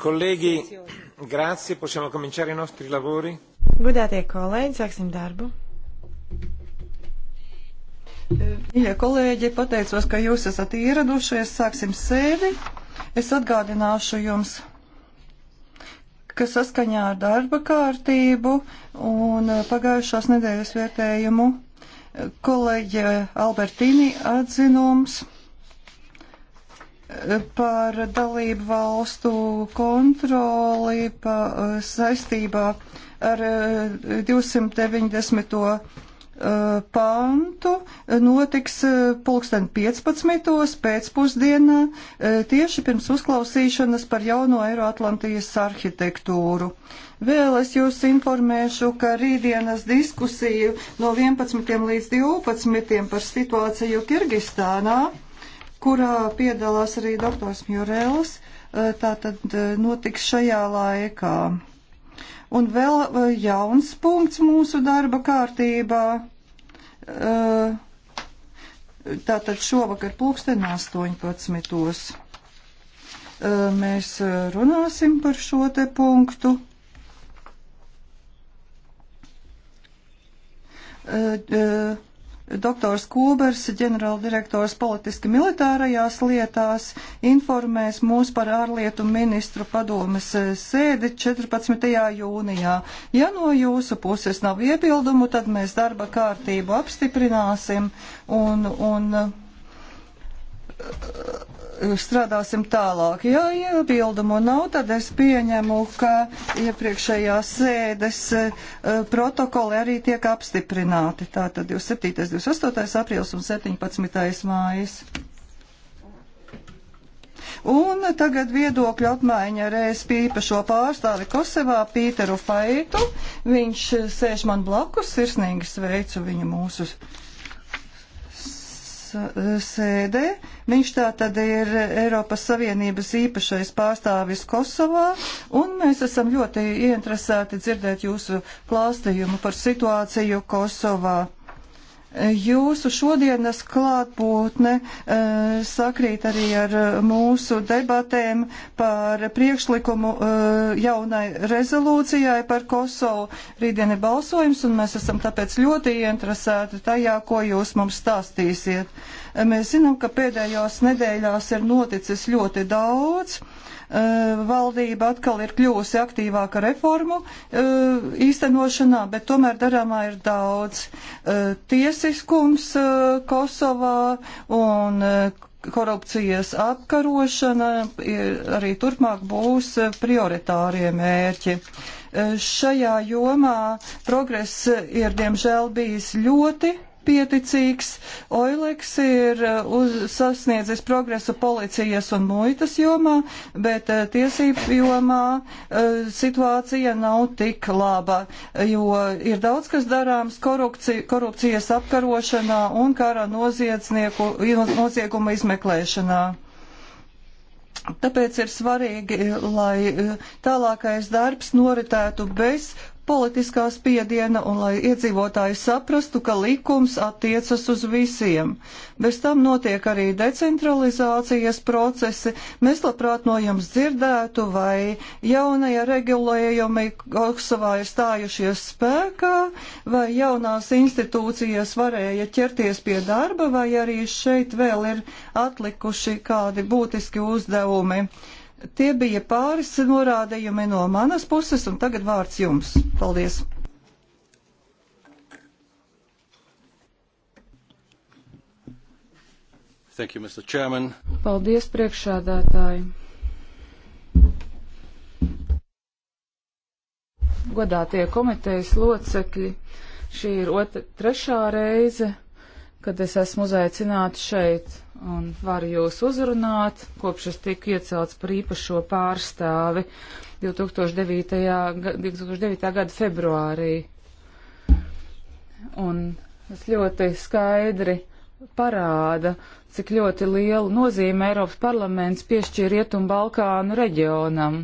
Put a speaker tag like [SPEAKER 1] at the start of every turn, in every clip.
[SPEAKER 1] Kolēģi, grazie, possiamo cominciare i nostri lavori.
[SPEAKER 2] Godātie kolēģi, sāksim darbu. Mīļie kolēģi, pateicos, ka jūs esat ieradušies, sāksim sēdi. Es atgādināšu jums, ka saskaņā ar darba kārtību un pagājušās nedēļas vietējumu kolēģi Albertīni atzinums par dalību valstu kontroli pa, eh, saistībā ar 290. Eh, eh, pantu notiks pulksten 15. pēcpusdienā tieši pirms uzklausīšanas par jauno Eiroatlantijas arhitektūru. Vēl es jūs informēšu, ka rītdienas diskusiju no 11. līdz 12. par situāciju Kirgistānā kurā piedalās arī doktors Mjurēls. E, tā tad e, notiks šajā laikā. Un vēl e, jauns punkts mūsu darba kārtībā. Tātad šovakar pulksten 18. Mēs runāsim par šo te punktu. Uh, uh, Doktors Kūbers, ģenerāldirektors politiski militārajās lietās, informēs mūs par ārlietu ministru padomes eh, sēdi 14. jūnijā. Ja no jūsu puses nav iebildumu, tad mēs darba kārtību apstiprināsim un, un Uh, strādāsim tālāk. Ja iebildumu ja nav, tad es pieņemu, ka iepriekšējās sēdes uh, protokoli arī tiek apstiprināti. Tātad 27. 28. aprils un 17. mājas. Un tagad viedokļu apmaiņa ar ESP īpašo pārstāvi Kosevā Pīteru Faitu. Viņš sēž man blakus, sirsnīgi sveicu viņu mūsu sēdē. Viņš tā tad ir Eiropas Savienības īpašais pārstāvis Kosovā, un mēs esam ļoti ieinteresēti dzirdēt jūsu klāstījumu par situāciju Kosovā. Jūsu šodienas klātbūtne eh, sakrīt arī ar eh, mūsu debatēm par priekšlikumu eh, jaunai rezolūcijai par Kosovu. Rītdien ir balsojums, un mēs esam tāpēc ļoti ieinteresēti tajā, ko jūs mums stāstīsiet. Mēs zinām, ka pēdējās nedēļās ir noticis ļoti daudz Eh, valdība atkal ir kļuvusi aktīvāka reformu eh, īstenošanā, bet tomēr darāmā ir daudz. Eh, tiesiskums Kosovā un korupcijas apkarošana arī turpmāk būs prioritārie mērķi. Šajā jomā progress ir diemžēl bijis ļoti pieticīgs. Oileks ir uh, uz, sasniedzis progresu policijas un muitas jomā, bet uh, tiesību jomā uh, situācija nav tik laba, jo ir daudz kas darāms korupcija, korupcijas apkarošanā un kara nozieguma izmeklēšanā. Tāpēc ir svarīgi, lai tālākais darbs noritētu bez politiskā spiediena un lai iedzīvotāji saprastu, ka likums attiecas uz visiem. Bez tam notiek arī decentralizācijas procesi. Mēs labprāt no jums dzirdētu, vai jaunie regulējumi Kosovā ir stājušies spēkā, vai jaunās institūcijas varēja ķerties pie darba, vai arī šeit vēl ir atlikuši kādi būtiski uzdevumi. Tie bija pāris norādījumi no manas puses, un tagad vārds jums. Paldies! Thank you, Mr. Chairman. Paldies,
[SPEAKER 3] priekšādātāji! Godātie komitejas locekļi, šī ir otra, trešā reize, kad es esmu uzaicināts šeit un varu jūs uzrunāt, kopš es tiku iecelts par īpašo pārstāvi 2009. 2009. gada februārī. Un tas ļoti skaidri parāda, cik ļoti lielu nozīmi Eiropas parlaments piešķir Rietumu Balkānu reģionam.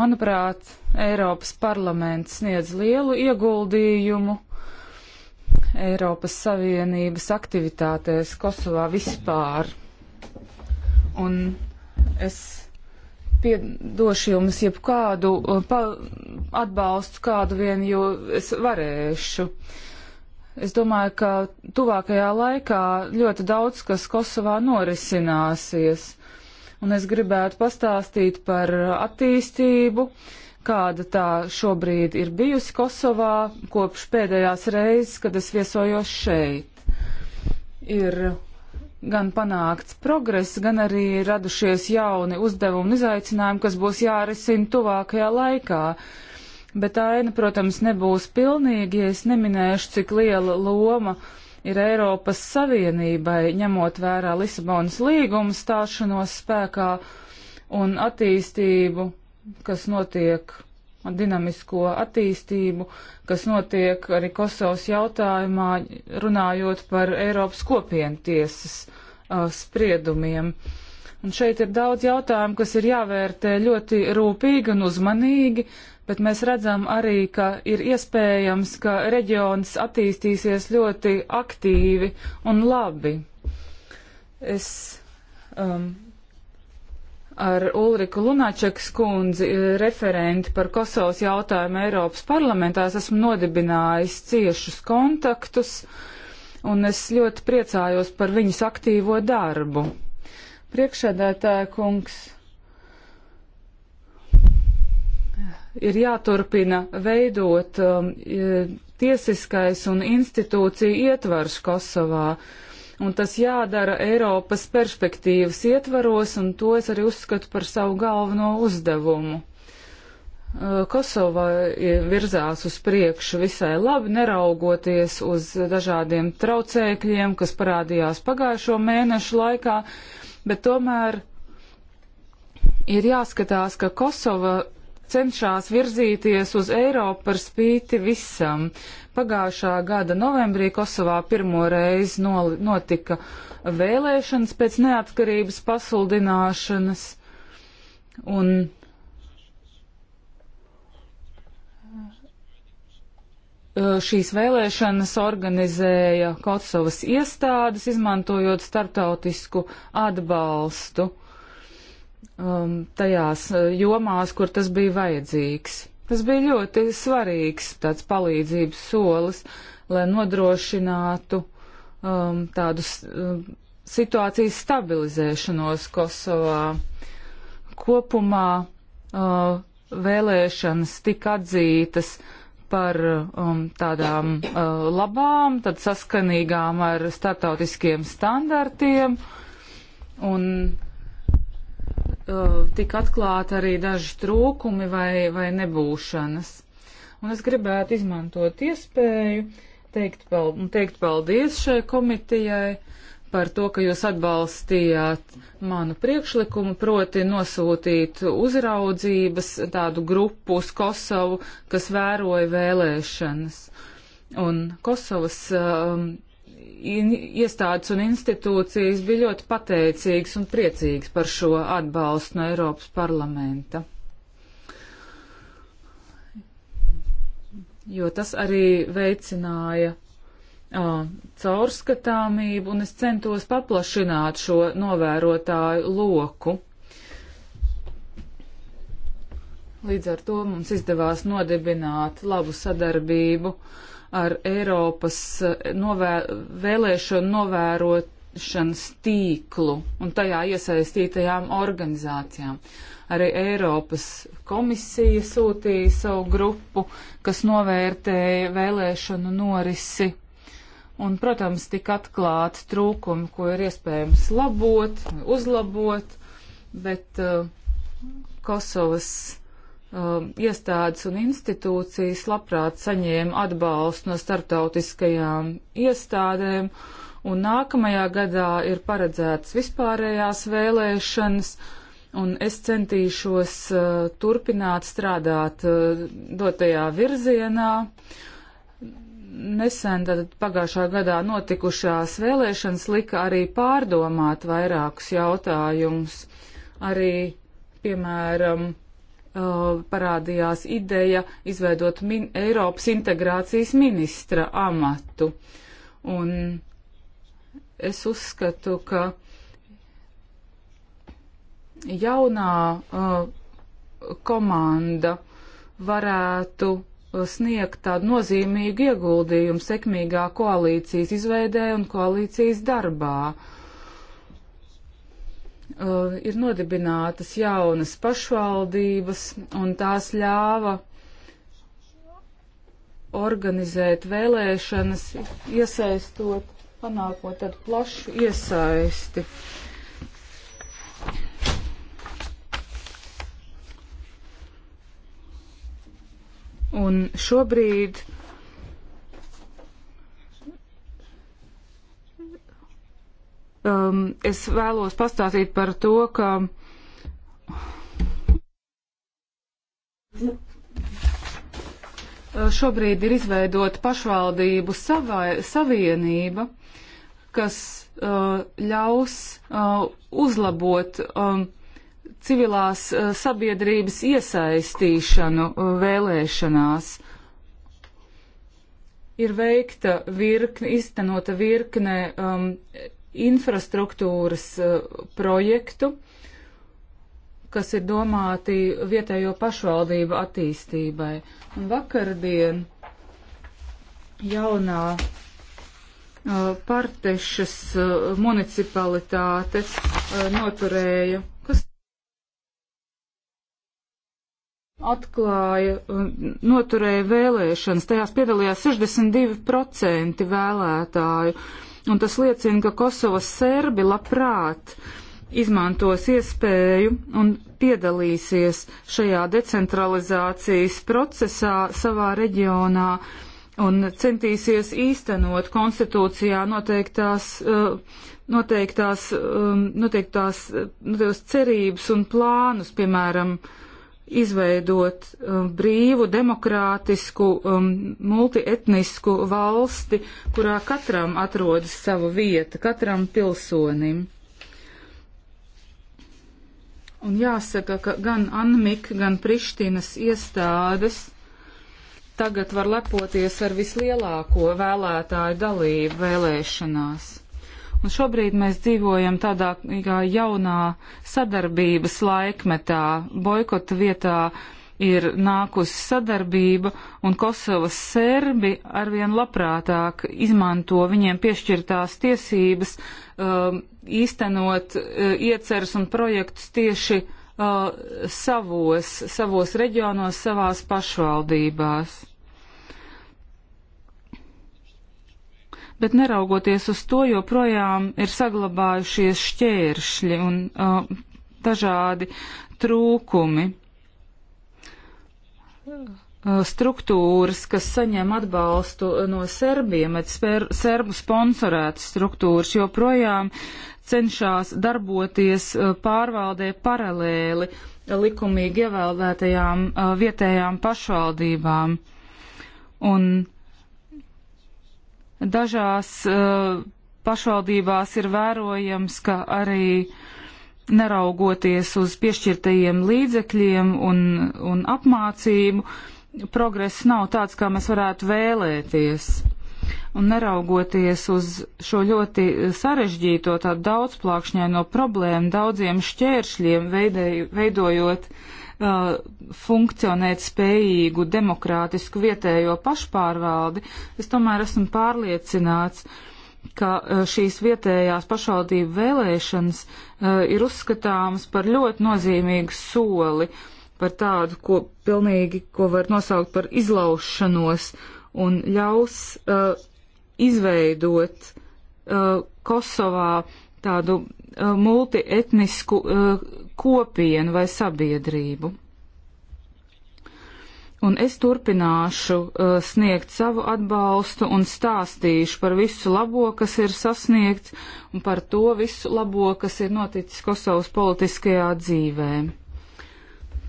[SPEAKER 3] Manuprāt, Eiropas parlaments sniedz lielu ieguldījumu Eiropas Savienības aktivitātēs Kosovā vispār. Un es piedošu jums jebkādu uh, pa, atbalstu, kādu vien jo es varēšu. Es domāju, ka tuvākajā laikā ļoti daudz kas Kosovā norisināsies. Un es gribētu pastāstīt par attīstību. Uh, kāda tā šobrīd ir bijusi Kosovā kopš pēdējās reizes, kad es viesojos šeit. Ir gan panākts progress, gan arī radušies jauni uzdevumi un izaicinājumi, kas būs jārisina tuvākajā laikā. Bet aina, protams, nebūs pilnīgi, ja es neminēšu, cik liela loma ir Eiropas Savienībai, ņemot vērā Lisabonas līguma stāšanos spēkā un attīstību kas notiek dinamisko attīstību, kas notiek arī Kosovas jautājumā, runājot par Eiropas kopienu tiesas uh, spriedumiem. Un šeit ir daudz jautājumu, kas ir jāvērtē ļoti rūpīgi un uzmanīgi, bet mēs redzam arī, ka ir iespējams, ka reģions attīstīsies ļoti aktīvi un labi. Es um, ar Ulriku Lunačekas kundzi eh, referenti par Kosovas jautājumu Eiropas parlamentā. Es esmu nodibinājis ciešus kontaktus un es ļoti priecājos par viņas aktīvo darbu. Priekšēdētāja kungs ir jāturpina veidot um, tiesiskais un institūcija ietvars Kosovā. Uh, un tas jādara Eiropas perspektīvas ietvaros, un to es arī uzskatu par savu galveno uzdevumu. Uh, Kosova e, virzās uz priekšu visai labi, neraugoties uz dažādiem traucēkļiem, kas parādījās pagājušo mēnešu laikā, bet tomēr ir jāskatās, ka Kosova cenšas virzīties uz Eiropu par spīti visam. Pagājušā gada novembrī Kosovā pirmo reizi notika vēlēšanas pēc neatkarības pasludināšanas. Un šīs vēlēšanas organizēja Kosovas iestādes, izmantojot starptautisku atbalstu um, tajās uh, jomās, kur tas bija vajadzīgs. Tas bija ļoti svarīgs tāds palīdzības solis, lai nodrošinātu um, tādu um, situācijas stabilizēšanos Kosovā. Kopumā uh, vēlēšanas tika atzītas par um, tādām uh, labām, tad saskanīgām ar startautiskiem standartiem. Un uh, tika atklāti arī daži trūkumi vai, vai nebūšanas. Un es gribētu izmantot iespēju teikt, pal teikt paldies šai komitijai par to, ka jūs atbalstījāt manu priekšlikumu, proti nosūtīt uzraudzības tādu grupu uz Kosovu, kas vēroja vēlēšanas. Un Kosovas um, iestādes un institūcijas bija ļoti pateicīgas un priecīgas par šo atbalstu no Eiropas parlamenta. Jo tas arī veicināja uh, caurskatāmību, un es centos paplašināt šo novērotāju loku. Līdz ar to mums izdevās nodibināt labu sadarbību uh, ar Eiropas eh, novē, vēlēšanu novērošanas tīklu un tajā iesaistītajām organizācijām. Arī Eiropas komisija sūtīja savu grupu, kas novērtēja vēlēšanu norisi. Un, protams, tika atklāti trūkumi, ko ir iespējams labot, uzlabot, bet uh, Kosovas um, iestādes un institūcijas labprāt saņēma atbalstu no startautiskajām iestādēm, un nākamajā gadā ir paredzētas vispārējās vēlēšanas, un es centīšos uh, turpināt strādāt uh, dotajā virzienā. Nesen tad pagājušā gadā notikušās vēlēšanas lika arī pārdomāt vairākus jautājumus, arī, piemēram, Uh, parādījās ideja izveidot min Eiropas integrācijas ministra amatu. Un es uzskatu, ka jaunā uh, komanda varētu uh, sniegt tādu nozīmīgu ieguldījumu sekmīgā koalīcijas izveidē un koalīcijas darbā. Uh, uh, ir nodibinātas jaunas pašvaldības, un tās ļāva organizēt vēlēšanas, iesaistot, panākot tādu plašu iesaisti. Un šobrīd um, es vēlos pastāstīt par to, ka. Šobrīd ir izveidota pašvaldību savai, savienība, kas uh, ļaus uh, uzlabot um, civilās uh, sabiedrības iesaistīšanu uh, vēlēšanās. Ir veikta virkne, iztenota virkne um, infrastruktūras eh, projektu, kas ir domāti vietējo pašvaldību attīstībai. Un vakardien jaunā eh, partešas eh, municipalitāte noturēja, kas atklāja, noturēja vēlēšanas. Tajās piedalījās 62% vēlētāju un tas liecina, ka Kosovas serbi labprāt izmantos iespēju un piedalīsies šajā decentralizācijas procesā savā reģionā un centīsies īstenot konstitūcijā noteiktās, eh, noteiktās, eh, noteiktās, eh, noteiktās cerības un plānus, piemēram, uh, izveidot um, brīvu, demokrātisku, um, multietnisku valsti, kurā katram atrodas sava vieta, katram pilsonim. Un jāsaka, ka gan Anmik, gan Prištinas iestādes tagad var lepoties ar vislielāko vēlētāju dalību vēlēšanās. Un šobrīd mēs dzīvojam tādā kā jaunā sadarbības laikmetā. Boikota vietā ir nākusi sadarbība, un Kosovas serbi arvien labprātāk izmanto viņiem piešķirtās tiesības um, īstenot uh, ieceras un projektus tieši uh, savos, savos reģionos, savās pašvaldībās. bet neraugoties uz to, joprojām ir saglabājušies šķēršļi un uh, dažādi trūkumi. Uh, struktūras, kas saņem atbalstu no serbiem, bet serbu sponsorētas struktūras joprojām cenšas darboties uh, pārvaldē paralēli likumīgi ievēlētajām uh, vietējām pašvaldībām. Un Dažās uh, pašvaldībās ir vērojams, ka arī neraugoties uz piešķirtajiem līdzekļiem un, un apmācību, progress nav tāds, kā mēs varētu vēlēties. Un neraugoties uz šo ļoti sarežģīto, tādu daudzplākšņaino problēmu, daudziem šķēršļiem veidēju, veidojot uh, uh, funkcionēt spējīgu demokrātisku vietējo pašpārvaldi, es tomēr esmu pārliecināts, ka uh, šīs vietējās pašvaldību vēlēšanas uh, ir uzskatāmas par ļoti nozīmīgu soli, par tādu, ko pilnīgi, ko var nosaukt par izlaušanos un ļaus uh, izveidot uh, Kosovā tādu multietnisku uh, kopienu vai sabiedrību. Un es turpināšu uh, sniegt savu atbalstu un stāstīšu par visu labo, kas ir sasniegts un par to visu labo, kas ir noticis Kosovas politiskajā dzīvē.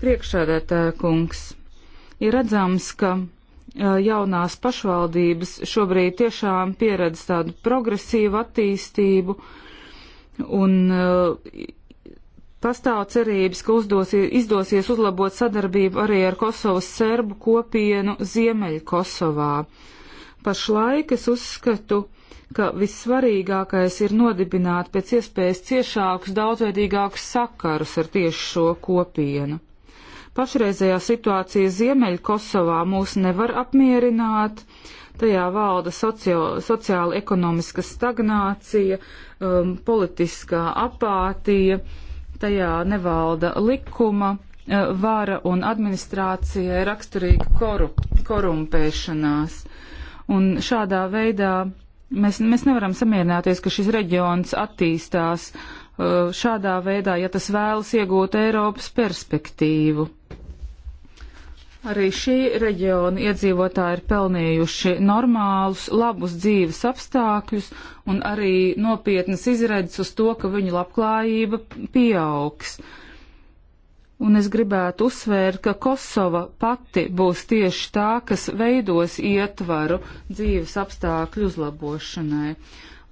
[SPEAKER 3] Priekšādētāja kungs, ir redzams, ka uh, jaunās pašvaldības šobrīd tiešām pieredz tādu progresīvu attīstību un uh, Pastāv cerības, ka uzdosies, izdosies uzlabot sadarbību arī ar Kosovas serbu kopienu Ziemeļ Kosovā. Pašlaik es uzskatu, ka vissvarīgākais ir nodibināt pēc iespējas ciešākus, daudzveidīgākus sakarus ar tieši šo kopienu. Pašreizējā situācija Ziemeļ Kosovā mūs nevar apmierināt, tajā valda sociāla ekonomiska stagnācija, um, politiskā apātija tajā nevalda likuma eh, vara un administrācijai raksturīga koru, korumpēšanās. Un šādā veidā mēs, mēs nevaram samierināties, ka šis reģions attīstās eh, šādā veidā, ja tas vēlas iegūt Eiropas perspektīvu. Arī šī reģiona iedzīvotāji ir pelnījuši normālus, labus dzīves apstākļus un arī nopietnas izredzes uz to, ka viņu labklājība pieaugs. Un es gribētu uzsvērt, ka Kosova pati būs tieši tā, kas veidos ietvaru dzīves apstākļu uzlabošanai.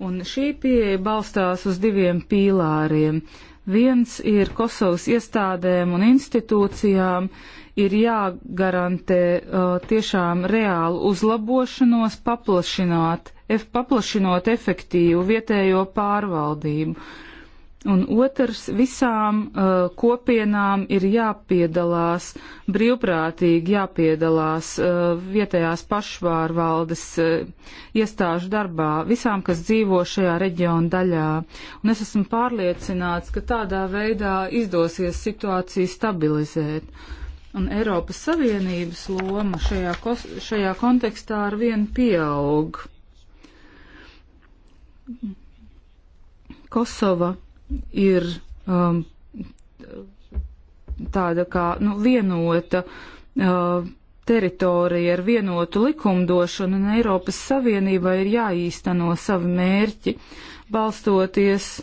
[SPEAKER 3] Un šī pieeja balstās uz diviem pīlāriem. Viens ir Kosovas iestādēm un institūcijām ir jāgarantē uh, tiešām reālu uzlabošanos, paplašināt, ef, paplašinot efektīvu vietējo pārvaldību. Un otrs, visām uh, kopienām ir jāpiedalās, brīvprātīgi jāpiedalās uh, vietējās pašvārvaldes uh, iestāžu darbā, visām, kas dzīvo šajā reģiona daļā. Un es esmu pārliecināts, ka tādā veidā izdosies situāciju stabilizēt. Uh, un Eiropas Savienības loma šajā, šajā kontekstā ar vienu pieaug. Kosova ir um, tāda kā nu, vienota uh, teritorija ar vienotu likumdošanu, un Eiropas Savienībai ir jāīsteno savi mērķi, balstoties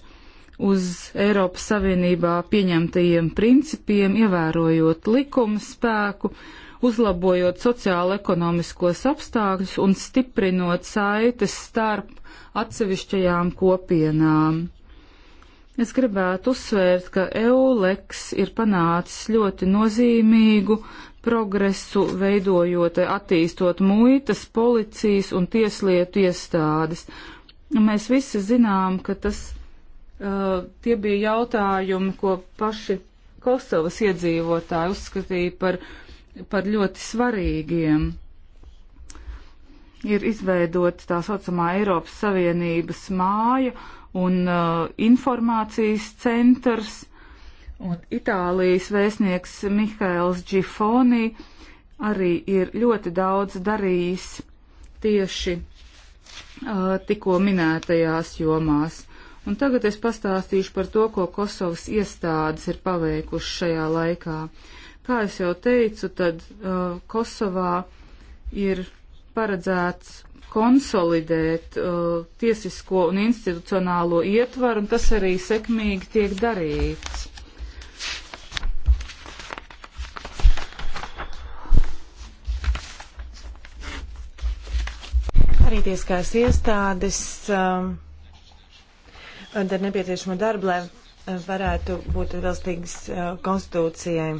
[SPEAKER 3] uz Eiropas Savienībā pieņemtajiem principiem, ievērojot likumu spēku, uzlabojot sociālo-ekonomiskos apstākļus un stiprinot saites starp atsevišķajām kopienām. Es gribētu uzsvērt, ka EULEX ir panācis ļoti nozīmīgu progresu, veidojot, attīstot muitas, policijas un tieslietu iestādes. Mēs visi zinām, ka tas Uh, tie bija jautājumi, ko paši Kosovas iedzīvotāji uzskatīja par, par ļoti svarīgiem. Ir izveidota tā saucamā Eiropas Savienības māja un uh, informācijas centrs, un Itālijas vēstnieks Mihails Džifoni arī ir ļoti daudz darījis tieši uh, tikko minētajās jomās. Un tagad es pastāstīšu par to, ko Kosovas iestādes ir paveikušas šajā laikā. Kā es jau teicu, tad uh, Kosovā ir paredzēts konsolidēt uh, tiesisko un institucionālo ietvaru, un tas arī sekmīgi tiek darīts.
[SPEAKER 4] Arī tieskās iestādes. Um dar nepieciešamo darbu, lai eh, varētu būt atbilstīgas eh, konstitūcijai.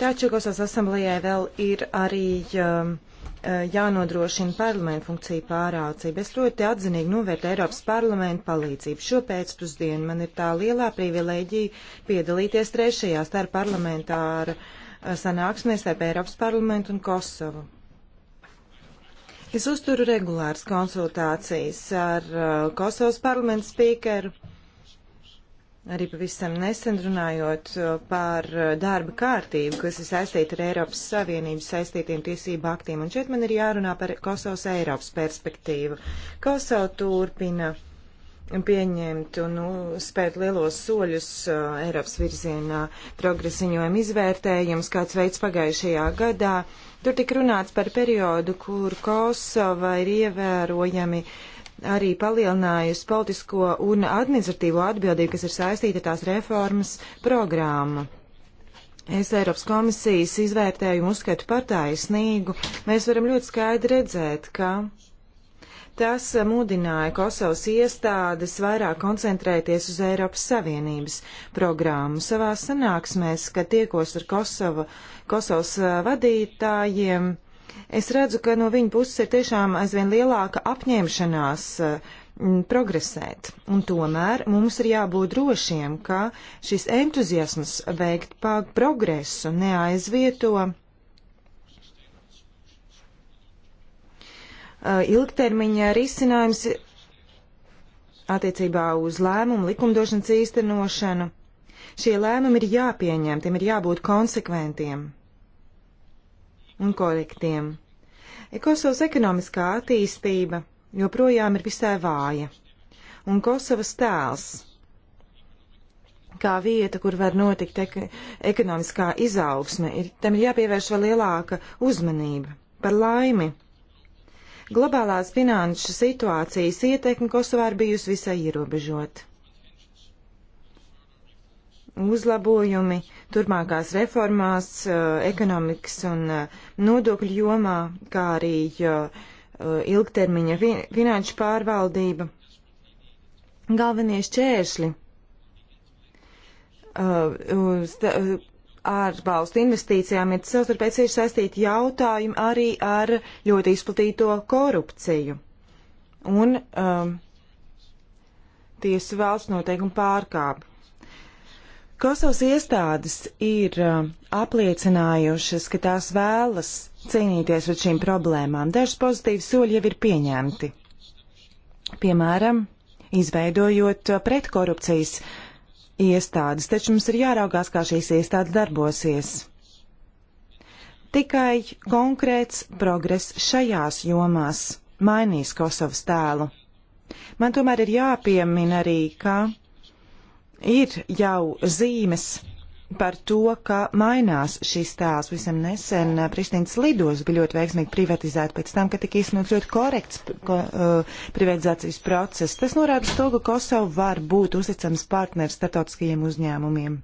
[SPEAKER 4] Taču Kosovas asamblējai vēl ir arī eh, jānodrošina parlamentu funkciju pāraucība. Es ļoti atzinīgi novērtu Eiropas parlamentu palīdzību. Šo pēcpusdienu man ir tā lielā privilēģija piedalīties trešajā starp parlamentāru sanāksmēs starp Eiropas parlamentu un Kosovu. Es uzturu regulāras konsultācijas ar uh, Kosovas parlamentu spīkeru, arī pavisam nesen runājot uh, par uh, darba kārtību, kas ir saistīta ar Eiropas Savienības saistītiem tiesību aktiem. Un šeit man ir jārunā par Kosovas Eiropas perspektīvu. Kosova turpina uh, pieņemt un nu, spērt lielos soļus uh, Eiropas virzienā progresiņojumu izvērtējums, kāds veids pagājušajā gadā. Tur tik runāts par periodu, kur Kosova ir ievērojami arī palielinājusi politisko un administratīvo atbildību, kas ir saistīta ar tās reformas programmu. Es Eiropas komisijas izvērtējumu uzskatu par taisnīgu. Mēs varam ļoti skaidri redzēt, ka Tas mudināja Kosovas iestādes vairāk koncentrēties uz Eiropas Savienības programmu. Savā sanāksmēs, kad tiekos ar Kosova, Kosovas eh, vadītājiem, es redzu, ka no viņa puses ir tiešām aizvien lielāka apņemšanās eh, progresēt. Un tomēr mums ir jābūt drošiem, ka šis entuziasms veikt progresu neaizvieto Uh, ilgtermiņa risinājums attiecībā uz lēmumu likumdošanas īstenošanu. Šie lēmumi ir jāpieņem, tiem ir jābūt konsekventiem un korektiem. Kosovas ekonomiskā attīstība joprojām ir visai vāja, un Kosovas tēls kā vieta, kur var notikt ek ekonomiskā izaugsme, ir, tam ir jāpievērš vēl lielāka uzmanība. Par laimi, Globālās finanšu situācijas ietekme Kosovā ir bijusi visai ierobežota. Uzlabojumi turpmākās reformās, uh, ekonomikas un uh, nodokļu jomā, kā arī uh, ilgtermiņa finanšu pārvaldība. Galvenie šķēršļi ārvalstu investīcijām ir savstarpēji cieši saistīti jautājumi arī ar ļoti izplatīto korupciju un um, tiesu valsts noteikumu pārkāpu. Kosovas iestādes ir uh, apliecinājušas, ka tās vēlas cīnīties ar šīm problēmām. Dažas pozitīvas soļi jau ir pieņemti. Piemēram, izveidojot uh, pretkorupcijas iestādes, taču mums ir jāraugās, kā šīs iestādes darbosies. Tikai konkrēts progress šajās jomās mainīs Kosovas tēlu. Man tomēr ir jāpiemina arī, ka ir jau zīmes par to, ka mainās šis tēls. Visam nesen eh, Pristīnas lidos bija ļoti veiksmīgi privatizēta pēc tam, ka tika īstenots ļoti korekts ko, uh, privatizācijas process. Tas norāda uz to, ka Kosova var būt uzticams partners startautiskajiem uzņēmumiem.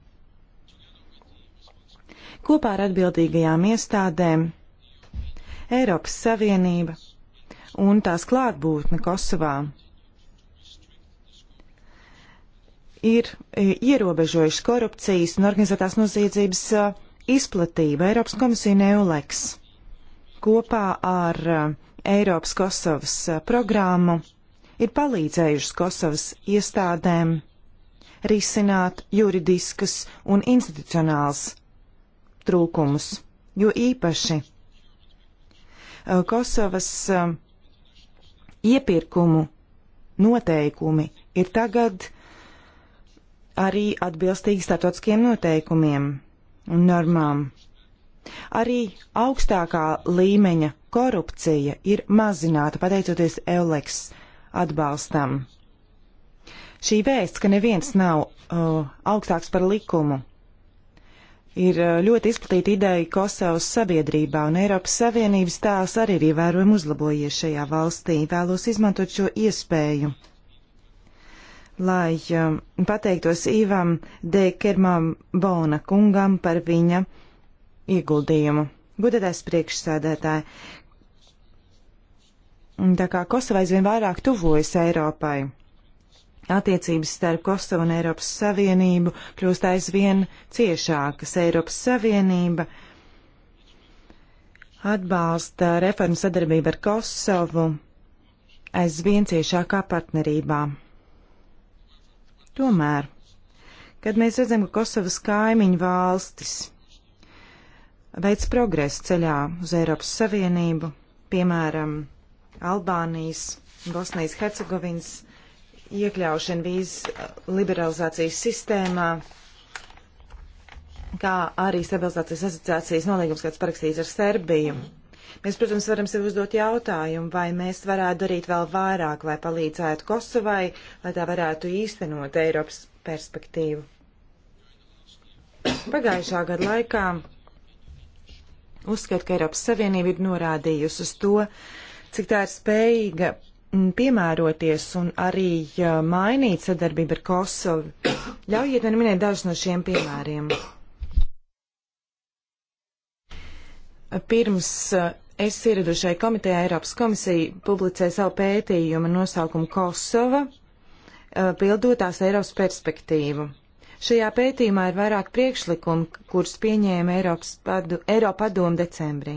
[SPEAKER 4] Kopā ar atbildīgajām iestādēm Eiropas Savienība un tās klātbūtne Kosovā ir e, ierobežojuši korupcijas un organizētās noziedzības e, izplatību Eiropas komisija Neoleks kopā ar e, Eiropas Kosovas programmu ir palīdzējušas Kosovas iestādēm risināt juridiskas un institucionāls trūkumus, jo īpaši Kosovas iepirkumu noteikumi ir tagad arī atbilstīgi starptautiskiem noteikumiem un normām. Arī augstākā līmeņa korupcija ir mazināta pateicoties Euleks atbalstam. Šī vēsts, ka neviens nav uh, augstāks par likumu, ir uh, ļoti izplatīta ideja Kosovas sabiedrībā, un Eiropas Savienības tās arī ir ievērojami uzlabojies šajā valstī. Vēlos izmantot šo iespēju lai um, pateiktos Īvam Dekermam Bona kungam par viņa ieguldījumu. Gudrētais priekšsēdētāji, tā kā Kosova aizvien vairāk tuvojas Eiropai. Attiecības starp Kosovu un Eiropas Savienību kļūst aizvien ciešākas. Eiropas Savienība atbalsta reformu sadarbību ar Kosovu aizvien ciešākā partnerībā. Tomēr, kad mēs redzam, ka Kosovas kaimiņu valstis veids progresu ceļā uz Eiropas Savienību, piemēram, Albānijas, Bosnijas, Hercegovinas iekļaušana vīzas liberalizācijas sistēmā, kā arī stabilizācijas asociācijas nolīgums, kāds parakstīts ar Serbiju, Mēs, protams, varam sev uzdot jautājumu, vai mēs varētu darīt vēl vairāk, lai palīdzētu Kosovai, lai tā varētu īstenot Eiropas perspektīvu. Pagājušā gada laikā uzskatu, ka Eiropas Savienība ir norādījusi uz to, cik tā ir spējīga mm, piemēroties un arī mainīt sadarbību ar Kosovu. Ļaujiet man minēt dažus no šiem piemēriem. Pirms eh, es ieradu šai komitejā Eiropas komisija publicēja savu pētījumu nosaukumu Kosova, eh, pildotās Eiropas perspektīvu. Šajā pētījumā ir vairāk priekšlikumu, kurus pieņēma Eiropas padu, Eiropa padomu decembrī.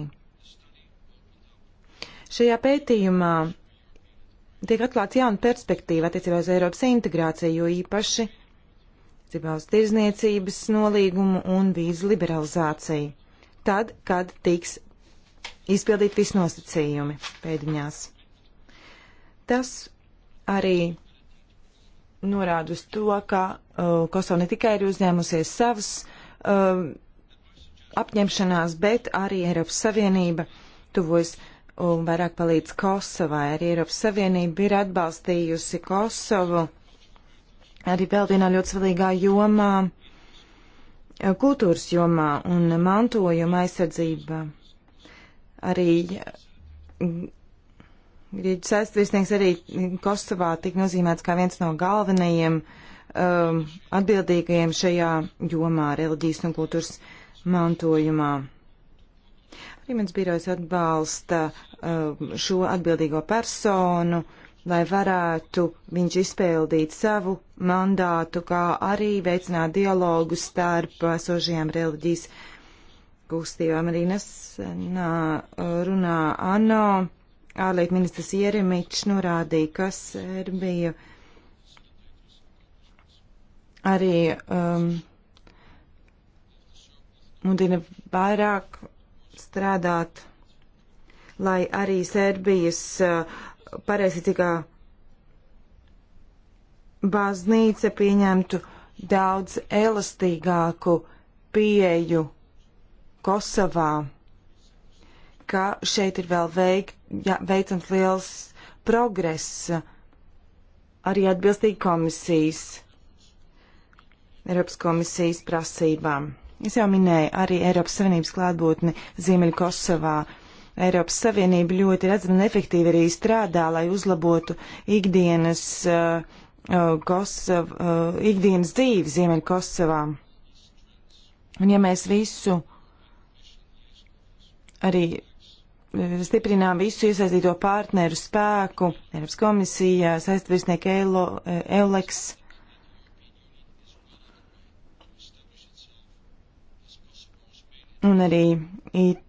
[SPEAKER 4] Šajā pētījumā tiek atklāts jauna perspektīva attiecībā uz Eiropas integrāciju, jo īpaši attiecībā uz tirzniecības nolīgumu un vīzu liberalizāciju tad, kad tiks izpildīt visi nosacījumi pēdiņās. Tas arī norāda uz to, ka uh, Kosova ne tikai ir uzņēmusies savas uh, apņemšanās, bet arī Eiropas Savienība tuvojas un vairāk palīdz Kosovai. Arī Eiropas Savienība ir atbalstījusi Kosovu arī vēl vienā ļoti svarīgā jomā Eh, kultūras jomā un mantojuma aizsardzība. Arī eh, Grieķu sēstvirsnieks arī Kosovā tika nozīmēts kā viens no galvenajiem um, atbildīgajiem šajā jomā, reliģijas un kultūras mantojumā. Arī mans birojs atbalsta um, šo atbildīgo personu uh, lai varētu viņš izpildīt savu mandātu, kā arī veicināt dialogu starp sožajām reliģijas kustībām. Arī nesenā uh, runā ANO ārlietu ministrs Jeremičs norādīja, ka Serbija arī um, mudina vairāk strādāt, lai arī Serbijas uh, pareizīgā baznīca pieņemtu daudz elastīgāku pieju Kosovā, ka šeit ir vēl veik, jā, veicams liels progress arī atbilstīgi komisijas, Eiropas komisijas prasībām. Es jau minēju arī Eiropas Savienības klātbūtni Ziemeļu Kosovā. Eiropas Savienība ļoti redzami un efektīvi arī strādā, lai uzlabotu ikdienas, uh, uh Kosovu, uh, ikdienas dzīvi Ziemeļ Kosovā. Un ja mēs visu arī uh, stiprinām visu iesaistīto partneru spēku, Eiropas komisija, saistvirsnieku uh, Euleks, un arī IT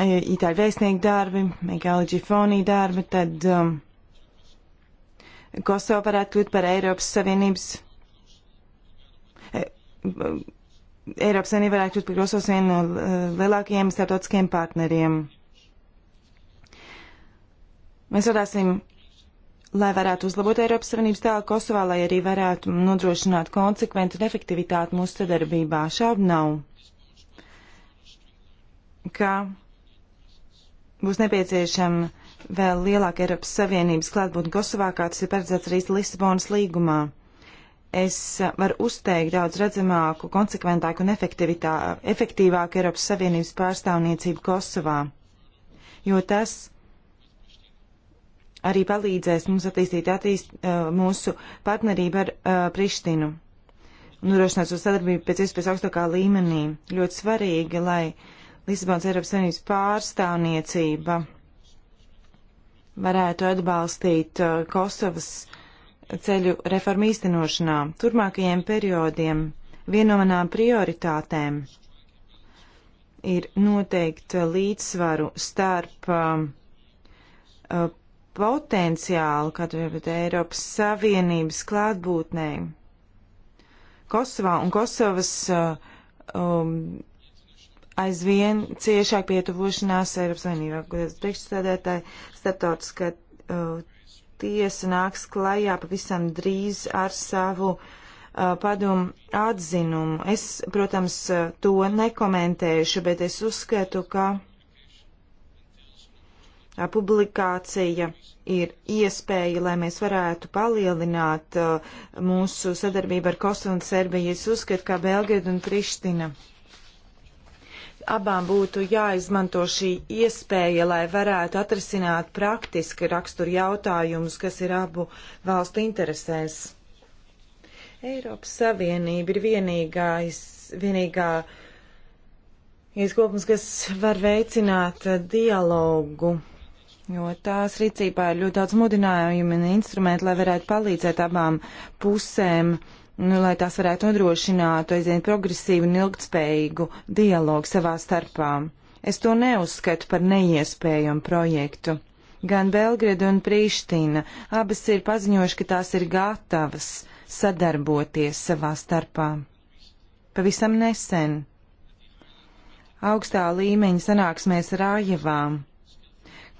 [SPEAKER 4] E itāļu vēstnieku darbi, Mikaela Džifonī darbi, tad um, Kosova varētu kļūt par Eiropas Savienības. E, Eiropas Savienība varētu kļūt par Kosovas vienu no e, lielākajiem starptautiskiem partneriem. Mēs varēsim, lai varētu uzlabot Eiropas Savienības tēlu Kosovā, lai arī varētu nodrošināt konsekventu un efektivitāti mūsu sadarbībā. Šaubu nav. Kā būs nepieciešama vēl lielāka Eiropas Savienības klātbūtne Kosovā, kā tas ir paredzēts arī Lisabonas līgumā. Es varu uzteikt daudz redzamāku, konsekventāku un efektīvāku Eiropas Savienības pārstāvniecību Kosovā, jo tas arī palīdzēs mums attīstīt attīst, mūsu partnerību ar uh, Prištinu. Nurošinās uz sadarbību pēc iespējas augstākā līmenī. Ļoti svarīgi, lai uh, Lisabons Eiropas Savienības pārstāvniecība varētu atbalstīt uh, Kosovas ceļu reformu īstenošanā. Turmākajiem periodiem viena no manām prioritātēm ir noteikt uh, līdzsvaru starp um, uh, potenciālu, kādu uh, varbūt Eiropas Savienības klātbūtnē Kosovā un Kosovas uh, um, aizvien ciešāk pietuvošanās Eiropas Savienībā, kuras priekšstādētāji starptautiskā uh, tiesa nāks klajā pavisam drīz ar savu uh, padomu atzinumu. Es, protams, to nekomentēšu, bet es uzskatu, ka uh, publikācija ir iespēja, lai mēs varētu palielināt uh, mūsu sadarbību ar Kosovu un Serbiju. Es uzskatu, kā Belgrada un Priština abām būtu jāizmanto šī iespēja, lai varētu atrisināt praktiski raksturu jautājumus, kas ir abu valstu interesēs. Eiropas Savienība ir vienīgais, vienīgā ieskopums, kas var veicināt dialogu, jo tās rīcībā ir ļoti daudz mudinājumu un instrumentu, lai varētu palīdzēt abām pusēm uh, nu, lai tās varētu nodrošināt aizvien progresīvu un ilgtspējīgu dialogu savā starpā. Es to neuzskatu par neiespējumu projektu. Gan Belgrada un Prīština abas ir paziņojuši, ka tās ir gatavas sadarboties savā starpā. Pavisam nesen. Augstā līmeņa sanāksmēs Rājevām,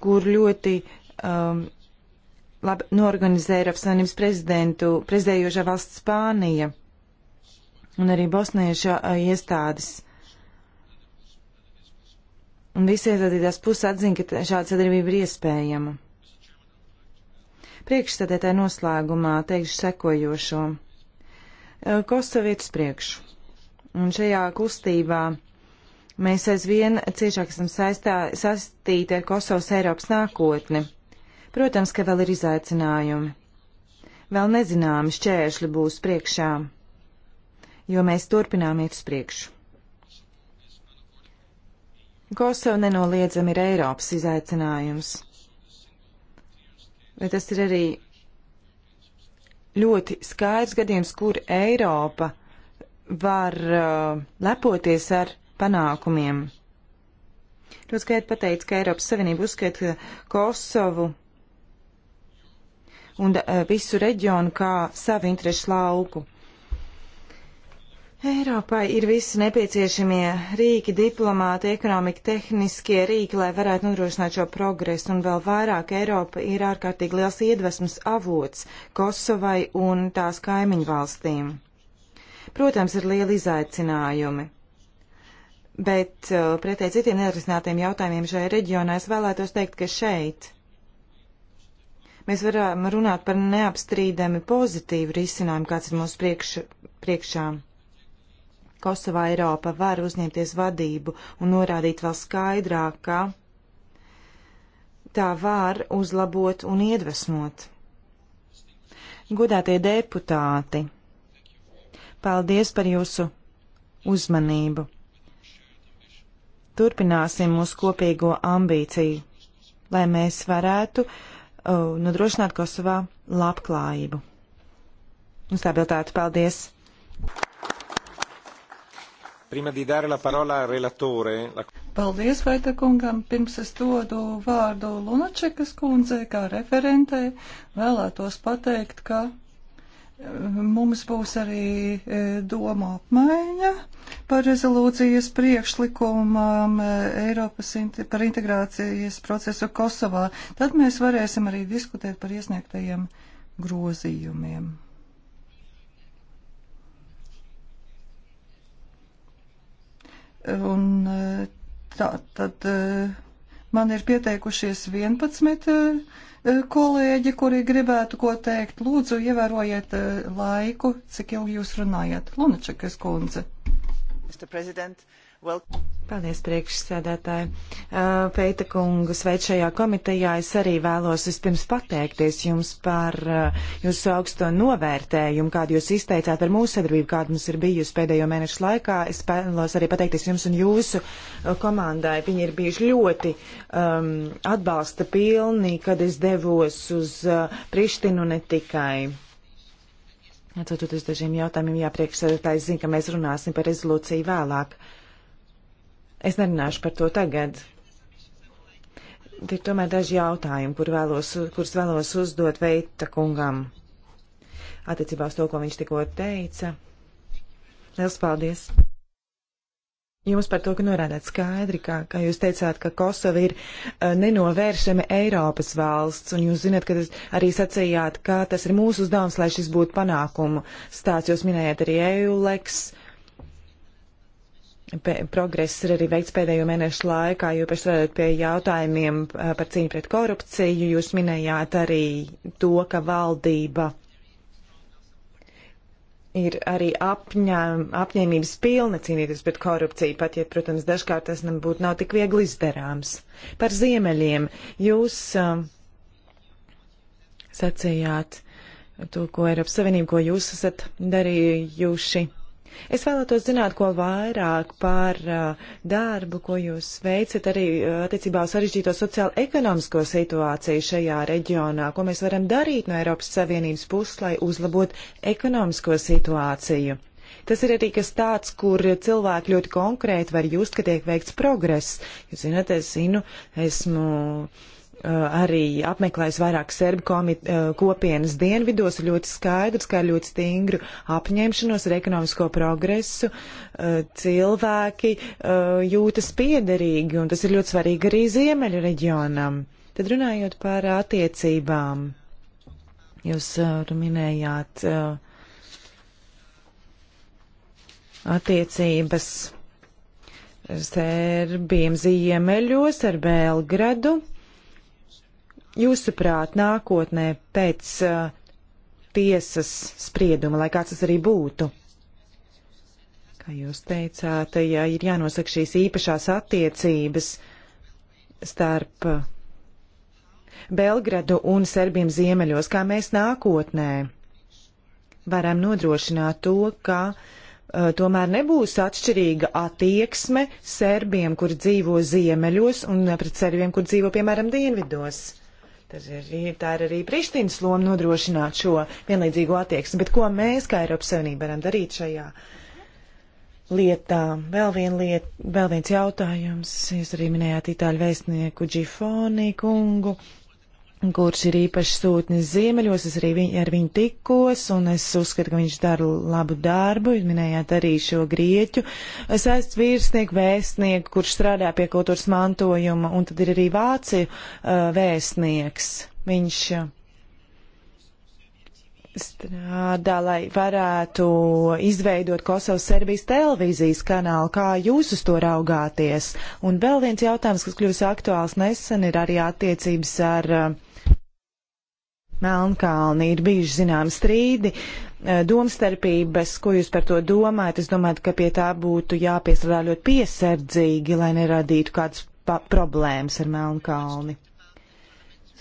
[SPEAKER 4] kur ļoti um, labi norganizēja Eiropas Savienības prezidentu, prezidējošā valsts Spānija un arī bosniešu iestādes. Un visi iesaistītās puses atzina, ka šāda sadarbība ir iespējama. Priekšsēdētāji noslēgumā teikšu sekojošo. Kosovietis priekšu. Un šajā kustībā mēs aizvien ciešāk esam saistīti ar Kosovas Eiropas nākotni. Protams, ka vēl ir izaicinājumi. Vēl nezināmi šķēršļi būs priekšā, jo mēs turpinām iet uz priekšu. Kosova nenoliedzami ir Eiropas izaicinājums, bet tas ir arī ļoti skaidrs gadījums, kur Eiropa var uh, lepoties ar panākumiem. Ļoti skaidri pateica, ka Eiropas Savienība uzskata Kosovu un eh, visu reģionu kā savu interešu lauku. Eiropai ir visi nepieciešamie rīki, diplomāti, ekonomika, tehniskie rīki, lai varētu nodrošināt šo progresu, un vēl vairāk Eiropa ir ārkārtīgi liels iedvesmas avots Kosovai un tās kaimiņu valstīm. Protams, ir lieli izaicinājumi, bet eh, pretēji citiem neatrisinātiem jautājumiem šajā reģionā es vēlētos teikt, ka šeit Mēs varam runāt par neapstrīdami pozitīvu risinājumu, kāds ir mūsu priekš, priekšā. Kosovā Eiropa var uzņemties vadību un norādīt vēl skaidrāk, ka tā var uzlabot un iedvesmot. Godātie deputāti, paldies par jūsu uzmanību. Turpināsim mūsu kopīgo ambīciju, lai mēs varētu uh, uh, nodrošināt Kosovā labklājību un stabilitāti. Paldies!
[SPEAKER 2] Paldies, Vaita kungam! Pirms es dodu vārdu Lunačekas kundzei kā referentei, vēlētos pateikt, ka Mums būs arī e, doma apmaiņa par rezolūcijas priekšlikumam e, Eiropas par integrācijas procesu Kosovā. Tad mēs varēsim arī diskutēt par iesniegtajiem grozījumiem. Un e, tā, tad man ir pieteikušies 11 Eh, kolēģi, kuri gribētu ko teikt, lūdzu ievērojiet eh, laiku, cik ilgi jūs runājat. Lunačekas kundze.
[SPEAKER 4] Mr. President, uh, Well... Paldies, priekšsēdētāji. Uh, Peita kungu sveic šajā komitejā. Es arī vēlos vispirms pateikties jums par uh, jūsu augsto novērtējumu, kādu jūs izteicāt par mūsu sadarbību, kāda mums ir bijusi pēdējo mēnešu laikā. Es vēlos arī pateikties jums un jūsu uh, komandai. Viņi ir bijuši ļoti um, atbalsta pilni, kad es devos uz uh, Prištinu ne tikai. Atcaucoties dažiem jautājumiem, jāpriekšsēdētājs zina, ka mēs runāsim par rezolūciju vēlāk. Uh, Es nerunāšu par to tagad. Ir tomēr daži jautājumi, kur vēlos, kurus vēlos uzdot Veita kungam. Attiecībā uz to, ko viņš tikko teica. Liels paldies! Jums par to, ka norādāt skaidri, kā, kā jūs teicāt, ka Kosova ir uh, e, nenovēršama Eiropas valsts, un jūs zināt, ka tas arī sacījāt, ka tas ir mūsu uzdevums, lai šis būtu panākumu stāsts. Jūs minējāt arī EULEX, uh, progress ir arī veikts pēdējo mēnešu laikā, jo piestrādājot pie jautājumiem par cīņu pret korupciju, jūs minējāt arī to, ka valdība ir arī apņēm, apņēmības pilna cīnīties pret korupciju, pat ja, protams, dažkārt tas nebūtu nav tik viegli izdarāms. Par ziemeļiem jūs uh, sacījāt to, ko Eiropas Savienība, ko jūs esat darījuši Es vēlētos zināt, ko vairāk par uh, darbu, ko jūs veicat arī uh, attiecībā uz sarežģīto sociālo-ekonomisko situāciju šajā reģionā, ko mēs varam darīt no Eiropas Savienības puses, lai uzlabot ekonomisko situāciju. Tas ir arī kas tāds, kur cilvēki ļoti konkrēti var just, ka tiek veikts progress. Jūs zināt, es zinu, esmu. Uh, Eh, arī apmeklējis vairāk serbu komit, eh, kopienas dienvidos, ir ļoti skaidrs, ka ar ļoti stingru apņemšanos ar ekonomisko progresu eh, cilvēki jūtas piederīgi, un tas ir ļoti svarīgi arī ziemeļu reģionam. Tad runājot par attiecībām, jūs minējāt attiecības. Serbiem ziemeļos ar Belgradu jūsuprāt, nākotnē pēc uh, tiesas sprieduma, lai kāds tas arī būtu? Kā jūs teicāt, ja ir jānosaka šīs īpašās attiecības starp uh, Belgradu un Serbiem ziemeļos, kā mēs nākotnē varam nodrošināt to, ka uh, tomēr nebūs atšķirīga attieksme serbiem, kur dzīvo ziemeļos, un uh, pret serbiem, kur dzīvo, piemēram, dienvidos. Tas ir, tā ir arī Prištīnas loma nodrošināt šo vienlīdzīgo attieksmi. Bet ko mēs, kā Eiropas Savienība, varam darīt šajā lietā? Vēl, vien liet, vēl viens jautājums. Jūs arī minējāt itāļu vēstnieku Džifoni kungu. Uh, kurš ir īpaši sūtnis ziemeļos, es arī viņ, ar viņu tikos, un es uzskatu, ka viņš dara labu darbu. Jūs minējāt arī šo grieķu saistas vīrsnieku, vēstnieku, kurš strādā pie kultūras mantojuma, un tad ir arī vācu uh, vēstnieks. Viņš strādā, lai varētu izveidot Kosovas Serbijas televīzijas kanālu. Kā jūs uz to raugāties? Un vēl viens jautājums, kas kļūs aktuāls nesen, ir arī attiecības ar uh, Melnkalni. Ir bijuši zinām strīdi, eh, domstarpības, ko jūs par to domājat. Es domāju, ka pie tā būtu jāpiestrādā ļoti piesardzīgi, lai neradītu kādas problēmas ar Melnkalni.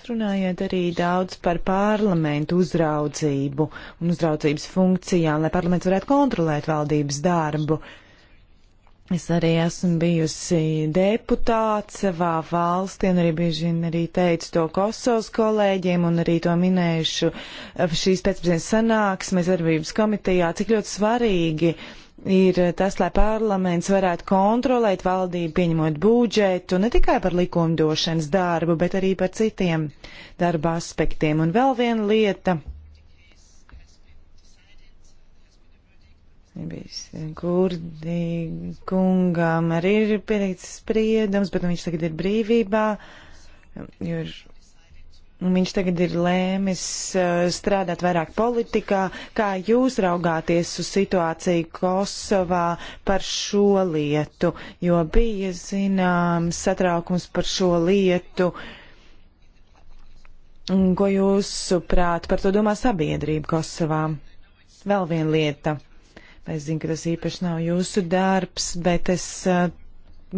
[SPEAKER 4] Runājiet arī daudz par parlamentu uzraudzību un uzraudzības funkcijām, lai parlaments varētu kontrolēt valdības darbu. Uh, Es arī esmu bijusi deputāts savā valstī un arī bieži vien arī teicu to Kosovas kolēģiem un arī to minējušu šīs pēcpusdienas sanāksmes darbības komitejā, cik ļoti svarīgi ir tas, lai parlaments varētu kontrolēt valdību, pieņemot budžetu ne tikai par likumdošanas darbu, bet arī par citiem darba aspektiem. Un vēl viena lieta bijis eh, kurdi kungām arī ir pieteikts spriedums, bet nu, viņš tagad ir brīvībā, jo ir, nu, viņš tagad ir lēmis eh, strādāt vairāk politikā. Kā jūs raugāties uz situāciju Kosovā par šo lietu, jo bija zināms satraukums par šo lietu. Ko jūs prāt par to domā sabiedrība Kosovā? Vēl viena lieta Es zinu, ka tas īpaši nav jūsu darbs, bet es uh,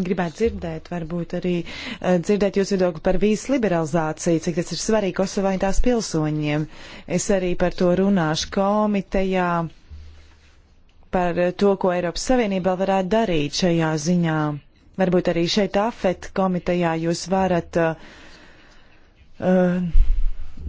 [SPEAKER 4] gribētu dzirdēt, varbūt arī uh, dzirdēt jūsu viedokli par vīzu liberalizāciju, cik tas ir svarīgi Kosovai un tās pilsoņiem. Es arī par to runāšu komitejā, par to, ko Eiropas Savienība vēl varētu darīt šajā ziņā. Varbūt arī šeit AFET komitejā jūs varat. Uh, uh,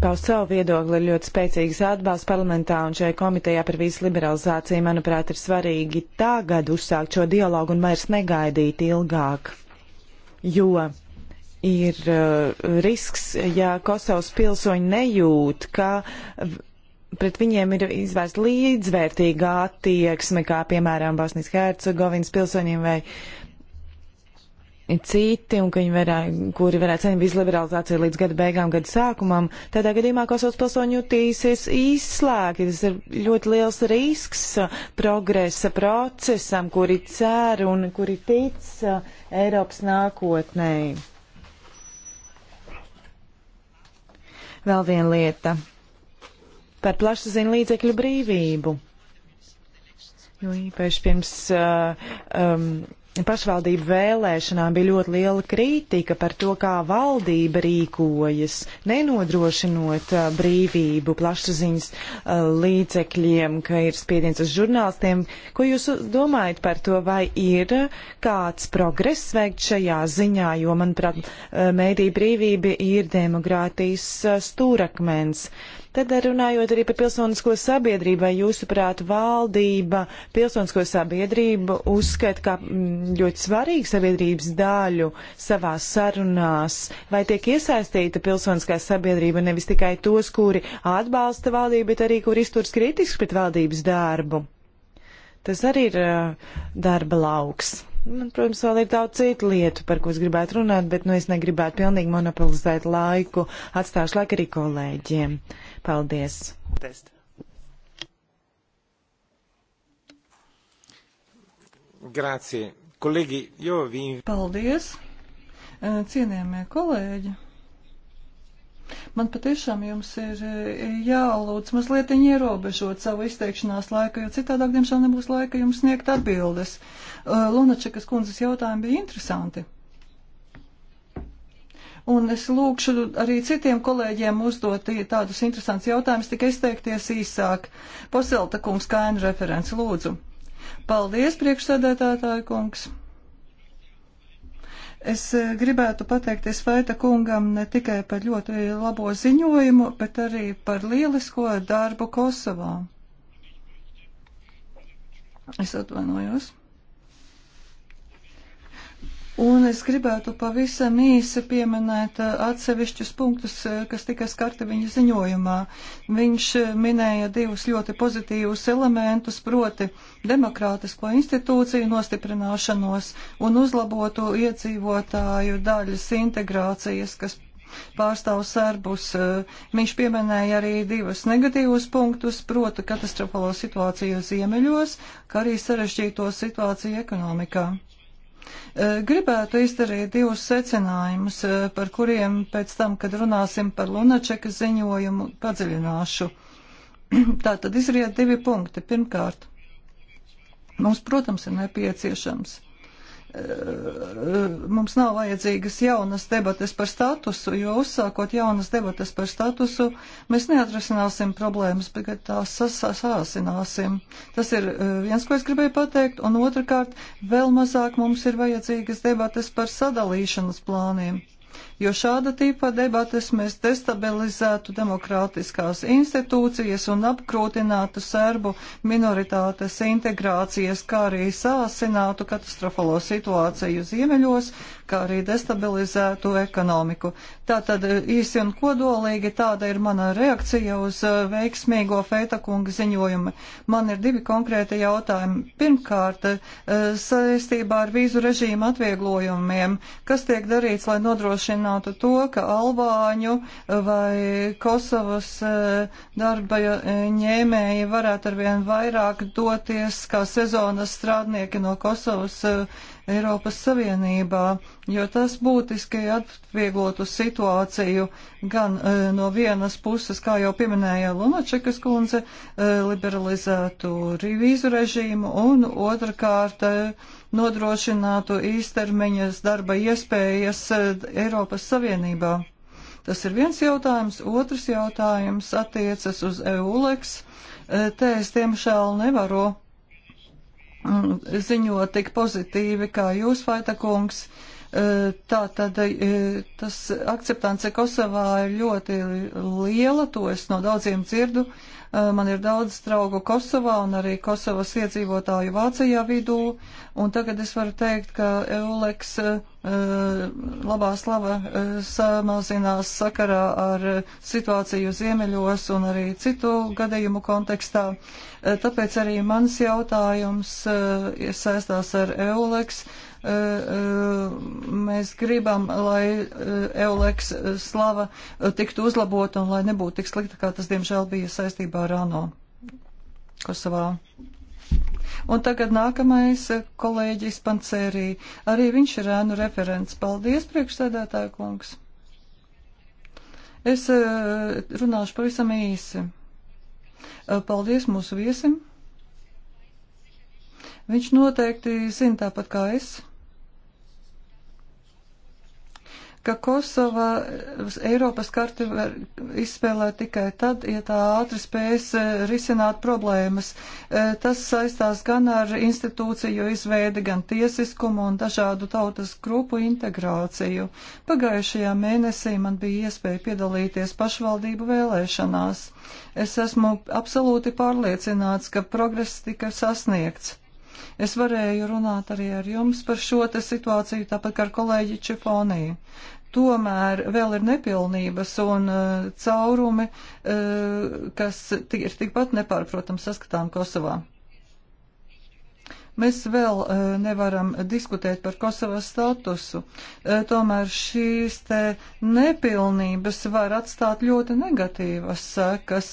[SPEAKER 4] paust savu viedokli, ir ļoti spēcīgs atbalsts parlamentā un šajā komitejā par vīzu liberalizāciju. Manuprāt, ir svarīgi tagad uzsākt šo dialogu un vairs negaidīt ilgāk, jo ir uh, risks, ja Kosovas pilsoņi nejūt, ka pret viņiem ir izvērsta līdzvērtīga attieksme, kā piemēram Bosnijas Hercegovinas pilsoņiem vai uh, citi un ka viņi varētu, kuri varētu saņemt izliberalizāciju līdz gada beigām, gada sākumam, tādā gadījumā Kosovas pilsoņi jutīsies izslēgti. Tas ir ļoti liels risks progresa procesam, kuri cer un kuri tic uh, Eiropas nākotnē. Vēl viena lieta par plašsaziņu līdzekļu brīvību. Jo īpaši pirms uh, um, pašvaldību vēlēšanām bija ļoti liela kritika par to, kā valdība rīkojas, nenodrošinot uh, brīvību plašsaziņas uh, līdzekļiem, ka ir spiediens uz žurnālistiem. Ko jūs domājat par to, vai ir kāds progress veikt šajā ziņā, jo, manuprāt, uh, mēdī brīvība ir demokrātijas uh, stūrakmens. Uh, Tad runājot arī par pilsonisko sabiedrību, vai jūsuprāt valdība pilsonisko sabiedrību uzskata kā mm, ļoti svarīgu sabiedrības daļu savās sarunās, vai tiek iesaistīta pilsoniskā sabiedrība nevis tikai tos, kuri atbalsta valdību, bet arī kuri izturs kritiski pret valdības darbu. Tas arī ir uh, darba lauks. Man, protams, vēl ir daudz citu lietu, par ko es gribētu runāt, bet nu, es negribētu pilnīgi monopolizēt laiku. Atstāšu laiku arī kolēģiem. Paldies!
[SPEAKER 2] Test.
[SPEAKER 1] Grācie. Kolēģi, jo viņi.
[SPEAKER 2] Paldies! Cienījamie kolēģi! Man patiešām jums ir jālūdz mazliet ierobežot savu izteikšanās laiku, jo citādāk, diemžēl, nebūs laika jums sniegt atbildes. Lunačekas kundzes jautājumi bija interesanti un es lūkšu arī citiem kolēģiem uzdot tādus interesants jautājumus, tik izteikties īsāk. Poselta kungs, kā N referents, lūdzu. Paldies, priekšsēdētātāju kungs. Es e, gribētu pateikties Faita kungam ne tikai par ļoti labo ziņojumu, bet arī par lielisko darbu Kosovā. Es atvainojos. Un es gribētu pavisam īsi pieminēt uh, atsevišķus punktus, uh, kas tika skarti viņa ziņojumā. Viņš uh, minēja divus ļoti pozitīvus elementus, proti demokrātisko institūciju nostiprināšanos un uzlabotu iedzīvotāju daļas integrācijas, kas pārstāv serbus. Viņš pieminēja arī divus negatīvus punktus, proti katastrofālo situāciju ziemeļos, kā arī sarežģīto situāciju ekonomikā. Gribētu izdarīt divus secinājumus, par kuriem pēc tam, kad runāsim par Lunačeka ziņojumu, padziļināšu. Tā tad izriet divi punkti. Pirmkārt, mums, protams, ir nepieciešams mums nav vajadzīgas jaunas debates par statusu, jo uzsākot jaunas debates par statusu, mēs neatrisināsim problēmas, bet tās sāsināsim. Tas ir eh, viens, ko es gribēju pateikt, un otrkārt, vēl mazāk mums ir vajadzīgas debates par sadalīšanas plāniem jo šāda tipa debates mēs destabilizētu demokrātiskās institūcijas un apkrūtinātu serbu minoritātes integrācijas, kā arī sāsinātu katastrofālo situāciju ziemeļos, kā arī destabilizētu ekonomiku. Tātad eh, īsi un kodolīgi tāda ir mana reakcija uz eh, veiksmīgo Feita kunga ziņojumu. Man ir divi konkrēti jautājumi. Pirmkārt, eh, saistībā ar vīzu režīmu atvieglojumiem, kas tiek darīts, lai nodrošinātu to, ka Albāņu vai Kosovas darba ņēmēji varētu arvien vairāk doties kā sezonas strādnieki no Kosovas Eiropas Savienībā, jo tas būtiski atvieglotu situāciju gan e, no vienas puses, kā jau pieminēja Lunačekas kundze, e, liberalizētu revīzu režīmu un otrkārt e, nodrošinātu īstermiņas darba iespējas Eiropas Savienībā. Tas ir viens jautājums. Otrs jautājums attiecas uz EULEX. Te es, diemžēl, nevaru Mm, ziņo tik pozitīvi kā jūs, Vaitakungs. E, tā tad e, tas akceptance Kosovā ir ļoti liela, to es no daudziem dzirdu. E, man ir daudz draugu Kosovā un arī Kosovas iedzīvotāju Vācijā vidū, un tagad es varu teikt, ka Euleks Eh, labā slava eh, samazinās sakarā ar situāciju ziemeļos un arī citu gadījumu kontekstā. Eh, tāpēc arī mans jautājums saistās ar EULEX. Mēs gribam, lai EULEX slava tiktu uzlabota un lai nebūtu tik slikta, kā tas diemžēl bija saistībā ar ANO Kosovā. Un tagad nākamais eh, kolēģis Pancērī. Arī viņš ir ēnu referents. Paldies, priekšsēdētāja kungs. Es eh, runāšu pavisam īsi. Eh, paldies mūsu viesim. Viņš noteikti zina tāpat kā es ka Kosova Eiropas karti var izspēlēt tikai tad, ja tā ātri spēs eh, risināt problēmas. Eh, tas saistās gan ar institūciju izveidi, gan tiesiskumu un dažādu tautas grupu integrāciju. Pagājušajā mēnesī man bija iespēja piedalīties pašvaldību vēlēšanās. Es esmu absolūti pārliecināts, ka progress tika sasniegts Es varēju runāt arī ar jums par šo te situāciju, tāpat kā ar kolēģi Čifonī. Tomēr vēl ir nepilnības un uh, caurumi, uh, kas ir tikpat nepārprotams saskatām Kosovā. Mēs vēl eh, nevaram diskutēt par Kosovas statusu, eh, tomēr šīs te nepilnības var atstāt ļoti negatīvas sekas,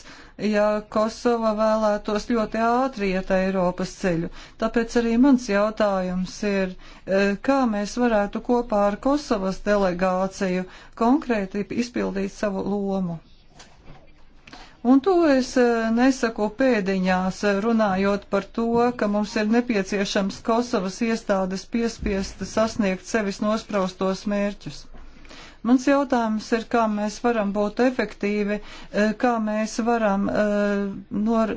[SPEAKER 2] ja Kosova vēlētos ļoti ātri iet Eiropas ceļu. Tāpēc arī mans jautājums ir, eh, kā mēs varētu kopā ar Kosovas delegāciju konkrēti izpildīt savu lomu? Un to es eh, nesaku pēdiņās, eh, runājot par to, ka mums ir nepieciešams Kosovas iestādes piespiest sasniegt sevis nospraustos mērķus. Mans jautājums ir, kā mēs varam būt efektīvi, eh, kā mēs varam nor,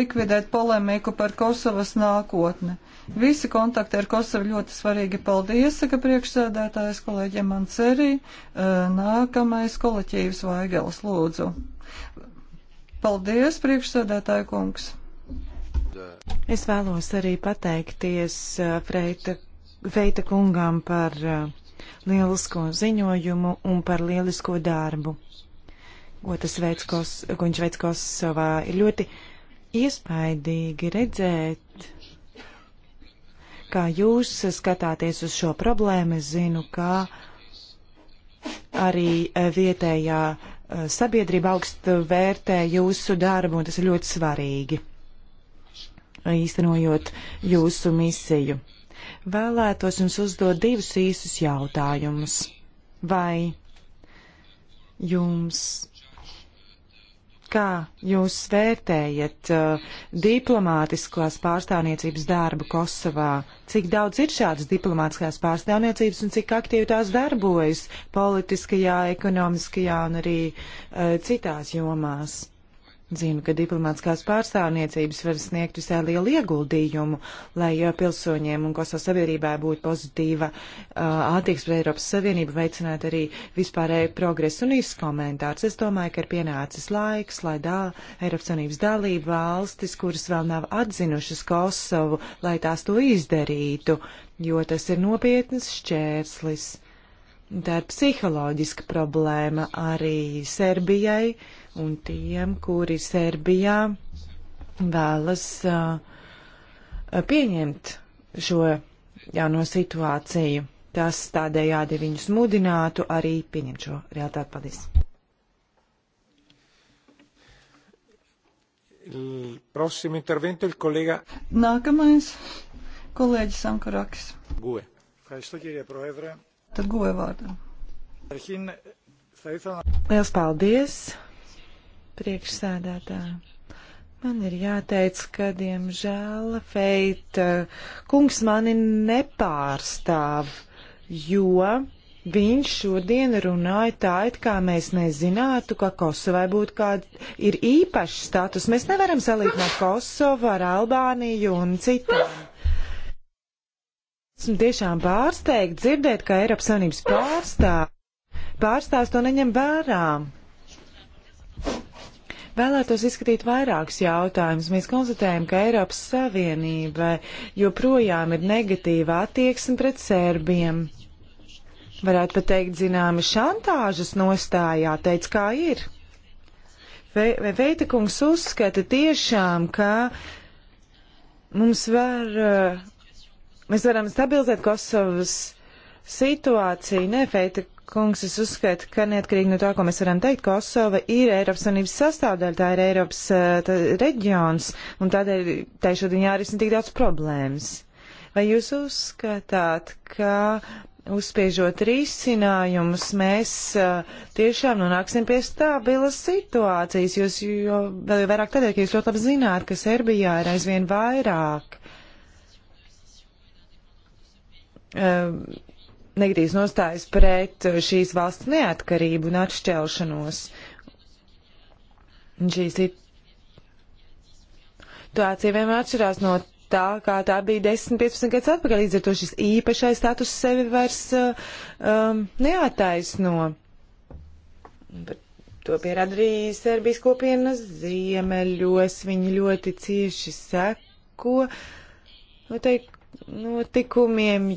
[SPEAKER 2] likvidēt polemiku par Kosovas nākotni. Visi kontakti ar Kosovu ļoti svarīgi. Paldies, saka priekšsēdētājs kolēģiem Mancerī. Nākamais kolektīvs Vaigels lūdzu. Paldies, priekšsēdētāja kungs! Es vēlos arī
[SPEAKER 4] pateikties uh, Freita, Freita kungām par uh, lielisko ziņojumu un par lielisko darbu, ko, tas veids, kos, ko viņš veids Kosovā. Ir ļoti iespaidīgi redzēt, kā jūs skatāties uz šo problēmu. Es zinu, kā arī uh, vietējā Eh, sabiedrība augstu vērtē jūsu darbu, un tas ir ļoti svarīgi, īstenojot jūsu misiju. Vēlētos jums uzdot divus īsus jautājumus. Vai jums kā jūs vērtējat uh, diplomātiskās pārstāvniecības darbu Kosovā? Cik daudz ir šādas diplomātiskās pārstāvniecības un cik aktīvi tās darbojas politiskajā, ekonomiskajā un arī uh, citās jomās? Zinu, ka diplomātskās pārstāvniecības var sniegt visai lielu ieguldījumu, lai pilsoņiem un Kosovo sabiedrībā būtu pozitīva uh, attieksme pret Eiropas Savienību, veicināt arī vispārēju progresu un izkomentārs. Es domāju, ka ir pienācis laiks, lai dā, Eiropas Savienības dalība valstis, kuras vēl nav atzinušas Kosovu, lai tās to izdarītu, jo tas ir nopietnas šķērslis. Tā ir psiholoģiska problēma arī Serbijai. Uh, un tiem, kuri Serbijā vēlas uh, pieņemt šo jauno situāciju. Tas tādējādi viņus mudinātu arī pieņemt šo realitāti. Paldies!
[SPEAKER 1] Prossimo intervento il collega.
[SPEAKER 2] Nākamais kolēģis Sankarakis.
[SPEAKER 1] Gue. Ευχαριστώ κύριε Πρόεδρε.
[SPEAKER 2] Tad goja vārdā. Liels paldies!
[SPEAKER 4] priekšsēdētāji. Man ir jāteic, ka, diemžēl, Feita eh, kungs mani nepārstāv, jo viņš šodien runāja tā, it kā mēs nezinātu, ka Kosovai būtu kāda ir īpaša status. Mēs nevaram salīdzināt Kosovu ar Albāniju un citām. Esmu tiešām pārsteigts dzirdēt, ka Eiropas Savienības pārstāv, pārstāvs to neņem vērā. Vēlētos izskatīt vairākus jautājumus. Mēs konstatējam, ka Eiropas Savienībai joprojām ir negatīva attieksme pret sērbiem. Varētu pat teikt, zināmi šantāžas nostājā, teica, kā ir. Vai Ve Veitakungs uzskata tiešām, ka mums var, eh, mēs varam stabilizēt Kosovas situāciju? Nē, Feita Kungs, es uzskatu, ka neatkarīgi no tā, ko mēs varam teikt, Kosova ir Eiropas Savienības sastāvdaļa, tā ir Eiropas tā, reģions, un tādēļ tai šodien jārisina tik daudz problēmas. Vai jūs uzskatāt, ka uzspiežot risinājumus, mēs tiešām nonāksim pie stabilas situācijas, jūs jo vēl vairāk tādēļ, ka jūs ļoti labi zināt, ka Serbijā ir aizvien vairāk. Uh, negatīvas nostājas pret uh, šīs valsts neatkarību un atšķelšanos. Un šī situācija vienmēr atšķirās no tā, kā tā bija 10-15 gadus atpakaļ. Līdz ar to šis īpašais status sevi vairs uh, um, neataisno. Bet to pierāda arī Serbijas kopienas ziemeļos. Viņi ļoti cieši seko noteik, notikumiem,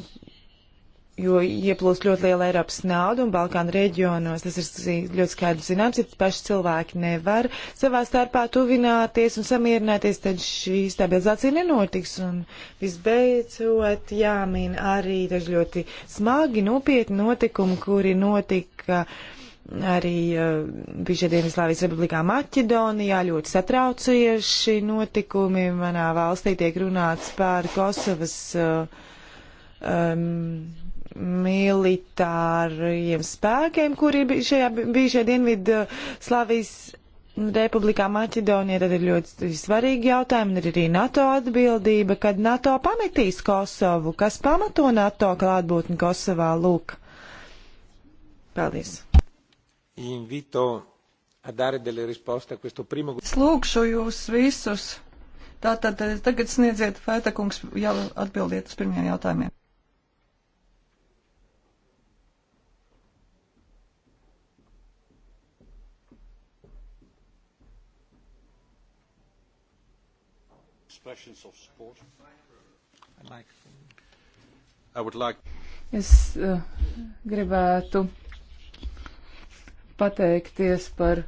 [SPEAKER 4] jo ieplūst ļoti liela Eiropas nauda un Balkānu reģionos. Tas ir ļoti skaidrs zināms, ja paši cilvēki nevar savā starpā tuvināties un samierināties, tad šī stabilizācija nenotiks. Un visbeidzot, jāmin arī daži ļoti smagi, nopietni notikumi, kuri notika arī eh, bija šodien Islāvijas Republikā Maķedonijā ļoti satraucoši notikumi. Manā valstī tiek runāts par Kosovas uh, um, militāriem spēkiem, kuri bija šajā bijušajā Dienvidu Slavijas Republikā Maķedonija, tad ir ļoti svarīgi jautājumi, ir arī NATO atbildība, kad NATO pametīs Kosovu. Kas pamato NATO klātbūtni Kosovā? Lūk.
[SPEAKER 2] Paldies. Slūgšu jūs visus. Tātad eh, tagad sniedziet Fēta kungs, jau atbildiet uz pirmajiem jautājumiem. expressions of support.
[SPEAKER 1] I, like. I would
[SPEAKER 4] like.
[SPEAKER 3] Es uh, gribētu pateikties par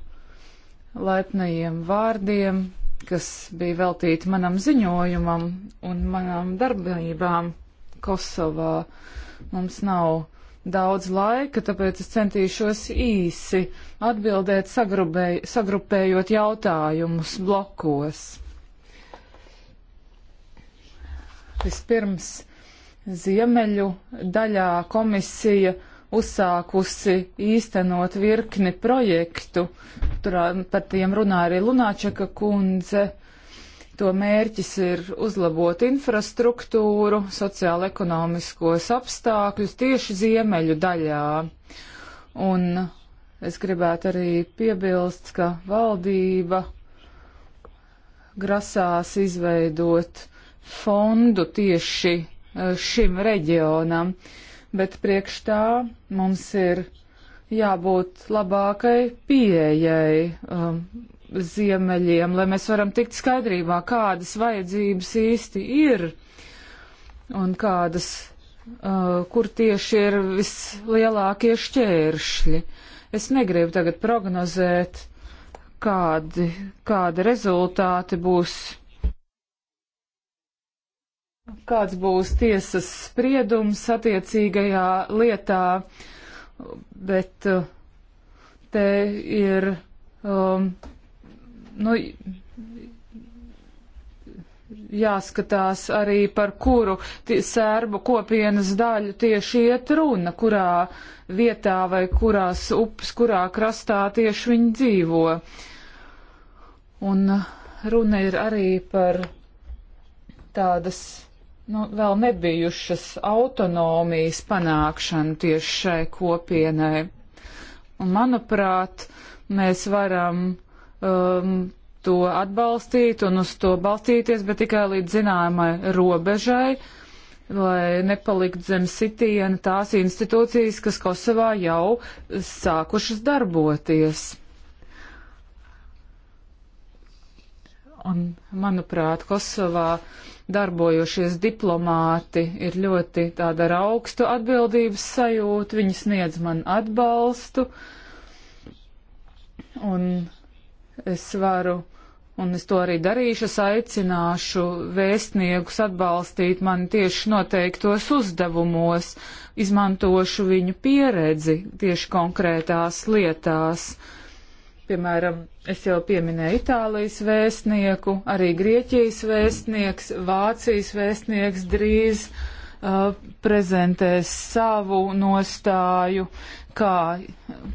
[SPEAKER 3] laipnajiem vārdiem, kas bija veltīti manam ziņojumam un manām darbībām Kosovā. Mums nav daudz laika, tāpēc es centīšos īsi atbildēt, sagrupējot jautājumus blokos. Vispirms ziemeļu daļā komisija uzsākusi īstenot virkni projektu. Tur par tiem runā arī Lunāčeka kundze. To mērķis ir uzlabot infrastruktūru, sociāla-ekonomiskos apstākļus tieši ziemeļu daļā. Un es gribētu arī piebilst, ka valdība grasās izveidot uh, fondu tieši eh, šim reģionam, bet priekš tā mums ir jābūt labākai pieejai um, ziemeļiem, lai mēs varam tikt skaidrībā, kādas vajadzības īsti ir un kādas, uh, kur tieši ir vislielākie šķēršļi. Es negribu tagad prognozēt, kādi, kādi rezultāti būs kāds būs tiesas spriedums attiecīgajā lietā, bet uh, te ir, um, nu, jāskatās arī par kuru sērbu kopienas daļu tieši iet runa, kurā vietā vai kurās upes, kurā krastā tieši viņi dzīvo. Un runa ir arī par tādas nu, vēl nebijušas autonomijas panākšanu tieši šai kopienai. Un, manuprāt, mēs varam um, to atbalstīt un uz to balstīties, bet tikai līdz zināmai robežai, lai nepalikt zem sitiena tās institūcijas, kas Kosovā jau sākušas darboties. Un, manuprāt, Kosovā uh, darbojošies diplomāti ir ļoti tāda ar augstu atbildības sajūtu, viņi sniedz man atbalstu, un es varu, un es to arī darīšu, es aicināšu vēstniekus atbalstīt mani tieši noteiktos uzdevumos, izmantošu viņu pieredzi tieši konkrētās lietās, piemēram, Es jau pieminēju Itālijas vēstnieku, arī Grieķijas vēstnieks, Vācijas vēstnieks drīz uh, prezentēs savu nostāju, kā,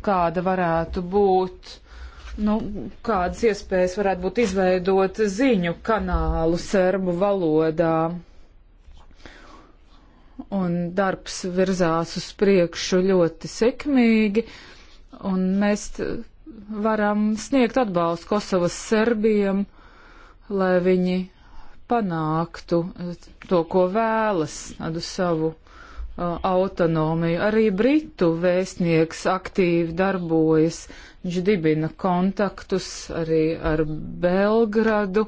[SPEAKER 3] kāda varētu būt, nu, kādas iespējas varētu būt izveidot ziņu kanālu serbu valodā. Un darbs virzās uz priekšu ļoti sekmīgi, un mēs varam sniegt atbalstu Kosovas serbiem, lai viņi panāktu eh, to, ko vēlas, tādu savu uh, autonomiju. Arī Britu vēstnieks aktīvi darbojas, viņš dibina kontaktus arī ar Belgradu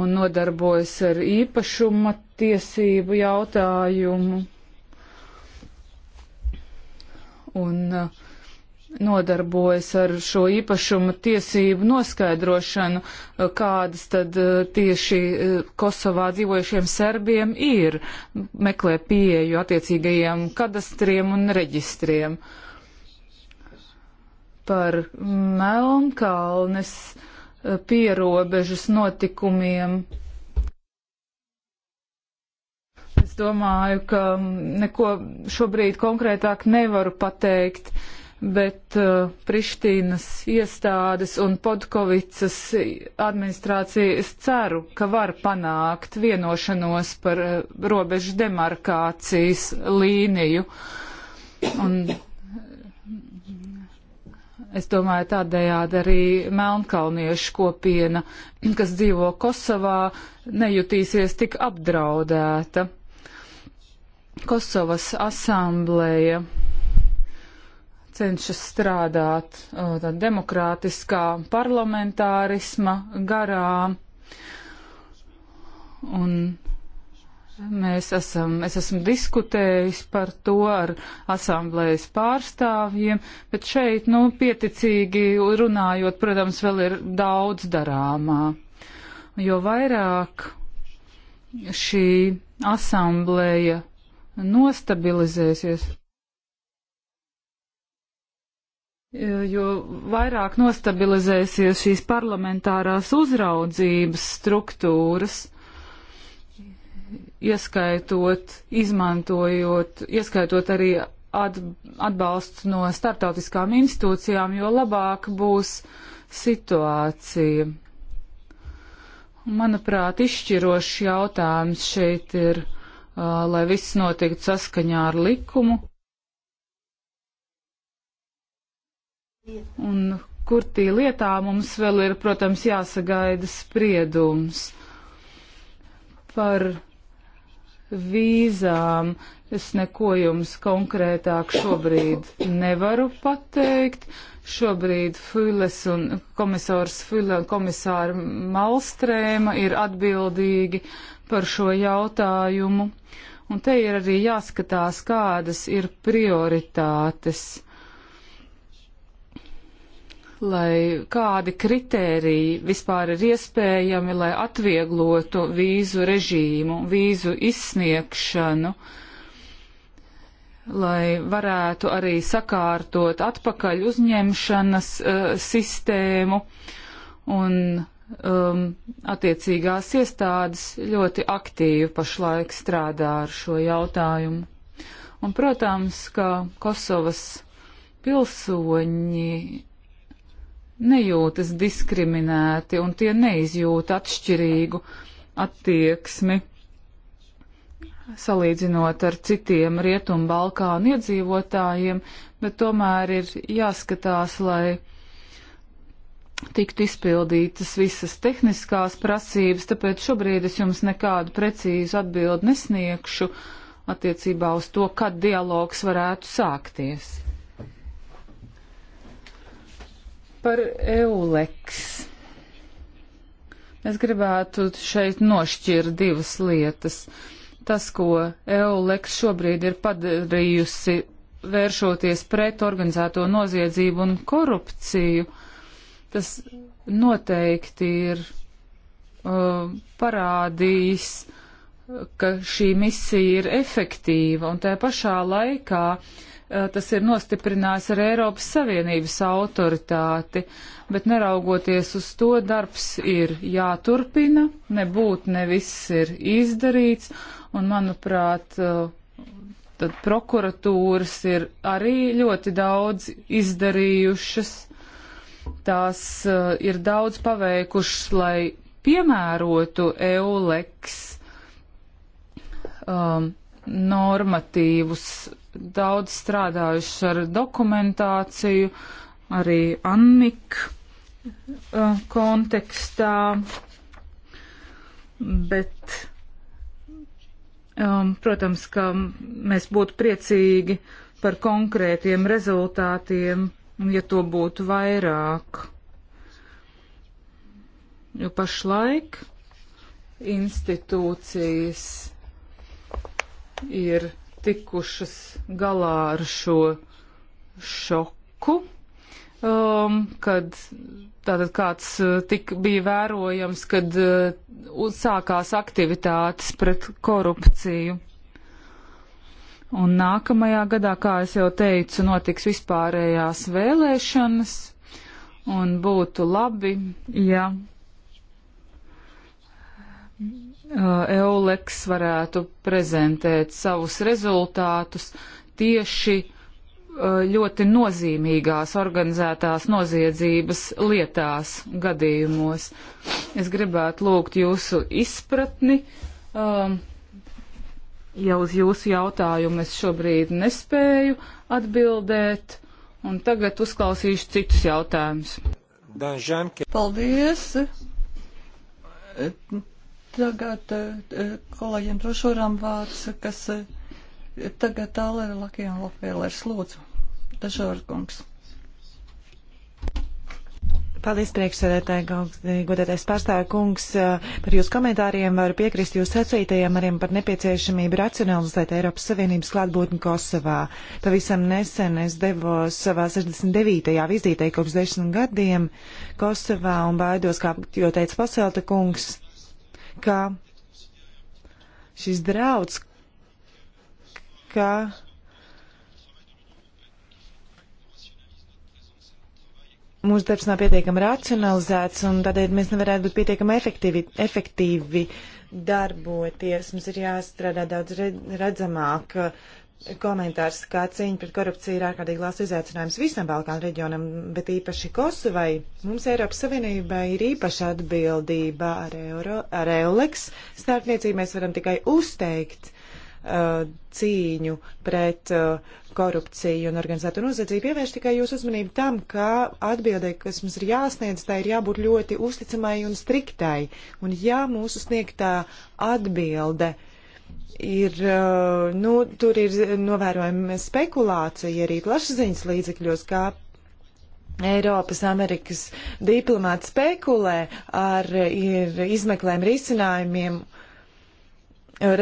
[SPEAKER 3] un nodarbojas ar īpašuma tiesību jautājumu. Un uh, nodarbojas ar šo īpašumu tiesību noskaidrošanu, eh, kādas tad eh, tieši eh, Kosovā dzīvojušiem serbiem ir, meklē pieeju attiecīgajiem kadastriem un reģistriem. Par Melnkalnes pierobežas notikumiem. Es domāju, ka mm, neko šobrīd konkrētāk nevaru pateikt. Uh, bet uh, Prištīnas iestādes un Podkovicas administrācija es ceru, ka var panākt vienošanos par uh, robežu demarkācijas līniju. Un uh, es domāju, tādējādi arī Melnkalniešu kopiena, kas dzīvo Kosovā, nejutīsies tik apdraudēta. Kosovas asamblēja cenšas strādāt uh, demokrātiskā parlamentārisma garā. Un mēs esam, es esmu diskutējis par to ar asamblējas pārstāvjiem, bet šeit, nu, pieticīgi runājot, protams, vēl ir daudz darāmā. Jo vairāk šī asamblēja nostabilizēsies, jo vairāk nostabilizēsies šīs parlamentārās uzraudzības struktūras, ieskaitot, izmantojot, ieskaitot arī atbalstu no starptautiskām institūcijām, jo labāk būs situācija. Manuprāt, izšķirošs jautājums šeit ir, lai viss notiktu saskaņā ar likumu. Un kur tī lietā mums vēl ir, protams, jāsagaida spriedums par vīzām. Es neko jums konkrētāk šobrīd nevaru pateikt. Šobrīd Füles un komisārs Füle un komisāra Malstrēma ir atbildīgi par šo jautājumu. Un te ir arī jāskatās, kādas ir prioritātes lai kādi kritēriji vispār ir iespējami, lai atvieglotu vīzu režīmu, vīzu izsniegšanu, lai varētu arī sakārtot atpakaļ uzņemšanas uh, sistēmu un um, attiecīgās iestādes ļoti aktīvi pašlaik strādā ar šo jautājumu. Un, protams, ka Kosovas pilsoņi nejūtas diskriminēti un tie neizjūt atšķirīgu attieksmi salīdzinot ar citiem Rietumbalkānu iedzīvotājiem, bet tomēr ir jāskatās, lai tiktu izpildītas visas tehniskās prasības, tāpēc šobrīd es jums nekādu precīzu atbildi nesniegšu attiecībā uz to, kad dialogs varētu sākties. par euleks. Es gribētu šeit nošķirt divas lietas. Tas, ko Euleks šobrīd ir padarījusi, vēršoties pret organizēto noziedzību un korupciju, tas noteikti ir uh, parādījis, ka šī misija ir efektīva un tajā pašā laikā uh, Eh, tas ir nostiprinājis ar Eiropas Savienības autoritāti, bet neraugoties uz to, darbs ir jāturpina, nebūt ne viss ir izdarīts, un manuprāt, eh, tad prokuratūras ir arī ļoti daudz izdarījušas. Tās uh, ir daudz paveikušas, lai piemērotu EULEX um, normatīvus daudz strādājuši ar dokumentāciju, arī Annika uh, eh, kontekstā, bet, um, protams, ka mēs būtu priecīgi par konkrētiem rezultātiem, ja to būtu vairāk. Jo pašlaik institūcijas ir tikušas galā ar šo šoku, um, kad tātad kāds uh, tik bija vērojams, kad uh, sākās aktivitātes pret korupciju. Un nākamajā gadā, kā es jau teicu, notiks vispārējās vēlēšanas, un būtu labi, ja Eh, Euleks varētu prezentēt savus rezultātus tieši eh, ļoti nozīmīgās organizētās noziedzības lietās gadījumos. Es gribētu lūgt jūsu izpratni. Um, ja uz jūsu jautājumu es šobrīd nespēju atbildēt, un tagad uzklausīšu citus jautājumus. Paldies!
[SPEAKER 2] Tagad eh, kolēģiem brošūrām vārds, kas eh, tagad tālēr Lakijam Lopvēlērs lūdzu. Dažorkungs. Paldies, priekšsēdētāji, eh,
[SPEAKER 4] godētais pārstāvja kungs. Par jūsu komentāriem varu piekrist jūsu sacītajiem arī par nepieciešamību racionalizēt Eiropas Savienības klātbūtni Kosovā. Pavisam nesen es devos savā 69. vizītē kopš 10 gadiem Kosovā un baidos, kā jau teica Paselta kungs, ka šis drauds, ka mūsu darbs nav pietiekami racionalizēts un tādēļ mēs nevarētu būt pietiekami efektīvi, efektīvi darboties. Mums ir jāstrādā daudz redzamāk, komentārs, ka cīņa pret korupciju ir ārkārtīgi liels izaicinājums visam Balkānu reģionam, bet īpaši Kosovai. Mums Eiropas Savienībai ir īpaša atbildība ar, Euro, ar Eulex. Starpniecību mēs varam tikai uzteikt uh, cīņu pret uh, korupciju un organizēto noziedzību. Pievērš tikai jūsu uzmanību tam, ka atbildē, kas mums ir jāsniedz, tā ir jābūt ļoti uzticamai un striktai. Un ja mūsu sniegtā atbilde uh, ir, uh, nu, tur ir novērojama spekulācija arī plašsaziņas līdzekļos, kā Eiropas, Amerikas diplomāti spekulē ar ir, izmeklēm risinājumiem,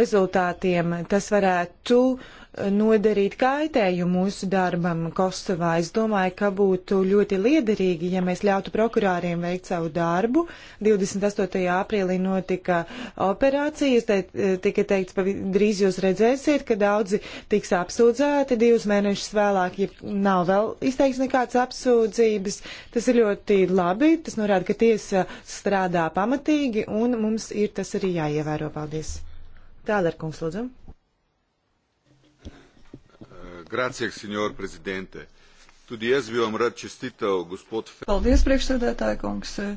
[SPEAKER 4] rezultātiem. Tas varētu uh, nodarīt kaitējumu mūsu darbam Kosovā. Es domāju, ka būtu ļoti liederīgi, ja mēs ļautu prokurāriem veikt savu darbu. 28. aprīlī notika operācijas, te, tika teikts, pavi, drīz jūs redzēsiet, ka daudzi tiks apsūdzēti, divus mēnešus vēlāk, ja nav vēl izteikts nekāds apsūdzības. Tas ir ļoti labi, tas norāda, ka tiesa strādā pamatīgi un mums ir tas arī jāievēro. Paldies! Tālāk, kungs, lūdzu.
[SPEAKER 1] Grazie, signor prezidente.
[SPEAKER 2] Tudi jaz bi vam rad čestitev, gospod Fer. Paldies, priekšsēdētāji kungs. Eh,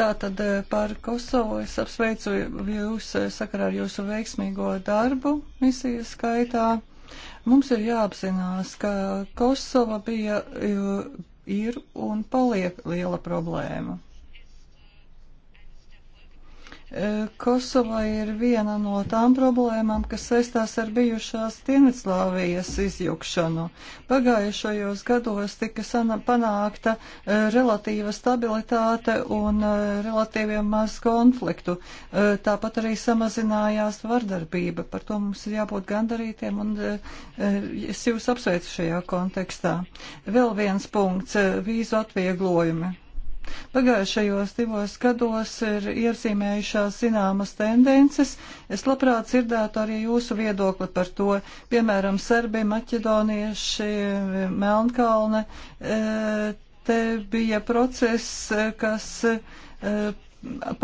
[SPEAKER 2] tātad eh, par Kosovu es apsveicu jūs eh, sakarā ar jūsu veiksmīgo darbu misijas skaitā. Mums ir jāapzinās, ka Kosova bija, ir un paliek liela problēma. Kosova ir viena no tām problēmām, kas saistās ar bijušās Dienvidslāvijas izjukšanu. Pagājušajos gados tika panākta eh, relatīva stabilitāte un eh, relatīviem maz konfliktu. Eh, tāpat arī samazinājās vardarbība. Par to mums ir jābūt gandarītiem un es jūs apsveicu šajā kontekstā. Vēl viens punkts - vīzu atvieglojumi. Pagājušajos divos gados ir iezīmējušās zināmas tendences. Es labprāt dzirdētu arī jūsu viedokli par to. Piemēram, serbi, maķedonieši, Melnkalne. E, te bija process, e, kas e,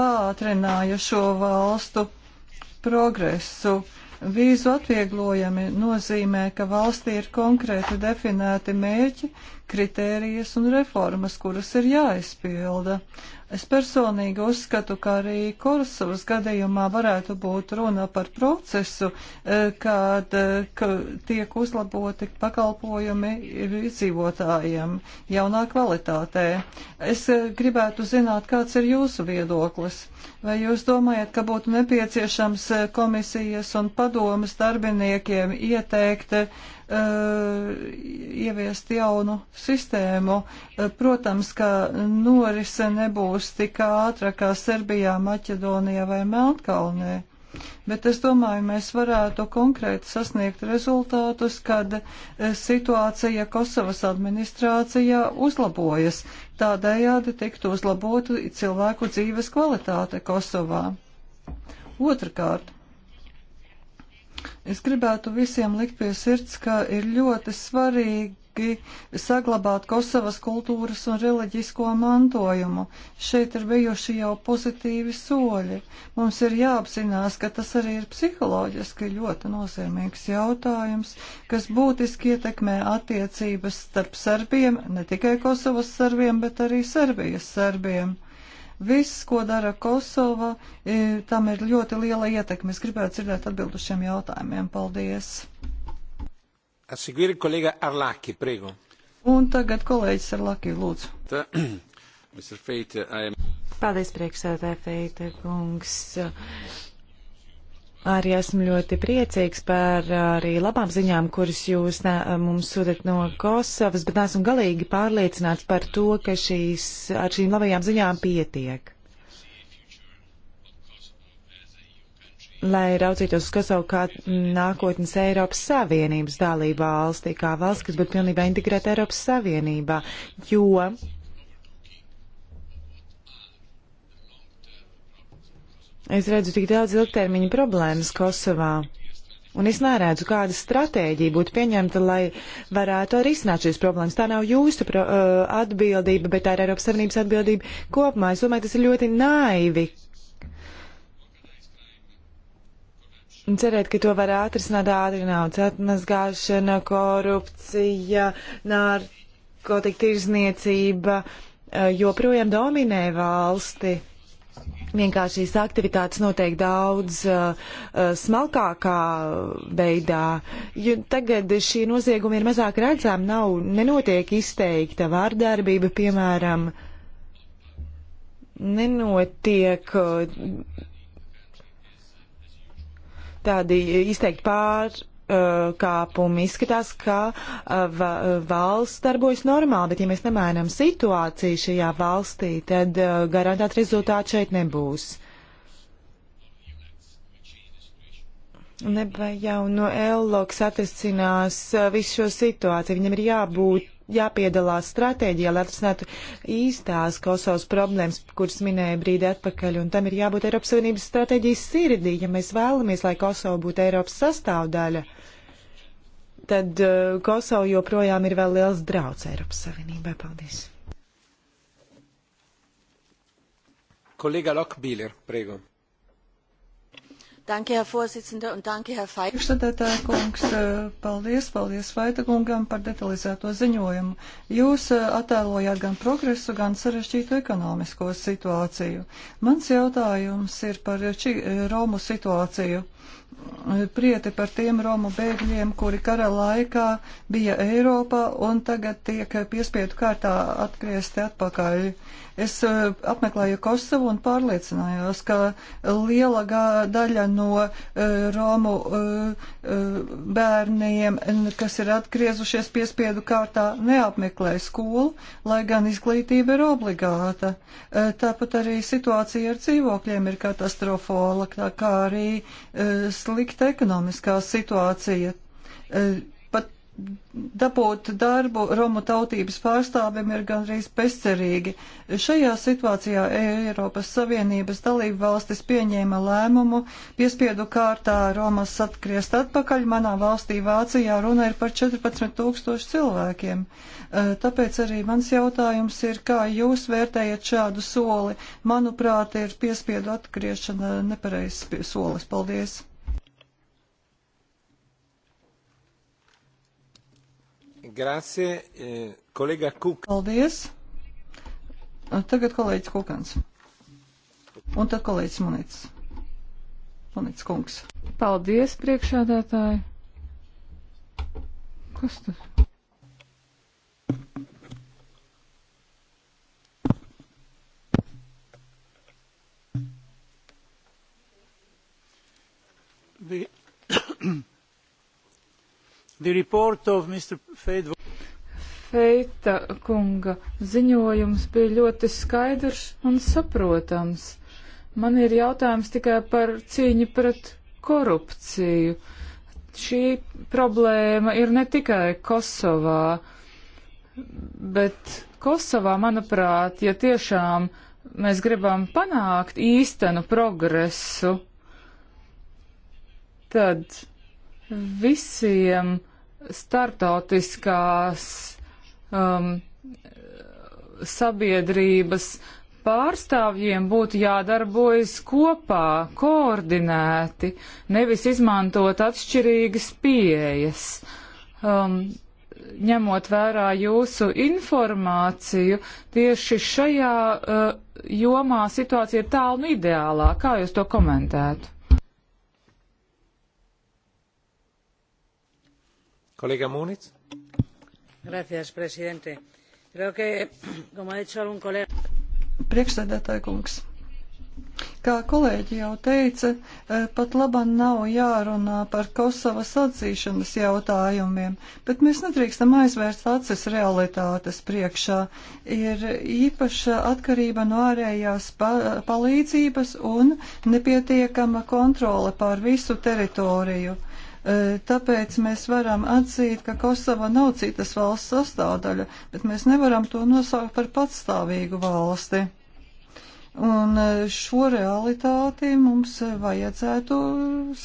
[SPEAKER 2] pātrināja šo valstu progresu. Vīzu atvieglojumi nozīmē, ka valstī ir konkrēti definēti mērķi, kritērijas un reformas, kuras ir jāizpilda. Es personīgi uzskatu, ka arī Kosovas gadījumā varētu būt runa par procesu, e, kad e, ka tiek uzlaboti pakalpojumi dzīvotājiem jaunā kvalitātē. Es e, gribētu zināt, kāds ir jūsu viedoklis. Vai jūs domājat, ka būtu nepieciešams komisijas un padomas darbiniekiem ieteikt Eh, ieviest jaunu sistēmu. Eh, protams, ka norise nebūs tik ātra kā Serbijā, Maķedonijā vai Melnkalnē. Bet es domāju, mēs varētu konkrēti sasniegt rezultātus, kad eh, situācija Kosovas administrācijā uzlabojas. Tādējādi tiktu uzlabota cilvēku dzīves kvalitāte Kosovā. Otrakārt, Es gribētu visiem likt pie sirds, ka ir ļoti svarīgi saglabāt Kosovas kultūras un reliģisko mantojumu. Šeit ir bijuši jau pozitīvi soļi. Mums ir jāapzinās, ka tas arī ir psiholoģiski ļoti nozīmīgs jautājums, kas būtiski ietekmē attiecības starp serbiem, ne tikai Kosovas serbiem, bet arī Serbijas serbiem. Viss, ko dara Kosova, tam ir ļoti liela ietekme. Es gribētu dzirdēt atbildu šiem jautājumiem. Paldies! Arlaki, Un tagad kolēģis ar Lakiju lūdzu.
[SPEAKER 1] Tā, Fate, am...
[SPEAKER 2] Paldies, priekšsēdētāji, kungs.
[SPEAKER 4] Arī esmu ļoti priecīgs par uh, arī labām ziņām, kuras jūs ne, uh, mums sūtat no Kosovas, bet esmu galīgi pārliecināts par to, ka šīs, ar šīm labajām ziņām pietiek. Lai raucītos uz Kosovu kā nākotnes Eiropas Savienības dalība valstī, kā valsts, kas būtu pilnībā integrēta Eiropas Savienībā, jo Es redzu tik daudz ilgtermiņa problēmas Kosovā. Un es neredzu, kāda stratēģija būtu pieņemta, lai varētu arī izsnākt šīs problēmas. Tā nav jūsu pro, uh, atbildība, bet tā ir Eiropas Savienības atbildība kopumā. Es domāju, tas ir ļoti naivi. Un cerēt, ka to var atrisināt ātri naudas atmazgāšana, korupcija, narkotika tirzniecība, uh, joprojām dominē valsti. Vienkārši šīs aktivitātes notiek daudz uh, uh smalkākā veidā, jo tagad šī nozieguma ir mazāk redzama, nav, nenotiek izteikta vārdarbība, piemēram, nenotiek uh, tādi izteikti pār pārkāpumi. Eh, izskatās, ka eh, valsts darbojas normāli, bet ja mēs nemainām situāciju šajā valstī, tad eh, garantēt rezultātu šeit nebūs. Neba jau no Elloks atrisinās visu šo situāciju. Viņam ir jābūt jāpiedalās stratēģijā, lai atrisinātu īstās Kosovas problēmas, kuras minēja brīdi atpakaļ, un tam ir jābūt Eiropas Savienības stratēģijas sirdī, ja mēs vēlamies, lai Kosova būtu Eiropas sastāvdaļa. Tad uh, Kosova joprojām ir vēl liels drauds Eiropas Savienībai. Paldies!
[SPEAKER 1] Kolēģa Lokbīler, priegu.
[SPEAKER 2] Danke, Herr Vorsitzender, un danke, Herr Feita. Priekšsēdētāja kungs, eh, paldies, paldies Feita kungam par detalizēto ziņojumu. Jūs eh, attēlojāt gan progresu, gan sarežģītu ekonomisko situāciju. Mans jautājums ir par či, eh, Romu situāciju prieti par tiem Romu bēgļiem, kuri kara laikā bija Eiropā un tagad tiek piespiedu kārtā atgriezti atpakaļ. Es eh, apmeklēju Kosovu un pārliecinājos, ka liela daļa no eh, Romu eh, bērniem, kas ir atgriezušies piespiedu kārtā, neapmeklē skolu, lai gan izglītība ir obligāta. Tāpat arī situācija ar dzīvokļiem ir katastrofāla, kā arī slikta ekonomiskā situācija dabūt darbu Romu tautības pārstāvim ir gandrīz bezcerīgi. Šajā situācijā Eiropas Savienības dalība valstis pieņēma lēmumu piespiedu kārtā Romas atgriezt atpakaļ. Manā valstī Vācijā runa ir par 14 tūkstošu cilvēkiem. Eh, tāpēc arī mans jautājums ir, kā jūs vērtējat šādu soli? Manuprāt, ir piespiedu atgriešana nepareizs solis. Paldies!
[SPEAKER 1] Grāsie, kolēģa eh, Kuk.
[SPEAKER 2] Paldies. Tagad kolēģis Kukans. Un tad kolēģis Munits. Munits kungs. Paldies, priekšādātāji.
[SPEAKER 3] Kas tas?
[SPEAKER 1] the The report of Mr. Fade...
[SPEAKER 3] Feita kunga ziņojums bija ļoti skaidrs un saprotams. Man ir jautājums tikai par cīņu pret korupciju. Šī problēma ir ne tikai Kosovā, bet Kosovā, manuprāt, ja tiešām mēs gribam panākt īstenu progresu, tad visiem startautiskās um, sabiedrības pārstāvjiem būtu jādarbojas kopā, koordinēti, nevis izmantot atšķirīgas pieejas. Um, ņemot vērā jūsu informāciju, tieši šajā uh, jomā situācija ir tālu no ideālā. Kā jūs to komentētu?
[SPEAKER 4] Gracias, presidente. Creo que, como ha dicho algún colega...
[SPEAKER 2] Priekšsēdētāja kungs. Kā kolēģi jau teica, eh, pat labam nav jārunā par Kosovas atzīšanas jautājumiem, bet mēs nedrīkstam aizvērst acis realitātes priekšā. Ir īpaša atkarība no ārējās palīdzības un nepietiekama kontrole pār visu teritoriju. E, tāpēc mēs varam atzīt, ka Kosova nav citas valsts sastāvdaļa, bet mēs nevaram to nosaukt par patstāvīgu valsti. Un e, šo realitāti mums vajadzētu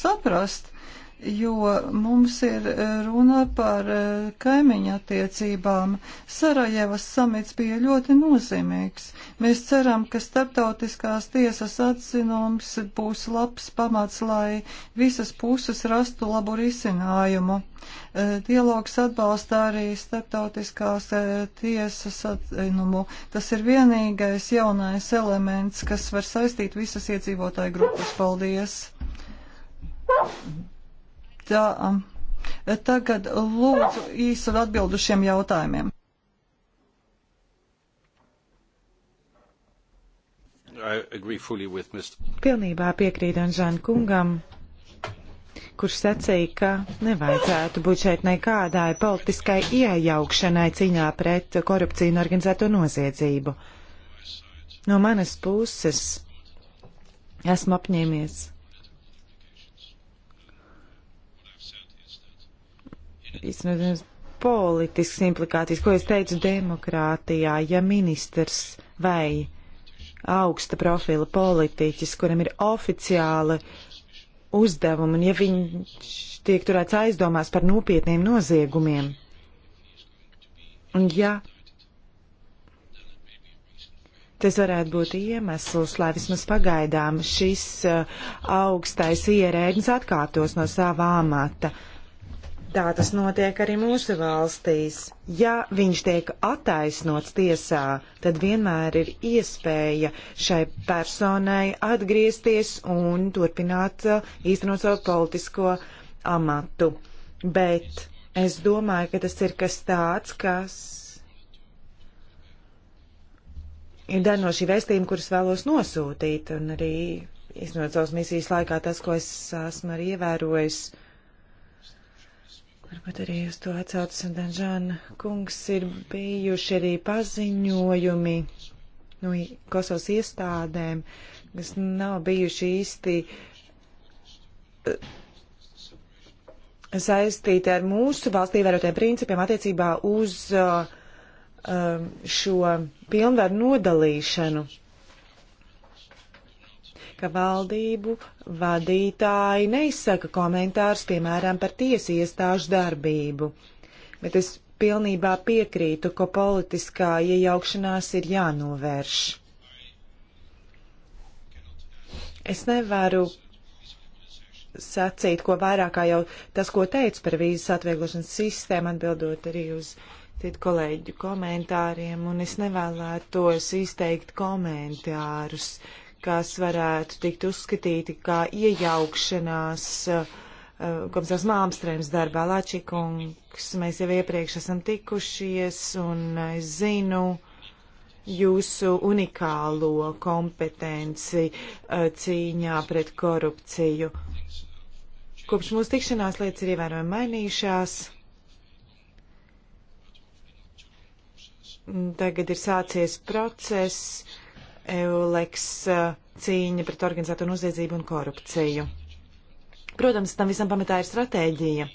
[SPEAKER 2] saprast jo mums ir eh, runa par eh, kaimiņa attiecībām. Sarajevas samits bija ļoti nozīmīgs. Mēs ceram, ka starptautiskās tiesas atzinums būs labs pamats, lai visas puses rastu labu risinājumu. Eh, dialogs atbalsta arī starptautiskās tiesas atzinumu. Tas ir vienīgais jaunais elements, kas var saistīt visas iedzīvotāju grupas. Paldies! Thank you. Tā, um, tagad lūdzu īsu atbildu šiem jautājumiem.
[SPEAKER 4] Pilnībā piekrītu Anžāna kungam, kurš sacīja, ka nevajadzētu būt šeit nekādai politiskai iejaukšanai ciņā pret korupciju un organizēto noziedzību. No manas puses esmu apņēmies vismaz politisks implikācijas, ko es teicu demokrātijā, ja ministrs vai augsta profila politiķis, kuram ir oficiāli uzdevumi, un ja viņš tiek turēts aizdomās par nopietniem noziegumiem, un ja Tas varētu būt iemesls, lai vismaz pagaidām šis uh, augstais ierēdnis atkāptos no sava amata. Uh, Tā tas notiek arī mūsu valstīs. Ja viņš tiek attaisnots tiesā, tad vienmēr ir iespēja šai personai atgriezties un turpināt uh, īstenot savu politisko amatu. Bet es domāju, ka tas ir kas tāds, kas ir daļa no šī vēstījuma, kuras vēlos nosūtīt, un arī īstenot savas misijas laikā tas, ko es esmu arī ievērojis. Uh, Varbūt arī uz to atsaucas, un Danžāna kungs ir bijuši arī paziņojumi no nu, Kosovas iestādēm, kas nav bijuši īsti eh, saistīti ar mūsu valstī vērotiem principiem attiecībā uz eh, eh, šo pilnvaru nodalīšanu ka valdību vadītāji neizsaka komentārus, piemēram, par tiesu iestāžu darbību. Bet es pilnībā piekrītu, ka politiskā iejaukšanās ir jānovērš. Es nevaru sacīt, ko vairāk kā jau tas, ko teicu par vīzas atvieglošanas sistēmu, atbildot arī uz citu kolēģu komentāriem, un es nevēlētos izteikt komentārus, kas varētu tikt uzskatīti kā iejaukšanās uh, komisārs Māmstrēms darbā. Lāčikungs, mēs jau iepriekš esam tikušies un es zinu jūsu unikālo kompetenci uh, cīņā pret korupciju. Kopš mūsu tikšanās lietas ir ievērojami mainījušās. Tagad ir sācies process, EULEX eh, cīņa pret organizēto noziedzību un korupciju. Protams, tam visam pamatā ir stratēģija.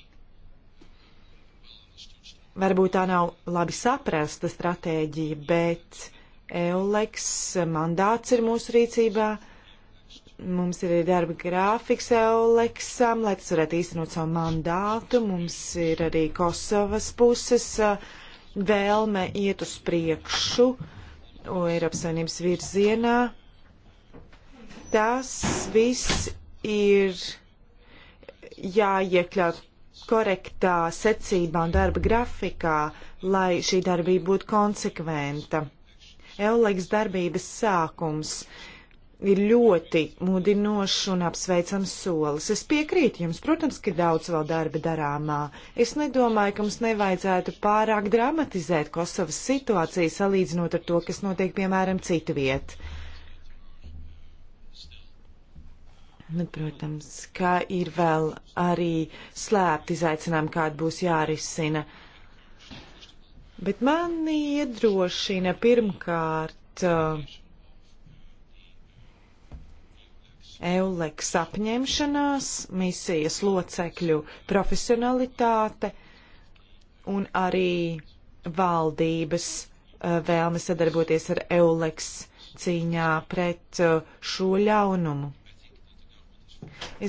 [SPEAKER 4] Varbūt tā nav labi saprasta stratēģija, bet EULEX mandāts ir mūsu rīcībā. Mums ir darba grāfiks EULEXam, lai tas varētu īstenot savu mandātu. Mums ir arī Kosovas puses eh, vēlme iet uz priekšu. Uh, Eiropas Savienības virzienā. Tas viss ir jāiekļaut korektā secībā un darba grafikā, lai šī darbība būtu konsekventa. Euleks darbības sākums ir ļoti mudinošs un apsveicams solis. Es piekrītu jums, protams, ka daudz vēl darba darāmā. Es nedomāju, ka mums nevajadzētu pārāk dramatizēt Kosovas situāciju, salīdzinot ar to, kas notiek, piemēram, citu vietu. Nu, protams, ka ir vēl arī slēpt izaicinājumi, kāda būs jārisina. Bet mani iedrošina pirmkārt. Uh, Euleks apņemšanās, misijas locekļu profesionalitāte un arī valdības eh, vēlme sadarboties ar Euleks cīņā pret eh, šo ļaunumu.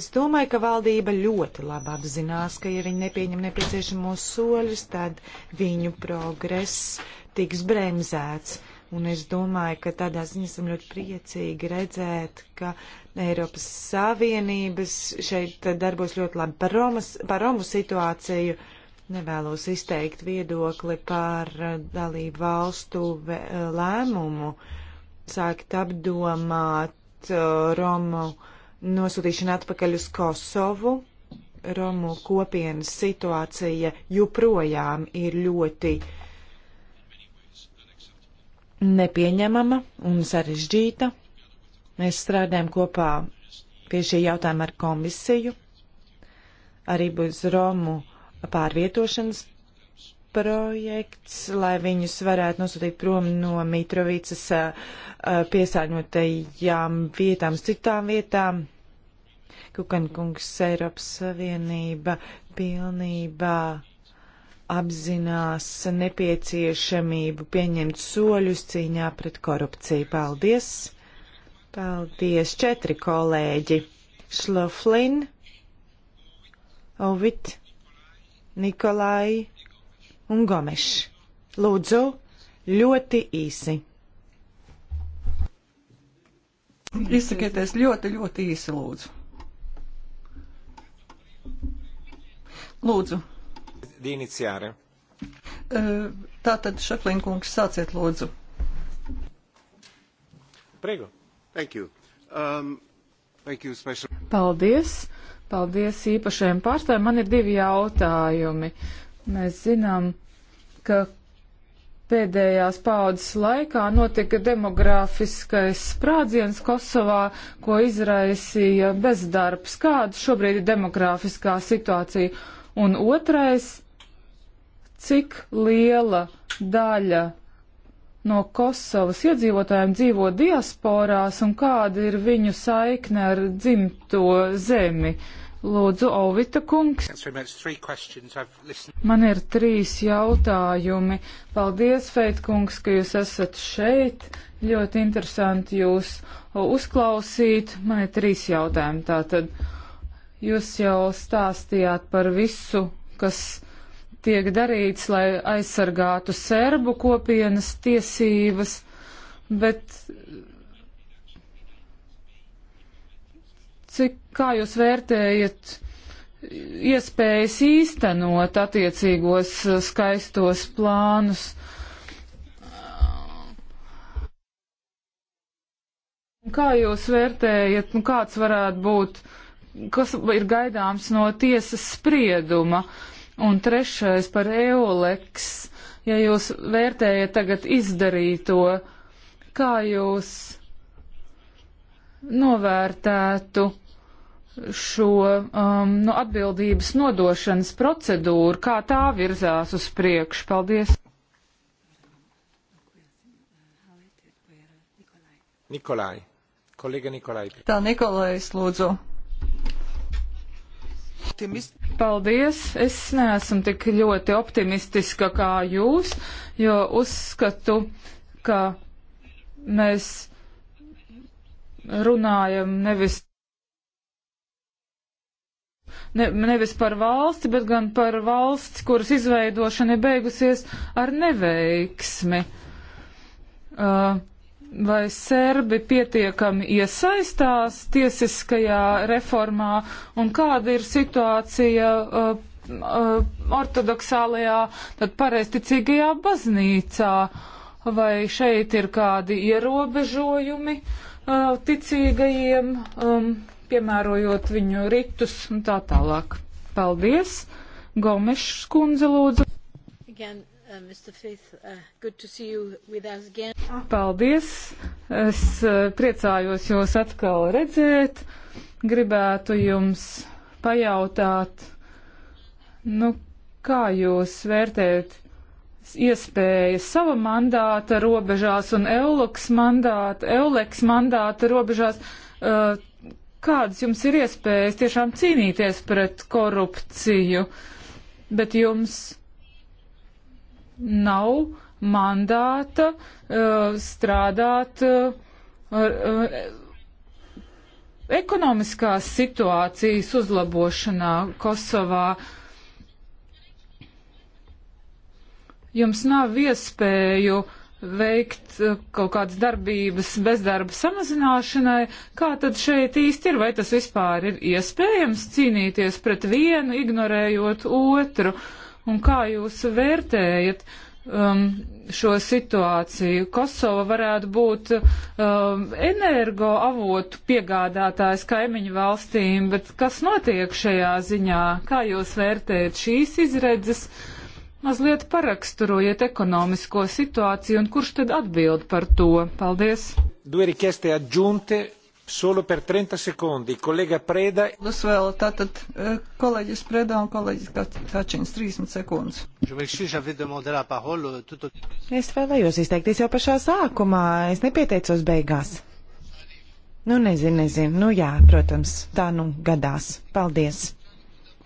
[SPEAKER 4] Es domāju, ka valdība ļoti labi apzinās, ka ja viņi nepieņem nepieciešamos soļus, tad viņu progress tiks bremzēts. Un es domāju, ka tādā ziņā esam ļoti priecīgi redzēt, ka Eiropas Savienības šeit darbos ļoti labi par, Romas, par Romu situāciju. Nevēlos izteikt viedokli par dalību valstu lēmumu, sākt apdomāt uh, Romu nosūtīšanu atpakaļ uz Kosovu, Romu kopienas situācija joprojām ir ļoti nepieņemama un sarežģīta. Mēs strādājam kopā pie šī jautājuma ar komisiju, arī būs Romu pārvietošanas projekts, lai viņus varētu nosūtīt prom no Mitrovicas piesārņotajām vietām, citām vietām. Kukankungs Eiropas Savienība pilnībā apzinās nepieciešamību pieņemt soļus cīņā pret korupciju. Paldies! Paldies! Četri kolēģi - Šloflin, Ovid, Nikolai un Gomeš. Lūdzu, ļoti īsi!
[SPEAKER 2] Izsakieties ļoti, ļoti īsi, lūdzu. Lūdzu,
[SPEAKER 1] di iniziare.
[SPEAKER 2] Eh, tātad, Šeflinkungs, sāciet lūdzu.
[SPEAKER 1] Priegu. Thank you. Um, thank you special...
[SPEAKER 2] Paldies.
[SPEAKER 3] Paldies īpašajiem pārstāvjiem. Man ir divi jautājumi. Mēs zinām, ka pēdējās paudzes laikā notika demografiskais sprādziens Kosovā, ko izraisīja bezdarbs. Kāda šobrīd ir demografiskā situācija? Un otrais cik liela daļa no Kosovas iedzīvotājiem dzīvo diasporās un kāda ir viņu saikne ar dzimto zemi. Lūdzu, Ovita kungs. Man ir trīs jautājumi. Paldies, Feit kungs, ka jūs esat šeit. Ļoti interesanti jūs uzklausīt. Man ir trīs jautājumi. Tātad jūs jau stāstījāt par visu, kas tiek darīts, lai aizsargātu serbu kopienas tiesības, bet cik, kā jūs vērtējat iespējas īstenot attiecīgos skaistos plānus? Kā jūs vērtējat, nu kāds varētu būt, kas ir gaidāms no tiesas sprieduma? Uh, Un trešais par Eoleks. Ja jūs vērtējat tagad izdarīto, kā jūs novērtētu šo um, no nu, atbildības nodošanas procedūru, kā tā virzās uz priekšu. Paldies!
[SPEAKER 1] Nikolai, kolēģa Nikolai. Tā
[SPEAKER 3] Nikolais, lūdzu. Paldies! Es neesmu tik ļoti optimistiska kā jūs, jo uzskatu, ka mēs runājam nevis, ne, nevis par valsti, bet gan par valsts, kuras izveidošana ir beigusies ar neveiksmi. Uh, vai serbi pietiekami iesaistās tiesiskajā reformā un kāda ir situācija uh, uh, ortodoksālajā, tad pareizticīgajā baznīcā, vai šeit ir kādi ierobežojumi uh, ticīgajiem, um, piemērojot viņu ritus un tā tālāk. Paldies! Gomešs kundze lūdzu.
[SPEAKER 1] Again. Uh, Mr. Faith, uh, good to see you with us again.
[SPEAKER 3] Paldies! Es uh, priecājos jūs atkal redzēt. Gribētu jums pajautāt, nu, kā jūs vērtējat iespējas sava mandāta robežās un Euleks mandāta, Euleks mandāta robežās? Uh, kādas jums ir iespējas tiešām cīnīties pret korupciju? Bet jums nav mandāta uh, strādāt uh, ar, uh, ekonomiskās situācijas uzlabošanā Kosovā. Jums nav iespēju veikt uh, kaut kādas darbības bezdarba samazināšanai. Kā tad šeit īsti ir? Vai tas vispār ir iespējams cīnīties pret vienu, ignorējot otru? Uh, un kā jūs vērtējat um, šo situāciju? Kosova varētu būt um, energoavotu piegādātājs kaimiņu valstīm, bet kas notiek šajā ziņā? Kā jūs vērtējat šīs izredzes? Mazliet
[SPEAKER 1] paraksturojiet ekonomisko situāciju un kurš tad atbild par to? Paldies! Due richieste aggiunte Solo per 30 sekundi. Kolēģa Preda. Es vēl
[SPEAKER 2] tātad eh, kolēģis Preda un kolēģis Kačins 30 sekundes. Euh,
[SPEAKER 4] es vēlējos izteikties jau pašā sākumā. Es nepieteicos beigās. Nu, nezinu, nezinu. Nu, jā, protams, tā nu gadās. Paldies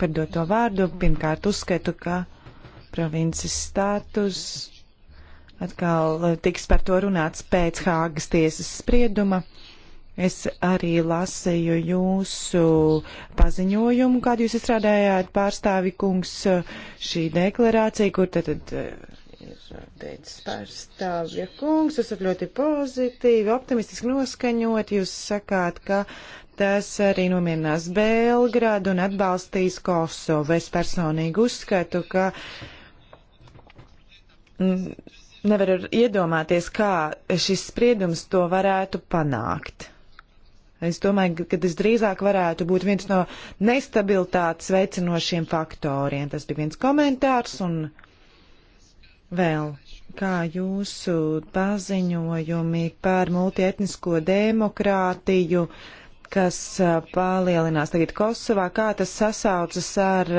[SPEAKER 4] par doto vārdu. Pirmkārt, uzskatu, ka provinces status atkal eh, tiks par to runāts pēc Hāgas tiesas sprieduma. Es arī lasīju jūsu paziņojumu, kādu jūs izstrādājāt, pārstāvi kungs, šī deklarācija, kur tad, tad eh, ir teicis pārstāvja kungs, esat ļoti pozitīvi, optimistiski noskaņot, jūs sakāt, ka tas arī nomierinās Belgrādu un atbalstīs Kosovu. Es personīgi uzskatu, ka mm, nevaru iedomāties, kā šis spriedums to varētu panākt. Es domāju, ka tas drīzāk varētu būt viens no nestabilitātes veicinošiem faktoriem. Tas bija viens komentārs un vēl. Kā jūsu paziņojumi par multietnisko demokrātiju, kas palielinās tagad Kosovā, kā tas sasaucas ar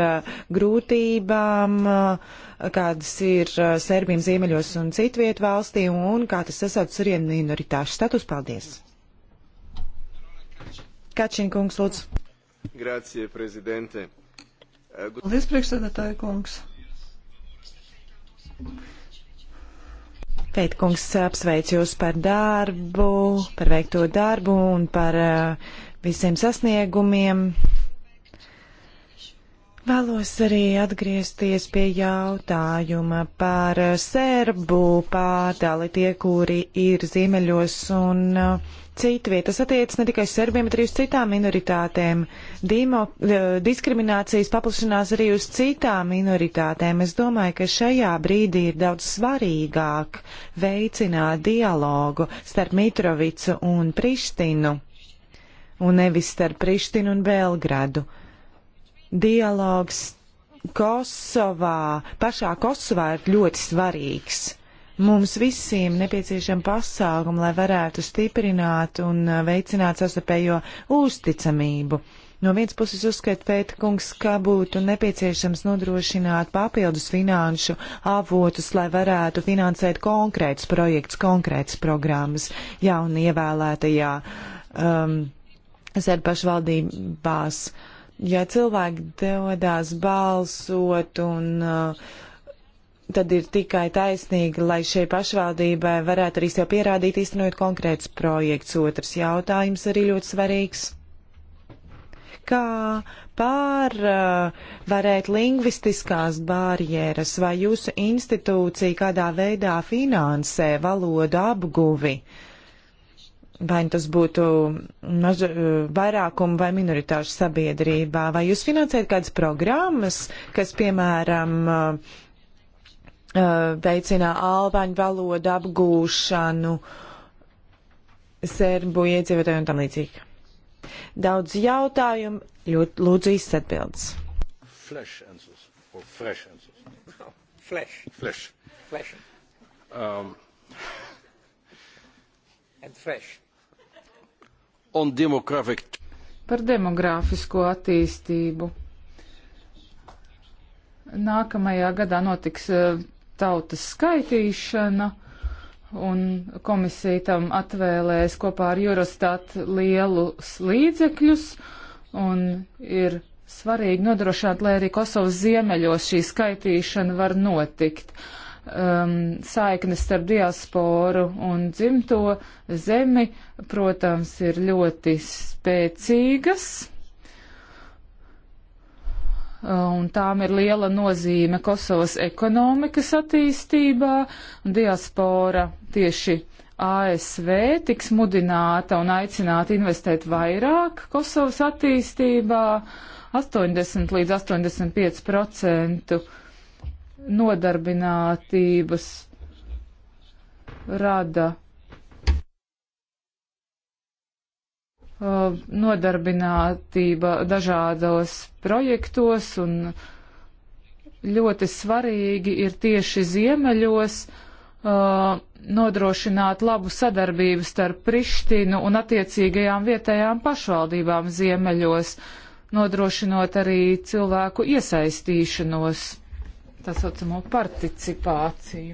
[SPEAKER 4] grūtībām, kādas ir Serbijam ziemeļos un citviet valstī, un kā tas sasaucas ar minoritāšu status?
[SPEAKER 2] Paldies! Kačina kungs, lūdzu. Grācie, prezidente. Eh, Paldies, priekšsēdētāja kungs.
[SPEAKER 4] Pēt kungs, apsveicu jūs par darbu, par veikto darbu un par uh, visiem sasniegumiem. Vēlos arī atgriezties pie jautājuma par serbu pārdali, tie, kuri ir ziemeļos un uh, citviet. Tas attiec ne tikai uz serbiem, bet arī uz citām minoritātēm. Dimo, uh, diskriminācijas paplašinās arī uz citām minoritātēm. Es domāju, ka šajā brīdī ir daudz svarīgāk veicināt dialogu starp Mitrovicu un Prištinu, un nevis starp Prištinu un Belgradu dialogs Kosovā, pašā Kosovā ir ļoti svarīgs. Mums visiem nepieciešama pasākuma, lai varētu stiprināt un uh, veicināt sastarpējo uzticamību. No vienas puses uzskata Pēta kungs, ka būtu nepieciešams nodrošināt papildus finanšu avotus, lai varētu finansēt konkrētus projektus, konkrētas programmas jaunievēlētajā um, serpašvaldībās. Uh, ja cilvēki dodās balsot un uh, tad ir tikai taisnīgi, lai šai pašvaldībai varētu arī sev pierādīt īstenojot konkrēts projekts. Otrs jautājums arī ļoti svarīgs. Kā pārvarēt uh, lingvistiskās barjeras vai jūsu institūcija kādā veidā finansē valodu apguvi? Uh, vai tas būtu maž, eh, vairākuma vai minoritāšu sabiedrībā, vai jūs finansējat kādas programmas, kas, piemēram, eh, eh, veicinā albāņu valodu apgūšanu, serbu iedzīvotāju un tam līdzīgi. Daudz jautājumu, ļoti lūdzu izsatbildes.
[SPEAKER 1] Flash answers, or fresh answers. No, flash. Flash. Flash. Um. And fresh on demographic.
[SPEAKER 3] Par demogrāfisko attīstību. Nākamajā gadā notiks eh, tautas skaitīšana, un komisija tam atvēlēs kopā ar Eurostat lielus līdzekļus, un ir svarīgi nodrošināt, lai arī Kosovas ziemeļos šī skaitīšana var notikt. Uh, um, saiknes starp diasporu un dzimto zemi, protams, ir ļoti spēcīgas. Un tām ir liela nozīme Kosovas ekonomikas attīstībā, un diaspora tieši ASV tiks mudināta un aicināta investēt vairāk Kosovas attīstībā, 80 līdz 85 procentu uh, nodarbinātības rada uh, nodarbinātība dažādos projektos un ļoti svarīgi ir tieši ziemeļos uh, nodrošināt labu sadarbību starp Prištinu un attiecīgajām vietējām pašvaldībām ziemeļos, nodrošinot arī cilvēku iesaistīšanos tā saucamo participāciju.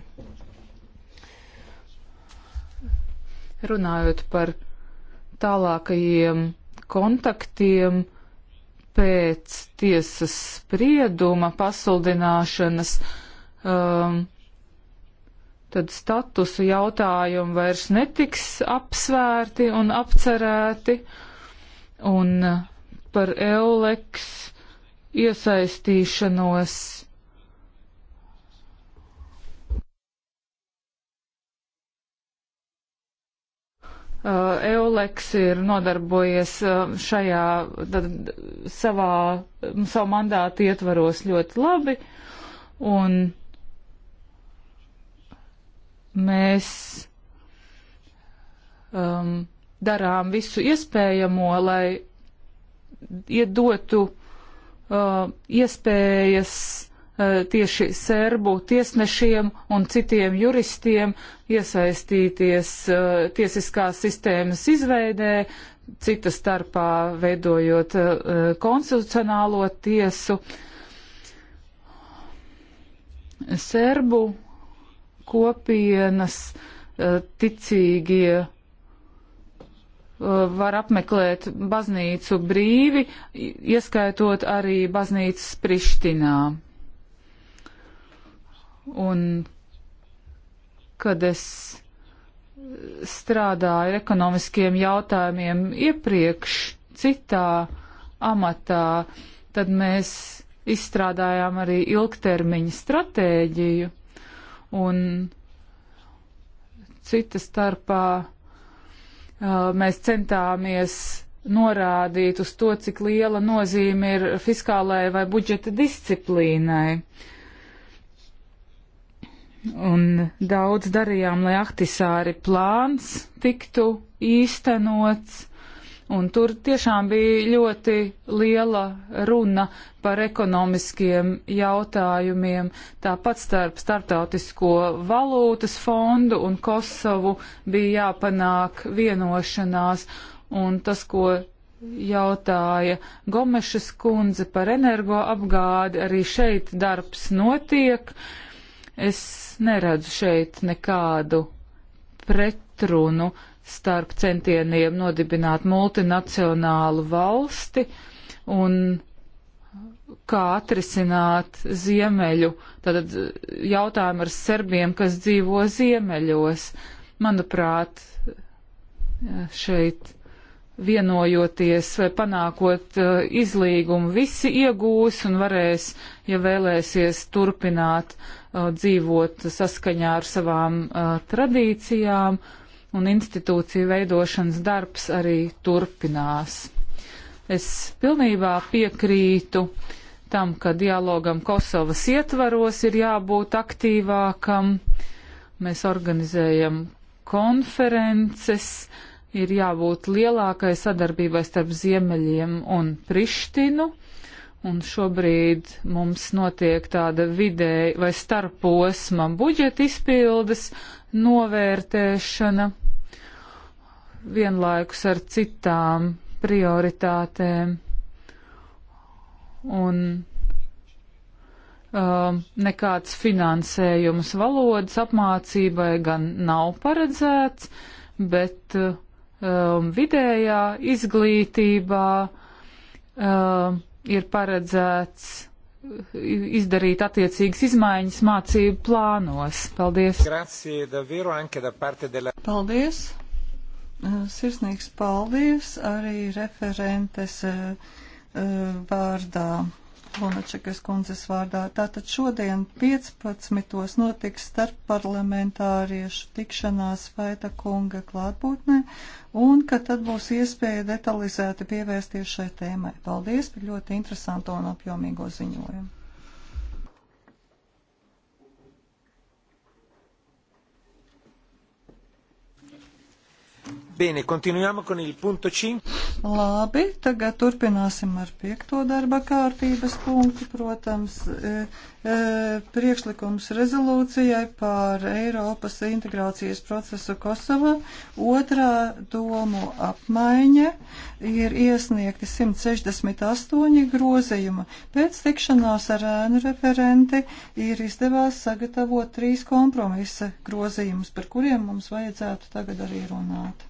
[SPEAKER 3] Runājot par tālākajiem kontaktiem pēc tiesas sprieduma pasludināšanas, um, tad statusu jautājumi vairs netiks apsvērti un apcerēti, un par Euleks iesaistīšanos Uh, Euleks ir nodarbojies uh, šajā tad, savā, mm, savu mandātu ietvaros ļoti labi, un mēs um, darām visu iespējamo, lai iedotu uh, iespējas Eh, tieši serbu tiesnešiem un citiem juristiem iesaistīties eh, tiesiskās sistēmas izveidē, cita starpā veidojot eh, konstitucionālo tiesu. Serbu kopienas ticīgie var apmeklēt baznīcu brīvi, ieskaitot arī baznīcas Prištinā un kad es strādāju ar ekonomiskiem jautājumiem iepriekš citā amatā, tad mēs izstrādājām arī ilgtermiņa stratēģiju un cita starpā mēs centāmies norādīt uz to, cik liela nozīme ir fiskālajai vai budžeta disciplīnai. Uh, un daudz darījām, lai Ahtisāri plāns tiktu īstenots. Un tur tiešām bija ļoti liela runa par ekonomiskiem jautājumiem, tāpat starp starptautisko valūtas fondu un Kosovu bija jāpanāk vienošanās, un tas, ko jautāja Gomešas kundze par energoapgādi, arī šeit darbs notiek. Uh, Es neredzu šeit nekādu pretrunu starp centieniem nodibināt multinacionālu valsti un kā atrisināt ziemeļu, tātad jautājumu ar serbiem, kas dzīvo ziemeļos. Manuprāt, šeit vienojoties vai panākot uh, izlīgumu visi iegūs un varēs, ja vēlēsies, turpināt dzīvot saskaņā ar savām tradīcijām, un institūciju veidošanas darbs arī turpinās. Es pilnībā piekrītu tam, ka dialogam Kosovas ietvaros ir jābūt aktīvākam. Mēs organizējam konferences, ir jābūt lielākai sadarbībai starp ziemeļiem un Prištinu. Un šobrīd mums notiek tāda vidēji vai starposma budžeta izpildes novērtēšana vienlaikus ar citām prioritātēm. Un um, nekāds finansējums valodas apmācībai gan nav paredzēts, bet um, vidējā izglītībā um, ir paredzēts izdarīt attiecīgas izmaiņas mācību plānos.
[SPEAKER 1] Paldies!
[SPEAKER 2] Paldies! Eh, sirsnīgs paldies arī referentes eh, eh, vārdā. Lunačekas kundzes vārdā. Tātad šodien 15. notiks starpparlamentāriešu tikšanās Vaita kunga klātbūtnē un ka tad būs iespēja detalizēti pievērsties šai tēmai. Paldies par ļoti interesantu un apjomīgo ziņojumu. Bene,
[SPEAKER 1] continuiamo con il punto 5.
[SPEAKER 2] Labi, tagad turpināsim ar piekto darba kārtības punktu, protams, e, e, priekšlikums rezolūcijai par Eiropas integrācijas procesu Kosovā. Otrā domu apmaiņa ir iesniegti 168 grozījuma. Pēc tikšanās ar ēnu referenti ir izdevās sagatavot trīs kompromisa grozījumus, par kuriem mums vajadzētu tagad arī runāt.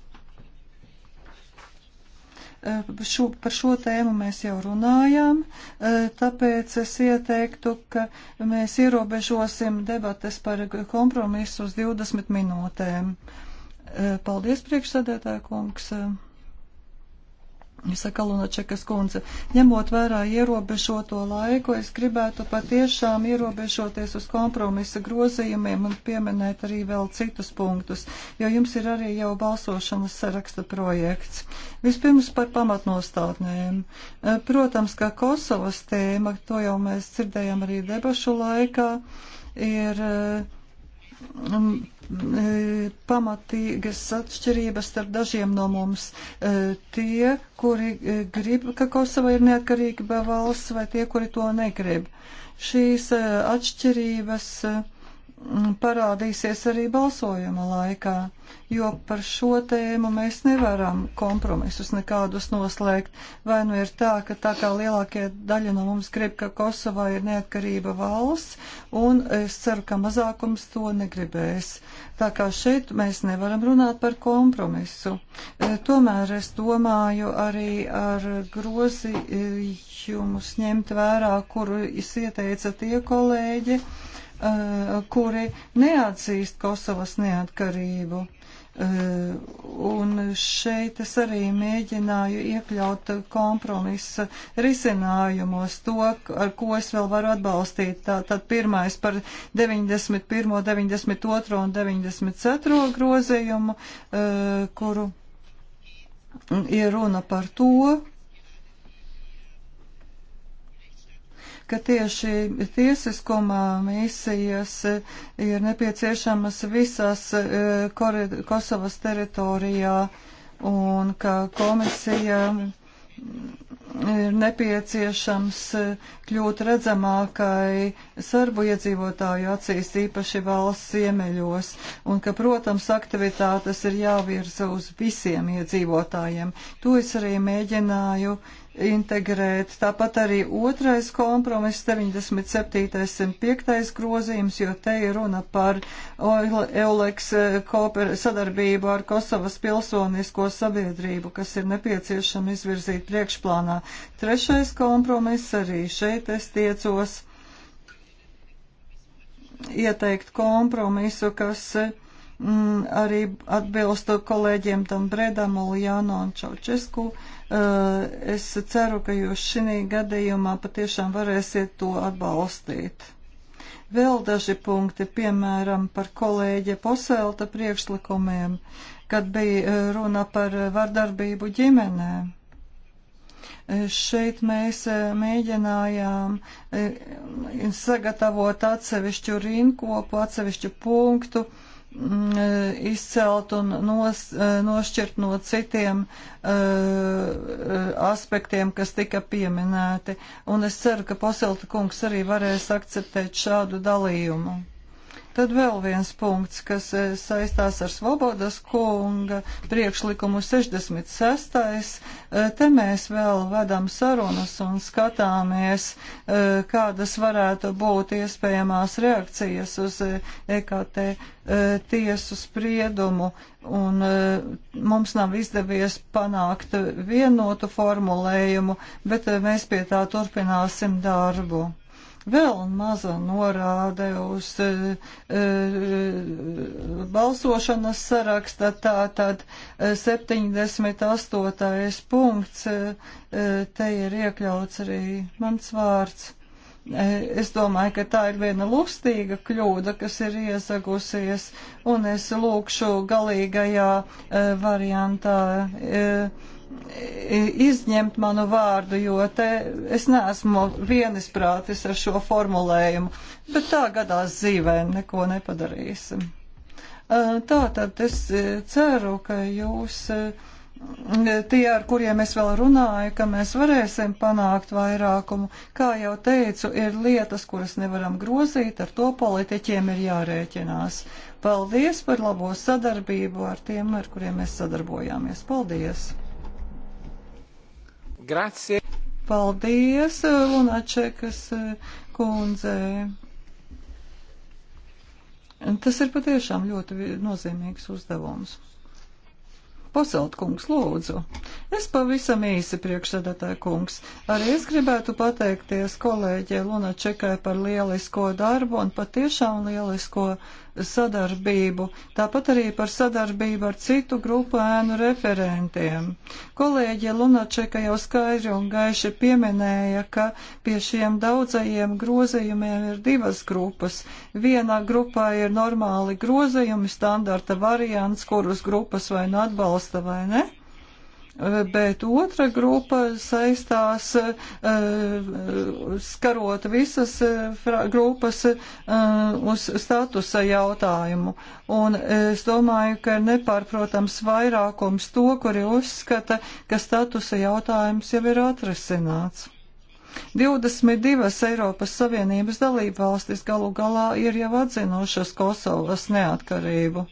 [SPEAKER 2] Eh, šo, par šo tēmu mēs jau runājām, eh, tāpēc es ieteiktu, ka mēs ierobežosim debates par kompromisu uz 20 minūtēm. Eh, paldies, priekšsēdētāja kungs! saka Lunačekas kundze. Ņemot vērā ierobežoto laiku, es gribētu patiešām ierobežoties uz kompromisa grozījumiem un pieminēt arī vēl citus punktus, jo jums ir arī jau balsošanas saraksta projekts. Vispirms par pamatnostādnēm. E, protams, ka Kosovas tēma, to jau mēs dzirdējām arī debašu laikā, ir e, E, pamatīgas atšķirības starp dažiem no mums. E, tie, kuri e, grib, ka Kosova ir neatkarīga valsts, vai tie, kuri to negrib. Šīs atšķirības parādīsies arī balsojuma laikā, jo par šo tēmu mēs nevaram kompromisus nekādus noslēgt. Vai nu ir tā, ka tā kā lielākie daļa no mums grib, ka Kosovā ir neatkarība valsts, un es ceru, ka mazākums to negribēs. Tā kā šeit mēs nevaram runāt par kompromisu. E, tomēr es domāju arī ar grozījumus ņemt vērā, kuru ieteica tie kolēģi Eh, kuri neatzīst Kosovas neatkarību. Eh, un šeit es arī mēģināju iekļaut kompromisa risinājumos to, ar ko es vēl varu atbalstīt. Tātad pirmais par 91., 92. un 94. grozījumu, eh, kuru ir runa par to, ka tieši tiesiskumā misijas ir nepieciešamas visās e, Kosovas teritorijā un ka komisija ir nepieciešams kļūt redzamākai serbu iedzīvotāju acīs, īpaši valsts ziemeļos, un ka, protams, aktivitātes ir jāvirza uz visiem iedzīvotājiem. To es arī mēģināju uh, integrēt. Tāpat arī otrais kompromiss, 97.105. grozījums, jo te ir runa par Euleks eh, sadarbību ar Kosovas pilsonisko sabiedrību, kas ir nepieciešama izvirzīt priekšplānā. Trešais kompromiss arī šeit es tiecos ieteikt kompromisu, kas mm, arī atbilstu kolēģiem tam Bredam, Uljāno un Čaučesku. Uh, Eh, es ceru, ka jūs šī gadījumā patiešām varēsiet to atbalstīt. Vēl daži punkti, piemēram, par kolēģa posēlta priekšlikumiem, kad bija eh, runa par vardarbību ģimenē. Eh, šeit mēs mēģinājām sagatavot atsevišķu rinkopu, atsevišķu punktu, Mm, izcelt un nos, eh, nošķirt no citiem uh, aspektiem, kas tika pieminēti. Un es ceru, ka Posilta kungs arī varēs akceptēt šādu dalījumu. Tad vēl viens punkts, kas eh, saistās ar Svobodas kunga priekšlikumu 66. Eh, te mēs vēl vedam sarunas un skatāmies, eh, kādas varētu būt iespējamās reakcijas uz EKT e tiesu spriedumu. Un mums nav izdevies panākt vienotu formulējumu, bet mēs pie tā turpināsim darbu. Vēl maza norāde uz e, e, balsošanas saraksta, tātad 78. E, punkts, te ir iekļauts arī mans vārds. Es domāju, ka tā ir viena lustīga kļūda, kas ir iezagusies, un es lūkšu galīgajā variantā. E, izņemt manu vārdu, jo te es neesmu vienisprātis ar šo formulējumu, bet tā gadās dzīvē neko nepadarīsim. Tā tad es ceru, ka jūs tie, ar kuriem es vēl runāju, ka mēs varēsim panākt vairākumu. Kā jau teicu, ir lietas, kuras nevaram grozīt, ar to politiķiem ir jārēķinās. Paldies par labo sadarbību ar tiem, ar kuriem mēs sadarbojāmies. Paldies! Grazie. Paldies, eh, Lunačekas eh, kundzei. Tas ir patiešām ļoti nozīmīgs uzdevums. Poselt kungs, lūdzu. Es pavisam īsi priekšsēdētāju kungs. Arī es gribētu pateikties kolēģei Lunačekai par lielisko darbu un patiešām lielisko darbu sadarbību, tāpat arī par sadarbību ar citu grupu ēnu referentiem. Kolēģie Lunačeka jau skaidri un gaiši pieminēja, ka pie šiem daudzajiem grozījumiem ir divas grupas. Vienā grupā ir normāli grozījumi, standarta variants, kurus grupas vai nu atbalsta vai ne Eh, bet otra grupa saistās eh, skarot visas eh, grupas uz statusa jautājumu. Un es domāju, ka ir nepārprotams vairākums to, kuri uzskata, ka statusa jautājums jau ir atrisināts. 22 Eiropas Savienības dalību valstis galu galā ir jau atzinušas Kosovas neatkarību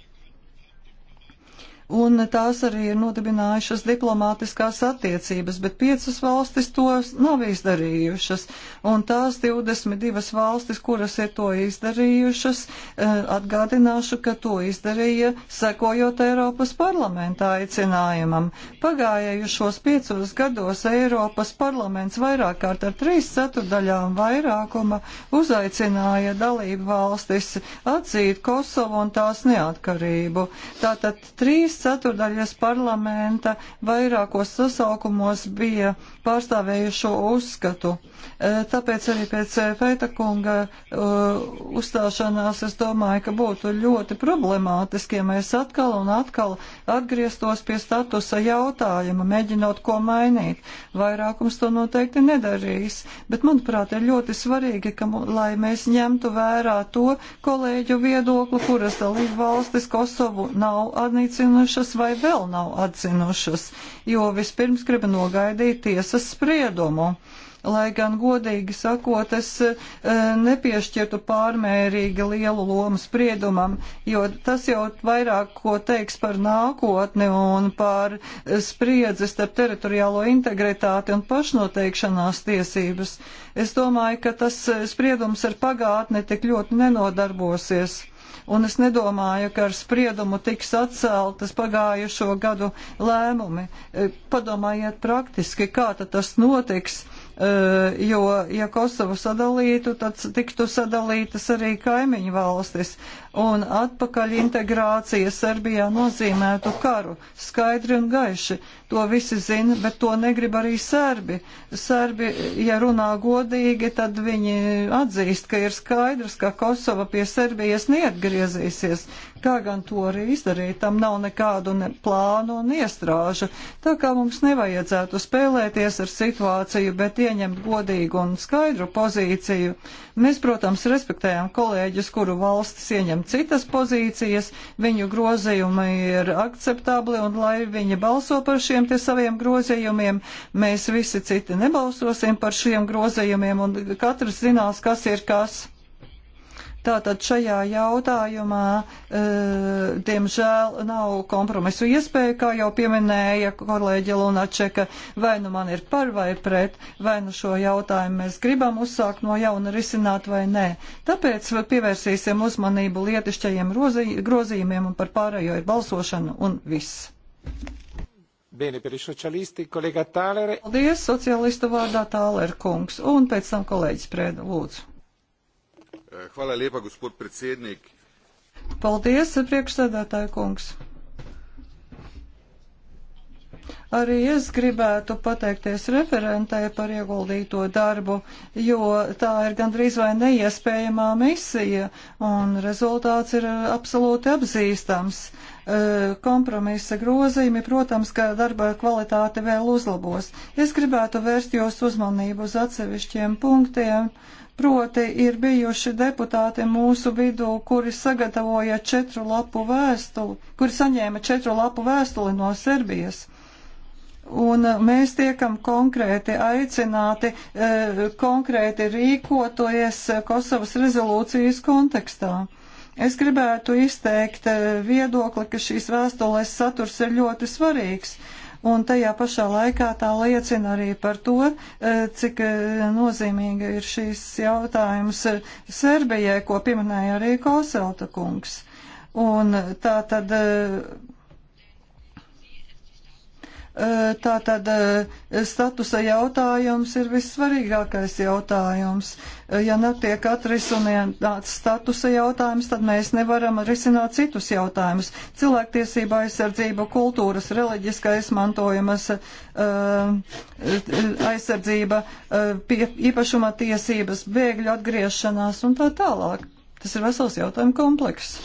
[SPEAKER 2] un tās arī ir nodibinājušas diplomātiskās attiecības, bet piecas valstis to nav izdarījušas, un tās 22 valstis, kuras ir to izdarījušas, eh, atgādināšu, ka to izdarīja sekojot Eiropas parlamenta aicinājumam. Pagājušos piecos gados Eiropas parlaments vairāk kārt ar trīs ceturdaļām vairākuma uzaicināja dalību valstis atzīt Kosovu un tās neatkarību. Tātad trīs ceturdaļas parlamenta vairākos sasaukumos bija pārstāvējušo uzskatu. E, tāpēc arī pēc Feita kunga e, uzstāšanās es domāju, ka būtu ļoti problemātiski, ja mēs atkal un atkal atgrieztos pie statusa jautājuma, mēģinot ko mainīt. Vairākums to noteikti nedarīs, bet manuprāt ir ļoti svarīgi, ka, lai mēs ņemtu vērā to kolēģu viedokli, kuras dalību valstis Kosovu nav atnīcinājusi atzinušas vai vēl nav atzinušas, jo vispirms gribu nogaidīt tiesas spriedumu. Lai gan godīgi sakot, es e, nepiešķirtu pārmērīgi lielu lomu spriedumam, jo tas jau vairāk ko teiks par nākotni un par spriedzi starp teritoriālo integritāti un pašnoteikšanās tiesības. Es domāju, ka tas e, spriedums ar pagātni tik ļoti nenodarbosies un es nedomāju, ka ar spriedumu tiks atceltas pagājušo gadu lēmumi. E, padomājiet praktiski, kā tad tas notiks e, jo, ja Kosovu sadalītu, tad tiktu sadalītas arī kaimiņu valstis un atpakaļ integrācija Serbijā nozīmētu karu. Skaidri un gaiši. To visi zina, bet to negrib arī serbi. Serbi, ja runā godīgi, tad viņi atzīst, ka ir skaidrs, ka Kosova pie Serbijas neatgriezīsies. Kā gan to arī izdarīt, tam nav nekādu ne plānu un iestrāžu. Tā kā mums nevajadzētu spēlēties ar situāciju, bet ieņemt godīgu un skaidru pozīciju. Mēs, protams, respektējam kolēģus, kuru valstis ieņem pavisam citas pozīcijas, viņu grozījumi ir akceptabli, un lai viņi balso par šiem te saviem grozījumiem, mēs visi citi nebalsosim par šiem grozījumiem, un katrs zinās, kas ir kas. Tātad šajā jautājumā, e, diemžēl, nav kompromisu iespēja, kā jau pieminēja kolēģi Lunačeka, vai nu man ir par vai pret, vai nu šo jautājumu mēs gribam uzsākt no jauna risināt vai nē. Tāpēc pievērsīsim uzmanību lietišķajiem grozījumiem un par pārējo ir balsošana un viss.
[SPEAKER 1] Bene, per i socialisti, kolēģa Tālere.
[SPEAKER 2] Paldies, socialista vārdā Tāler kungs, un pēc tam kolēģis Prēda, lūdzu.
[SPEAKER 1] Hvala lepa, gospod
[SPEAKER 4] predsednik.
[SPEAKER 2] Paldies, priekšsēdētāja kungs. Arī es gribētu pateikties referentē par ieguldīto darbu, jo tā ir gandrīz vai neiespējamā misija, un rezultāts ir absolūti apzīstams. E, kompromisa grozījumi, protams, ka darba kvalitāte vēl uzlabos. Es gribētu vērst jūs uzmanību uz atsevišķiem punktiem. Uh, Proti ir bijuši deputāti mūsu vidū, kuri sagatavoja četru lapu vēstuli, kuri saņēma četru lapu vēstuli no Serbijas. Un uh, mēs tiekam konkrēti aicināti, uh, konkrēti rīkototies uh, Kosovas rezolūcijas kontekstā. Es gribētu izteikt viedokli, ka šīs vēstules saturs ir ļoti svarīgs, un tajā pašā laikā tā liecina arī par to, e, cik e, nozīmīga ir šīs jautājums Serbijai, ko pieminēja arī Koselta kungs. Un tā tad e, Tātad statusa jautājums ir vissvarīgākais jautājums. Ja netiek atrisināts statusa jautājums, tad mēs nevaram risināt citus jautājumus. Cilvēktiesība aizsardzība, kultūras, reliģiskais mantojumas aizsardzība, īpašuma tiesības, bēgļu atgriešanās un tā tālāk. Tas ir vesels jautājumu komplekss.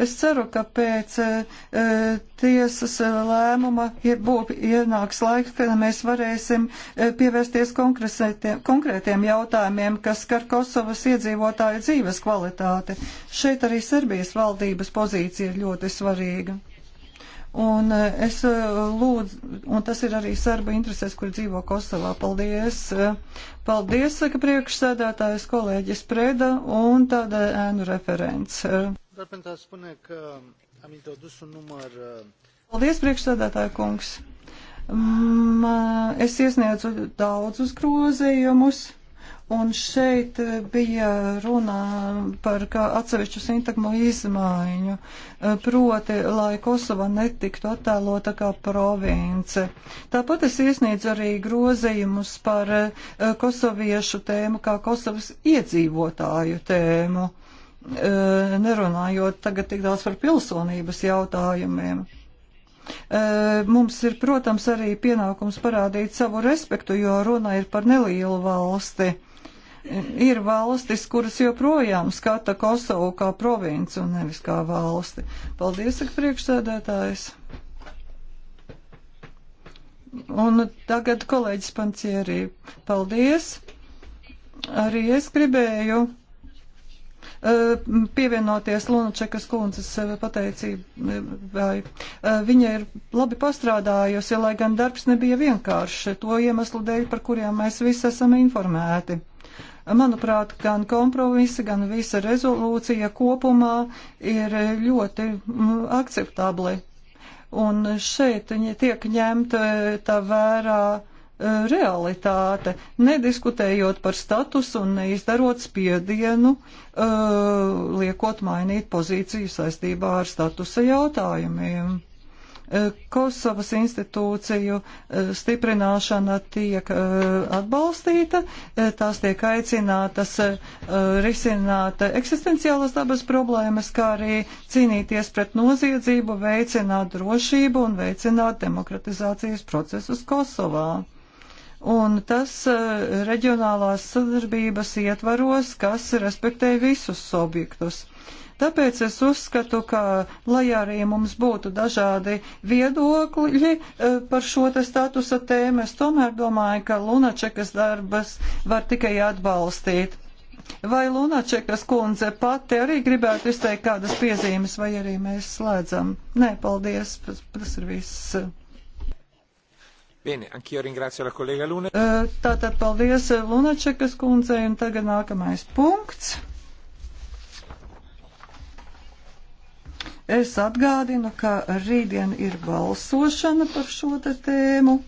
[SPEAKER 2] Es ceru, ka pēc eh, tiesas eh, lēmuma ir būs ienāks laiks, kad mēs varēsim eh, pievērsties konkrētiem, konkrētiem jautājumiem, kas skar Kosovas iedzīvotāju dzīves kvalitāti. Šeit arī Serbijas valdības pozīcija ir ļoti svarīga. Un es lūdzu, un tas ir arī serba interesēs, kur dzīvo Kosovā. Paldies! Paldies, saka priekšsēdētājs kolēģis Preda un tāda ēnu referents doar pentru a spune că am introdus un număr. Uh, Paldies, priekšsēdētāja kungs. Es iesniedzu daudzus grozījumus. Un šeit bija runa par atsevišķu sintagmu izmaiņu, uh, proti, lai Kosova netiktu attēlota kā province. Tāpat es iesniedzu arī grozījumus par uh, kosoviešu tēmu kā Kosovas iedzīvotāju tēmu. E, nerunājot tagad tik daudz par pilsonības jautājumiem. E, mums ir, protams, arī pienākums parādīt savu respektu, jo runa ir par nelielu valsti. E, ir valstis, kuras joprojām skata Kosovu kā provinci un nevis kā valsti. Paldies, saka priekšsēdētājs. Un tagad kolēģis Pancieri. Paldies. Arī es gribēju Eh, pievienoties Lunačekas kundzes eh, pateicībai. Eh, viņa ir labi pastrādājusi, lai gan darbs nebija vienkāršs, to iemeslu dēļ, par kuriem mēs visi esam informēti. Manuprāt, gan kompromisi, gan visa rezolūcija kopumā ir ļoti mm, akceptabli. Un šeit tiek ņemta tā vērā uh, realitāte, nediskutējot par statusu un neizdarot spiedienu, eh, liekot mainīt pozīciju saistībā ar statusa jautājumiem. Eh, Kosovas institūciju eh, stiprināšana tiek atbalstīta, tās tiek aicinātas risināt eksistenciālas dabas problēmas, kā arī cīnīties pret noziedzību, veicināt drošību un veicināt demokratizācijas procesus Kosovā un tas e, reģionālās sadarbības ietvaros, kas respektē visus objektus. Tāpēc es uzskatu, ka, lai arī mums būtu dažādi viedokļi e, par šo te statusa tēmu, es tomēr domāju, ka Lunačekas darbas var tikai atbalstīt. Vai Lunačekas kundze pati arī gribētu izteikt kādas piezīmes, vai arī mēs slēdzam? Nē, paldies, tas ir viss.
[SPEAKER 1] Bene, anch'io ringrazio la collega Lune.
[SPEAKER 2] Eh, tātad paldies eh, Lunačekas kundzei un tagad nākamais punkts. Es atgādinu, ka rītdien ir balsošana par šo te tēmu.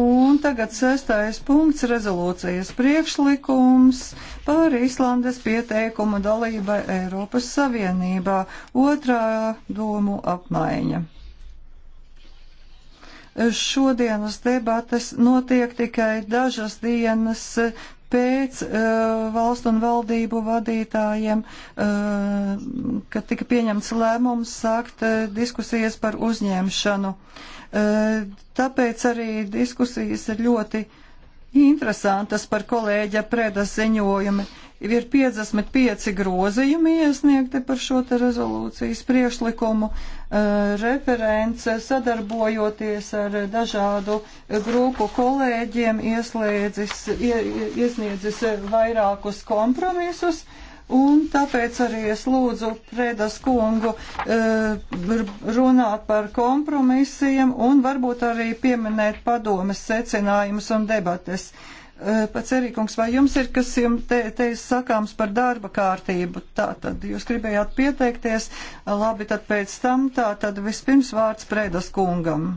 [SPEAKER 2] Un tagad sestais punkts - rezolūcijas priekšlikums par Īslandes pieteikumu dalībai Eiropas Savienībā. Otrā domu apmaiņa. Šodienas debates notiek tikai dažas dienas pēc uh, valstu un valdību vadītājiem, uh, kad tika pieņemts lēmums sākt uh, diskusijas par uzņemšanu. Uh, tāpēc arī diskusijas ir ļoti interesantas par kolēģa Preda ziņojumi. Uh, ir 55 grozījumi iesniegti par šo te rezolūcijas priešlikumu. Eh, referents eh, sadarbojoties ar eh, dažādu grupu kolēģiem iesniedzis, iesniedzis vairākus kompromisus. Un tāpēc arī es lūdzu Prēdas kungu runāt par kompromisiem un varbūt arī pieminēt padomes secinājumus un debates. Uh, Eh, Pats Erikungs, vai jums ir kas jums te, te sakāms par darba kārtību? Tā tad jūs gribējāt pieteikties, labi, tad pēc tam tā tad vispirms vārds Prēdas kungam.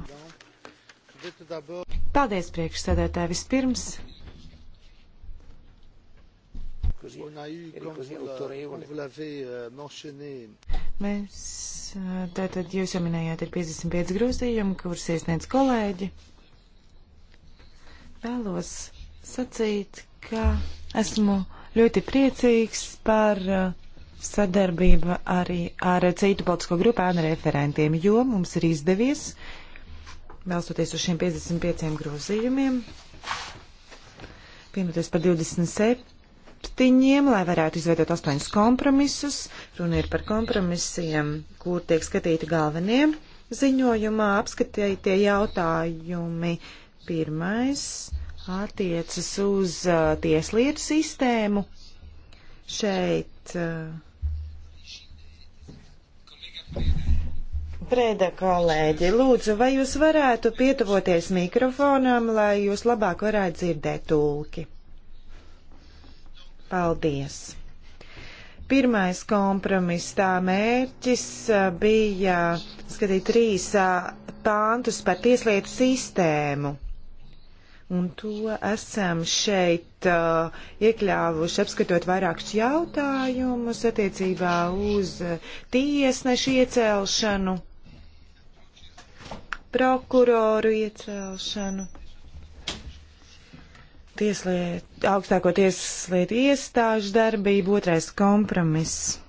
[SPEAKER 4] Paldies, priekšsēdētāji, vispirms. Mēs, eh, tātad jūs jau minējāt, ir 55 grozījumi, kurus iesniedz kolēģi. Vēlos sacīt, ka esmu ļoti priecīgs par uh, sadarbību arī ar citu politisko grupu ēnu referentiem, jo mums ir izdevies, balstoties uz šiem 55 grozījumiem, pienoties par 27, lai varētu izveidot astoņus kompromisus. Runa ir par kompromisiem, kur tiek skatīti galvenie ziņojumā apskatītie jautājumi. Pirmais attiecas uz uh, tieslietu sistēmu. Šeit uh, Preda kolēģi, lūdzu, vai jūs varētu pietuvoties mikrofonam, lai jūs labāk varētu dzirdēt tulki? Paldies! Pirmais kompromiss tā mērķis uh, bija skatīt trīs uh, pāntus par tieslietu sistēmu Un to esam šeit uh, iekļāvuši, apskatot vairākus jautājumus attiecībā uz uh, tiesnešu iecelšanu, prokuroru iecelšanu, tiesliet, augstāko tieslietu iestāžu darbību, otrais kompromiss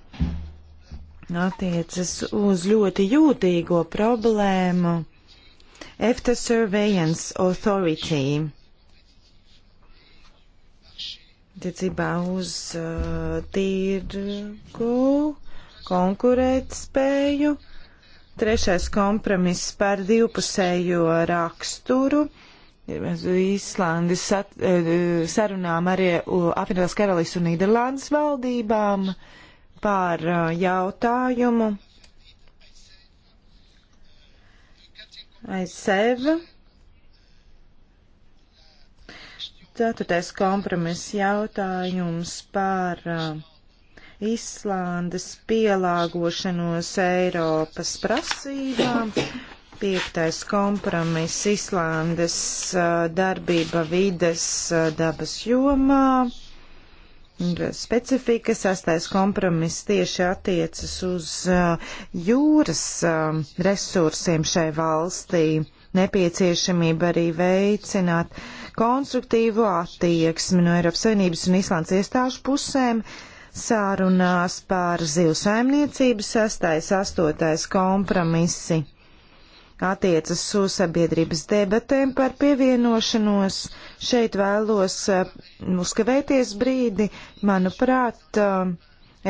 [SPEAKER 4] attiecas uz ļoti jūtīgo problēmu EFTA Surveillance Authority tiecībā uz uh, tirgu, konkurēt spēju. Trešais kompromiss par divpusējo raksturu. Īslandes sat, eh, sarunām arī uh, apvienotās karalīs un Nīderlandes valdībām par uh, jautājumu aiz sevi. Ceturtais kompromiss jautājums par uh, Islandes pielāgošanos Eiropas prasībām. Piektais kompromiss Islandes uh, darbība vides uh, dabas jomā specifika. Sastais kompromiss tieši attiecas uz uh, jūras um, resursiem šai valstī. Nepieciešamība arī veicināt konstruktīvu attieksmi no Eiropas Savienības un Islands iestāžu pusēm. Sārunās par zivsaimniecību sastais, astotais kompromisi attiecas uz sabiedrības debatēm par pievienošanos. Šeit vēlos eh, uzkavēties brīdi, manuprāt, eh,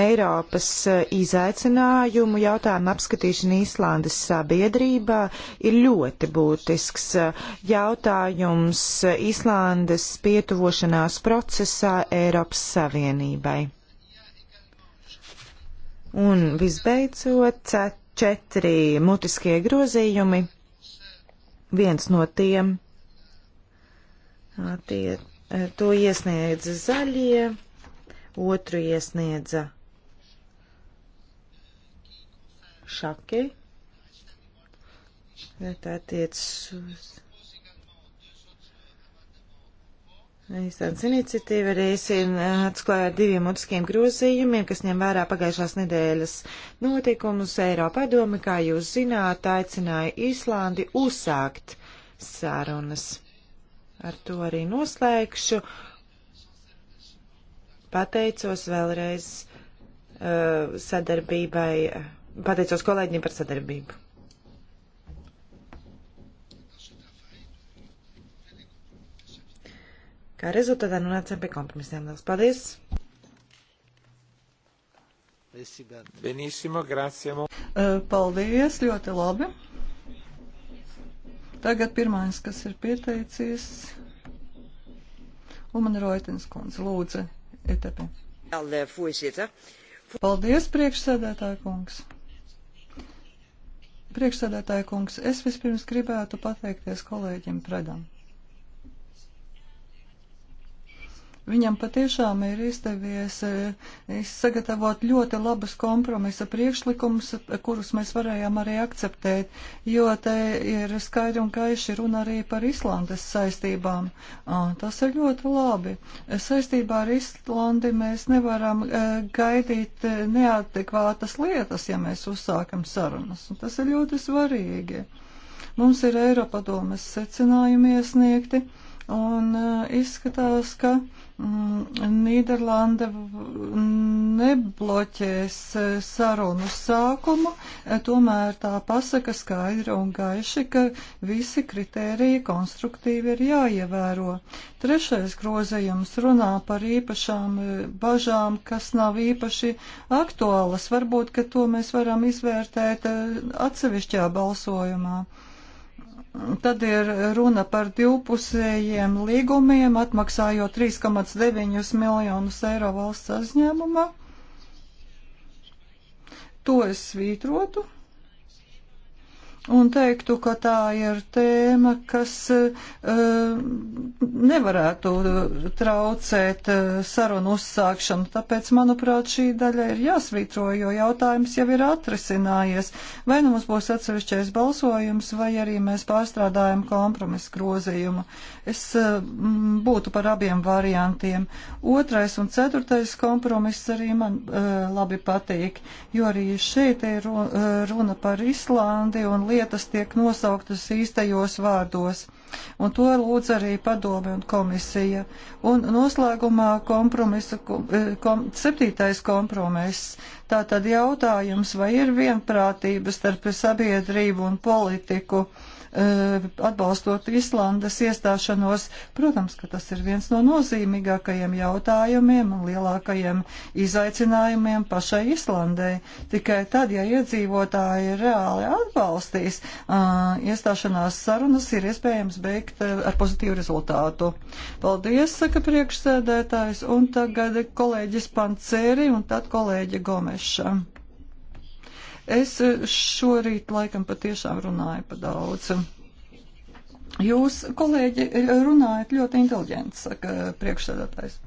[SPEAKER 4] Eiropas eh, izaicinājumu jautājumu apskatīšana Īslandes sabiedrībā ir ļoti būtisks jautājums Īslandes pietuvošanās procesā Eiropas Savienībai. Un visbeidzot, cet četri mutiskie grozījumi. Viens no tiem tie, to iesniedza zaļie, otru iesniedza šaki. Tā tiec uz Īstens iniciatīva arī eh, atklāja ar diviem mutiskiem grozījumiem, kas ņem vērā pagājušās nedēļas notikumus. Eiropā doma, kā jūs zināt, aicināja Īslandi uzsākt sarunas. Ar to arī noslēgšu. Pateicos vēlreiz uh, sadarbībai, pateicos kolēģiem par sadarbību. Kā rezultātā nonācām pie kompromisiem. Lielas paldies!
[SPEAKER 1] Benissimo, grazie.
[SPEAKER 2] Paldies, ļoti labi. Tagad pirmais, kas ir pieteicies, Umana Roitins kundze, lūdzu, etapi. Paldies, priekšsēdētāja kungs. Priekšsēdētāja kungs, es vispirms gribētu pateikties kolēģim Predam. Viņam patiešām ir izdevies eh, sagatavot ļoti labus kompromisa priekšlikumus, kurus mēs varējām arī akceptēt, jo te ir skaidri un gaiši runa arī par Islandes saistībām. Tas ir ļoti labi. Saistībā ar Islandi mēs nevaram eh, gaidīt eh, neadekvātas lietas, ja mēs uzsākam sarunas. Un tas ir ļoti svarīgi. Mums ir Eiropadomes secinājumi iesniegti, un izskatās, ka Mm, Nīderlanda nebloķēs e, sarunu sākumu, e, tomēr tā pasaka skaidri un gaiši, ka visi kritēriji konstruktīvi ir jāievēro. Trešais grozējums runā par īpašām e, bažām, kas nav īpaši aktuālas. Varbūt, ka to mēs varam izvērtēt atsevišķā balsojumā. Tad ir runa par divpusējiem līgumiem, atmaksājot 3,9 miljonus eiro valsts aizņēmumā. To es svītrotu un teiktu, ka tā ir tēma, kas eh, nevarētu eh, traucēt eh, sarunu uzsākšanu. Tāpēc, manuprāt, šī daļa ir jāsvītro, jo jautājums jau ir atrisinājies. Vai nu mums būs atsevišķais balsojums, vai arī mēs pārstrādājam kompromisu grozījumu. Es būtu par abiem variantiem. Otrais un ceturtais kompromiss arī man labi patīk, jo arī šeit ir runa par Islandi un Lietuvu lietas tiek nosauktas īstajos vārdos. Un to lūdz arī padome un komisija. Un noslēgumā kompromisa, e, kom, septītais kompromiss. Tā tad jautājums, vai ir vienprātība starp sabiedrību un politiku. Uh, Eh, atbalstot Islandes iestāšanos. Protams, ka tas ir viens no nozīmīgākajiem jautājumiem un lielākajiem izaicinājumiem pašai Islandē. Tikai tad, ja iedzīvotāji reāli atbalstīs, eh, iestāšanās sarunas ir iespējams beigt eh, ar pozitīvu rezultātu. Paldies, saka priekšsēdētājs, un tagad kolēģis Pancēri un tad kolēģi Gomeša. Es eh, šorīt laikam patiešām runāju pa daudz. Jūs, kolēģi, runājat ļoti inteliģenti, saka priekšsēdētājs.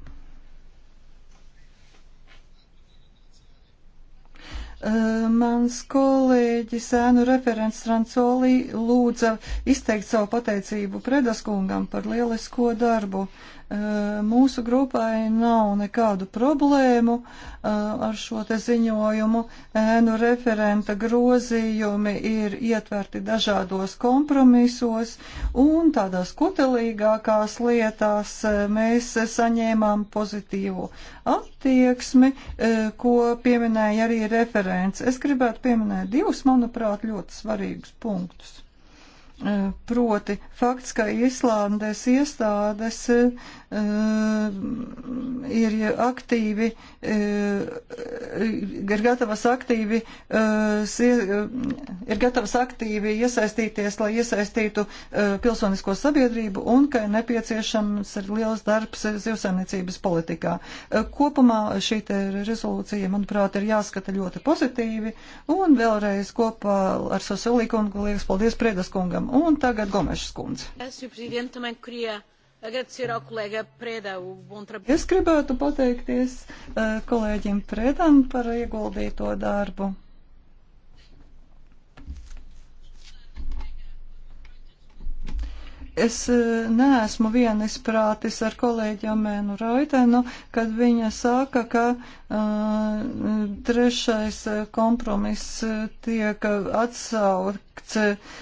[SPEAKER 2] Eh, mans kolēģis ēnu referents Rancolī lūdza izteikt savu pateicību Predaskungam par lielisko darbu. Mūsu grupai nav nekādu problēmu ar šo te ziņojumu. Ēnu referenta grozījumi ir ietverti dažādos kompromisos un tādās kutelīgākās lietās mēs saņēmām pozitīvu attieksmi, ko pieminēja arī referents. Es gribētu pieminēt divus, manuprāt, ļoti svarīgus punktus. Proti fakts, ka Islandes iestādes uh, ir aktīvi, uh, ir gatavas aktīvi, uh, ir gatavas aktīvi iesaistīties, lai iesaistītu pilsonisko sabiedrību un ka nepieciešams ir liels darbs zivsaimniecības politikā. Kopumā šī rezolūcija, manuprāt, ir jāskata ļoti pozitīvi un vēlreiz kopā ar Sosilīku un liekas paldies Priedas kungam Un tagad Gomešas kundze. Es gribētu pateikties eh, kolēģim Predam par ieguldīto darbu. Es e, neesmu vienisprātis ar kolēģiem Mēnu Raitenu, kad viņa saka, ka uh, trešais kompromiss tiek atsaukts uh,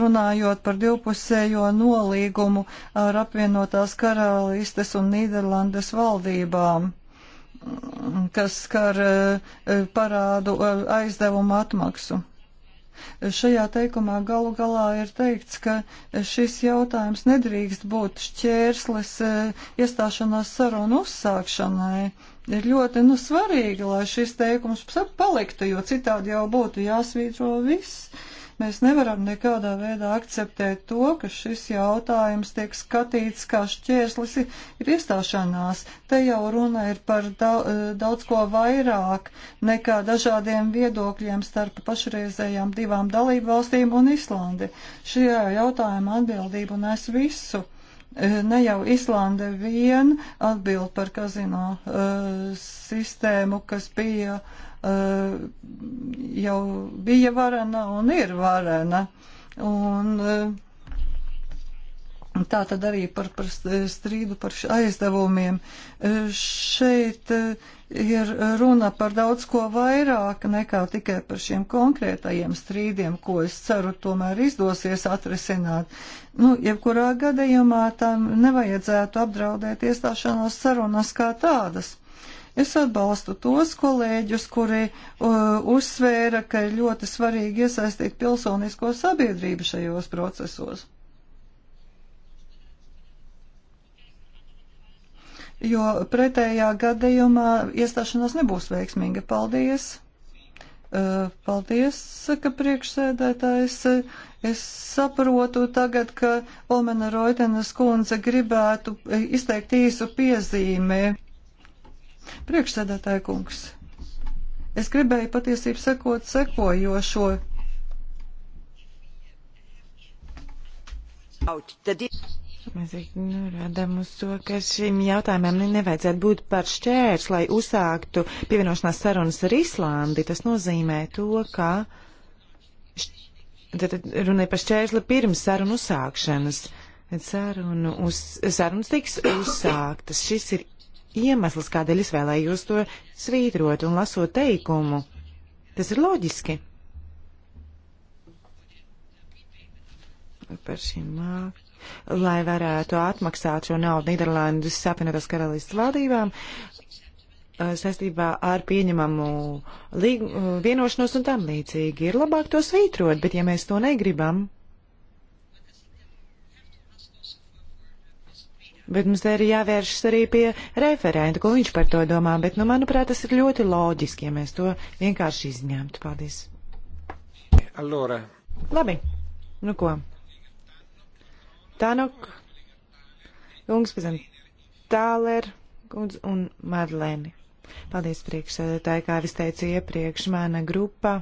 [SPEAKER 2] runājot par divpusējo nolīgumu ar apvienotās karalistes un Nīderlandes valdībām kas skar uh, parādu aizdevumu atmaksu. Šajā teikumā galu galā ir teikts, ka šis jautājums nedrīkst būt šķērslis eh, iestāšanās sarunu uzsākšanai. Ir ļoti nu, svarīgi, lai šis teikums paliktu, jo citādi jau būtu jāsvītro viss Mēs nevaram nekādā veidā akceptēt to, ka šis jautājums tiek skatīts kā šķērslis ir iestāšanās. Te jau runa ir par eh, daudz ko vairāk nekā dažādiem viedokļiem starp pašreizējām divām dalību valstīm un Islandi. Šajā jautājumā atbildību nes visu eh, ne jau Islande vien atbild par kazino uh, sistēmu, kas bija uh, Eh, jau bija varena un ir varena. Un, eh, Tā tad arī par, par strīdu par aizdevumiem. Eh, šeit ir runa par daudz ko vairāk nekā tikai par šiem konkrētajiem strīdiem, ko es ceru tomēr izdosies atrisināt. Nu, jebkurā gadījumā tam nevajadzētu apdraudēt iestāšanās sarunas kā tādas. Es atbalstu tos kolēģus, kuri uh, uzsvēra, ka ir ļoti svarīgi iesaistīt pilsonisko sabiedrību šajos procesos. Jo pretējā gadījumā iestāšanās nebūs veiksmīga. Paldies! Uh, paldies, saka priekšsēdētājs. Es saprotu tagad, ka Olmena Roitenes kundze gribētu izteikt īsu piezīmi. Priekšsēdētāja kungs, es gribēju patiesību sekot sekojošo.
[SPEAKER 4] Mēs norādām uz to, ka šim jautājumam nevajadzētu būt par šķērs, lai uzsāktu pievienošanās sarunas ar Islandi. Tas nozīmē to, ka tad runa ir par šķērsli pirms sarunu uzsākšanas. Sarunu uz, sarunas tiks uzsāktas. Šis ir iemesls, kādēļ es vēlējos to svītrot un lasot teikumu. Tas ir loģiski. Par šīm māk lai varētu atmaksāt šo naudu Nīderlandes apvienotās karalistas valdībām saistībā ar pieņemamu vienošanos un tam līdzīgi. Ir labāk to svītrot, bet ja mēs to negribam, Bet mums ir jāvēršas arī pie referenta, ko viņš par to domā. Bet, nu, manuprāt, tas ir ļoti loģiski, ja mēs to vienkārši izņemtu. Paldies. Allora. Labi. Nu ko? Tanok, kungs, pēc tam Tāler, kungs un Madlēni. Paldies priekšsēdētāji, kā es teicu iepriekš, mana grupa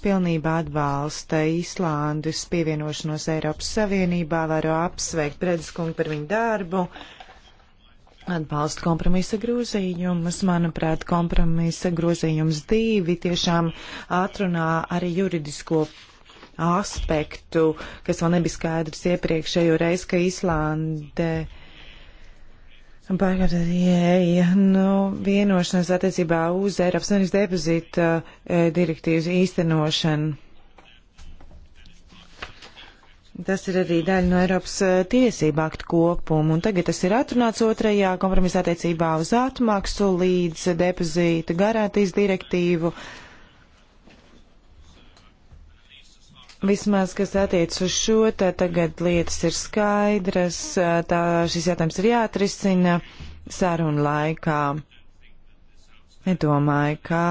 [SPEAKER 4] pilnībā atbalsta Īslandes pievienošanos Eiropas Savienībā. Varu apsveikt Predeskungu par viņu darbu. Atbalsta kompromisa grozījumus. Manuprāt, kompromisa grozījums divi tiešām atrunā arī juridisko aspektu, kas vēl nebija skaidrs iepriekšējo reizi, ka Īslande. Uh, Pārkārtējie nu, vienošanās attiecībā uz Eiropas Savienības depozīta e, direktīvas īstenošanu. Tas ir arī daļa no Eiropas e, tiesību aktu kopuma, un tagad tas ir atrunāts otrajā kompromisā attiecībā uz atmaksu līdz depozīta garantijas direktīvu. Uh, Vismaz, kas attiec uz šo, tad tagad lietas ir skaidras, tā šis jautājums ir jāatrisina sarunu laikā. Nedomāju, ka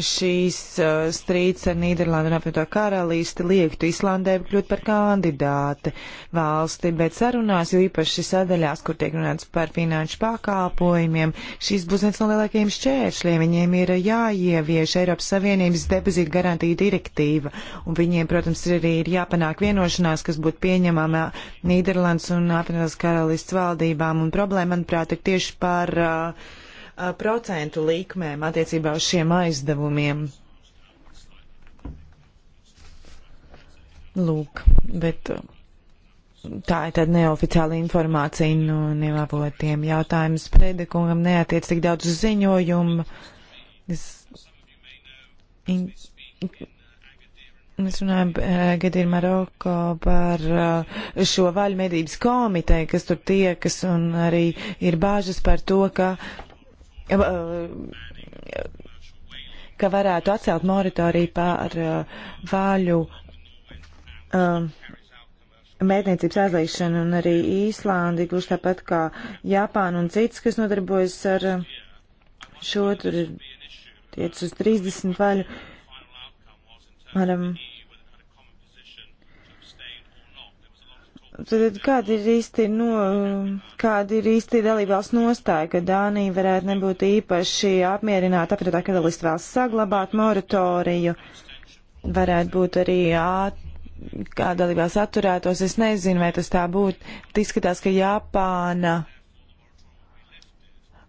[SPEAKER 4] šīs uh, eh, strīds ar Nīderlandu un apvienoto karalisti liektu Islandē kļūt par kandidāti valsti, bet sarunās, jo īpaši sadaļās, kur tiek runāts par finanšu pakāpojumiem, šis būs viens no lielākajiem šķēršļiem. Viņiem ir jāievieš Eiropas Savienības depozīta garantija direktīva, un viņiem, protams, arī ir jāpanāk vienošanās, kas būtu pieņemama Nīderlandes un apvienotās karalists valdībām, un problēma, manuprāt, ir tieši par uh, Uh, procentu likmēm attiecībā uz šiem aizdevumiem. Lūk, bet uh, tā ir tad neoficiāla informācija no nu, nelavotiem. Jautājums predekungam neatiec tik daudz uz ziņojumu. Es, in, Mēs runājam, uh, Gadir Maroko, par šo vaļmedības komiteju, kas tur tiekas, un arī ir bāžas par to, ka ka varētu atcelt moratoriju par uh, vāļu um, mētniecības aizliekšanu un arī Īslandi, gluži tāpat kā Japāna un citas, kas nodarbojas ar um, šo, tur ir tiec uz 30 vaļu. Varam, Tad kāda ir īsti, no, kāda ir īsti dalībvalsts nostāja, ka Dānija varētu nebūt īpaši apmierināta, apvienotā karalista vēlas saglabāt moratoriju, varētu būt arī āt, kā dalībās atturētos, es nezinu, vai tas tā būtu. Tad izskatās, ka Japāna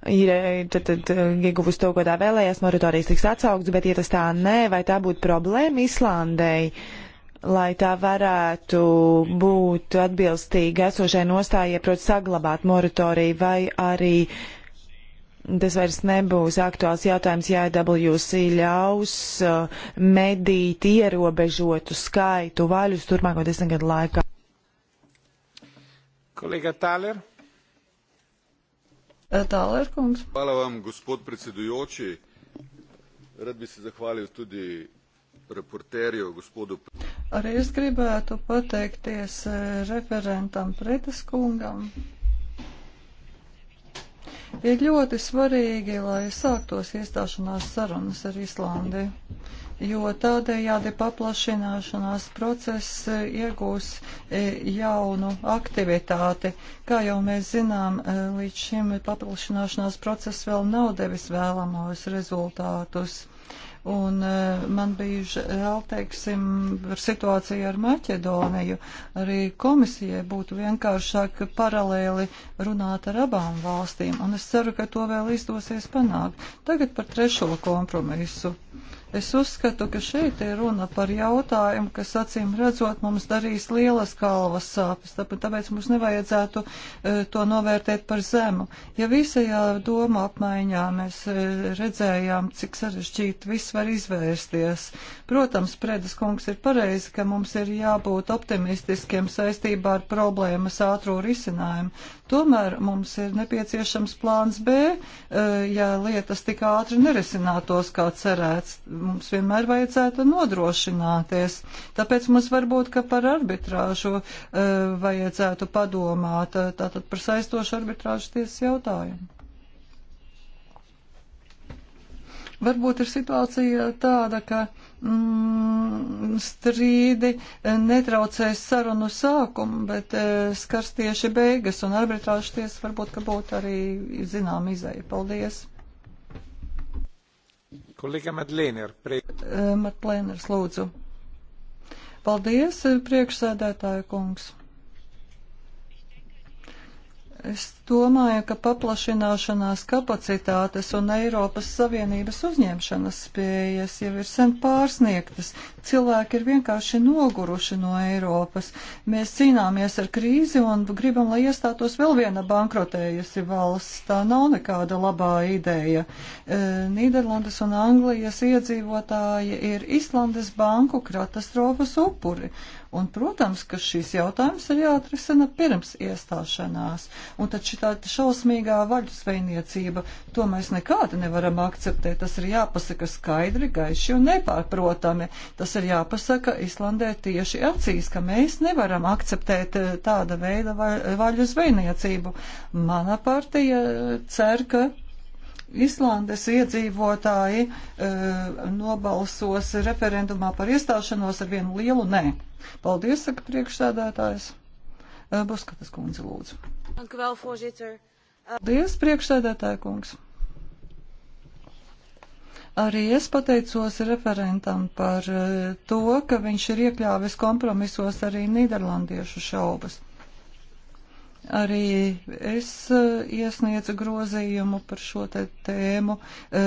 [SPEAKER 4] ir tad, tad, ieguvusi to, ko tā vēlējās, moratorijas tiks atsaukts, bet ja tas tā nē, vai tā būtu problēma Islandai? Uh, lai tā varētu būt atbilstīga esošai nostājai, proti saglabāt moratoriju vai arī tas vairs nebūs aktuāls jautājums, ja IWC ļaus uh, medīt ierobežotu skaitu vaļus turpmāko desmit gadu laikā.
[SPEAKER 1] Kolega Tāler.
[SPEAKER 2] Tāler, kungs.
[SPEAKER 1] Hvala vam, gospod
[SPEAKER 2] predsedujoči. Rad bi se zahvalil tudi reportērju gospodu. Arī es gribētu pateikties eh, referentam Pretiskungam. Ir ļoti svarīgi, lai sāktos iestāšanās sarunas ar Islandi, jo tādējādi paplašināšanās process eh, iegūs eh, jaunu aktivitāti. Kā jau mēs zinām, līdz šim paplašināšanās process vēl nav devis vēlamos rezultātus Un e, man bija žēl, teiksim, ar situāciju ar Maķedoniju. Arī komisijai būtu vienkāršāk paralēli runāt ar abām valstīm. Un es ceru, ka to vēl izdosies panākt. Tagad par trešo kompromisu. Uh, Es uzskatu, ka šeit ir runa par jautājumu, kas acīm redzot mums darīs lielas galvas sāpes, tāpēc mums nevajadzētu e, to novērtēt par zemu. Ja visajā doma apmaiņā mēs e, redzējām, cik sarežģīti viss var izvērsties, protams, Predes kungs ir pareizi, ka mums ir jābūt optimistiskiem saistībā ar problēmas ātro risinājumu. Tomēr mums ir nepieciešams plāns B, e, ja lietas tik ātri nerisinātos, kā cerēts mums vienmēr vajadzētu nodrošināties. Tāpēc mums varbūt, ka par arbitrāžu uh, vajadzētu padomāt, eh, tātad par saistošu arbitrāžu tiesas jautājumu. Varbūt ir situācija tāda, ka mm, strīdi eh, netraucēs sarunu sākumu, bet e, skars tieši beigas un arbitrāžu tiesa varbūt, ka būtu arī zinām izēja. Paldies!
[SPEAKER 1] Kolēģa Madlēner, pre... Eh,
[SPEAKER 2] Madlēners, lūdzu. Paldies, eh, priekšsēdētāja kungs. Es domāju, ka paplašināšanās kapacitātes un Eiropas Savienības uzņemšanas spējas jau ir sen pārsniegtas. Cilvēki ir vienkārši noguruši no Eiropas. Mēs cīnāmies ar krīzi un gribam, lai iestātos vēl viena bankrotējusi valsts. Tā nav nekāda labā ideja. E, Nīderlandes un Anglijas iedzīvotāji ir Islandes banku katastrofas upuri Un, protams, ka šīs jautājums ir jāatrisina pirms iestāšanās. Un tad šī tāda šausmīgā vaļusveiniecība, to mēs nekādi nevaram akceptēt. Tas ir jāpasaka skaidri, gaiši un nepārprotami. Tas ir jāpasaka Islandē tieši acīs, ka mēs nevaram akceptēt eh, tāda veida vaļusveiniecību. Mana partija eh, cer, ka Islandes iedzīvotāji uh, nobalsos referendumā par iestāšanos ar vienu lielu nē. Paldies, saka priekšsēdētājs. Uh, e, Buskatas kundze, lūdzu. Paldies, priekšsēdētāja kungs. Arī es pateicos referentam par uh, to, ka viņš ir iekļāvis kompromisos arī nīderlandiešu šaubas. Arī es e, iesniedzu grozījumu par šo te tēmu, e,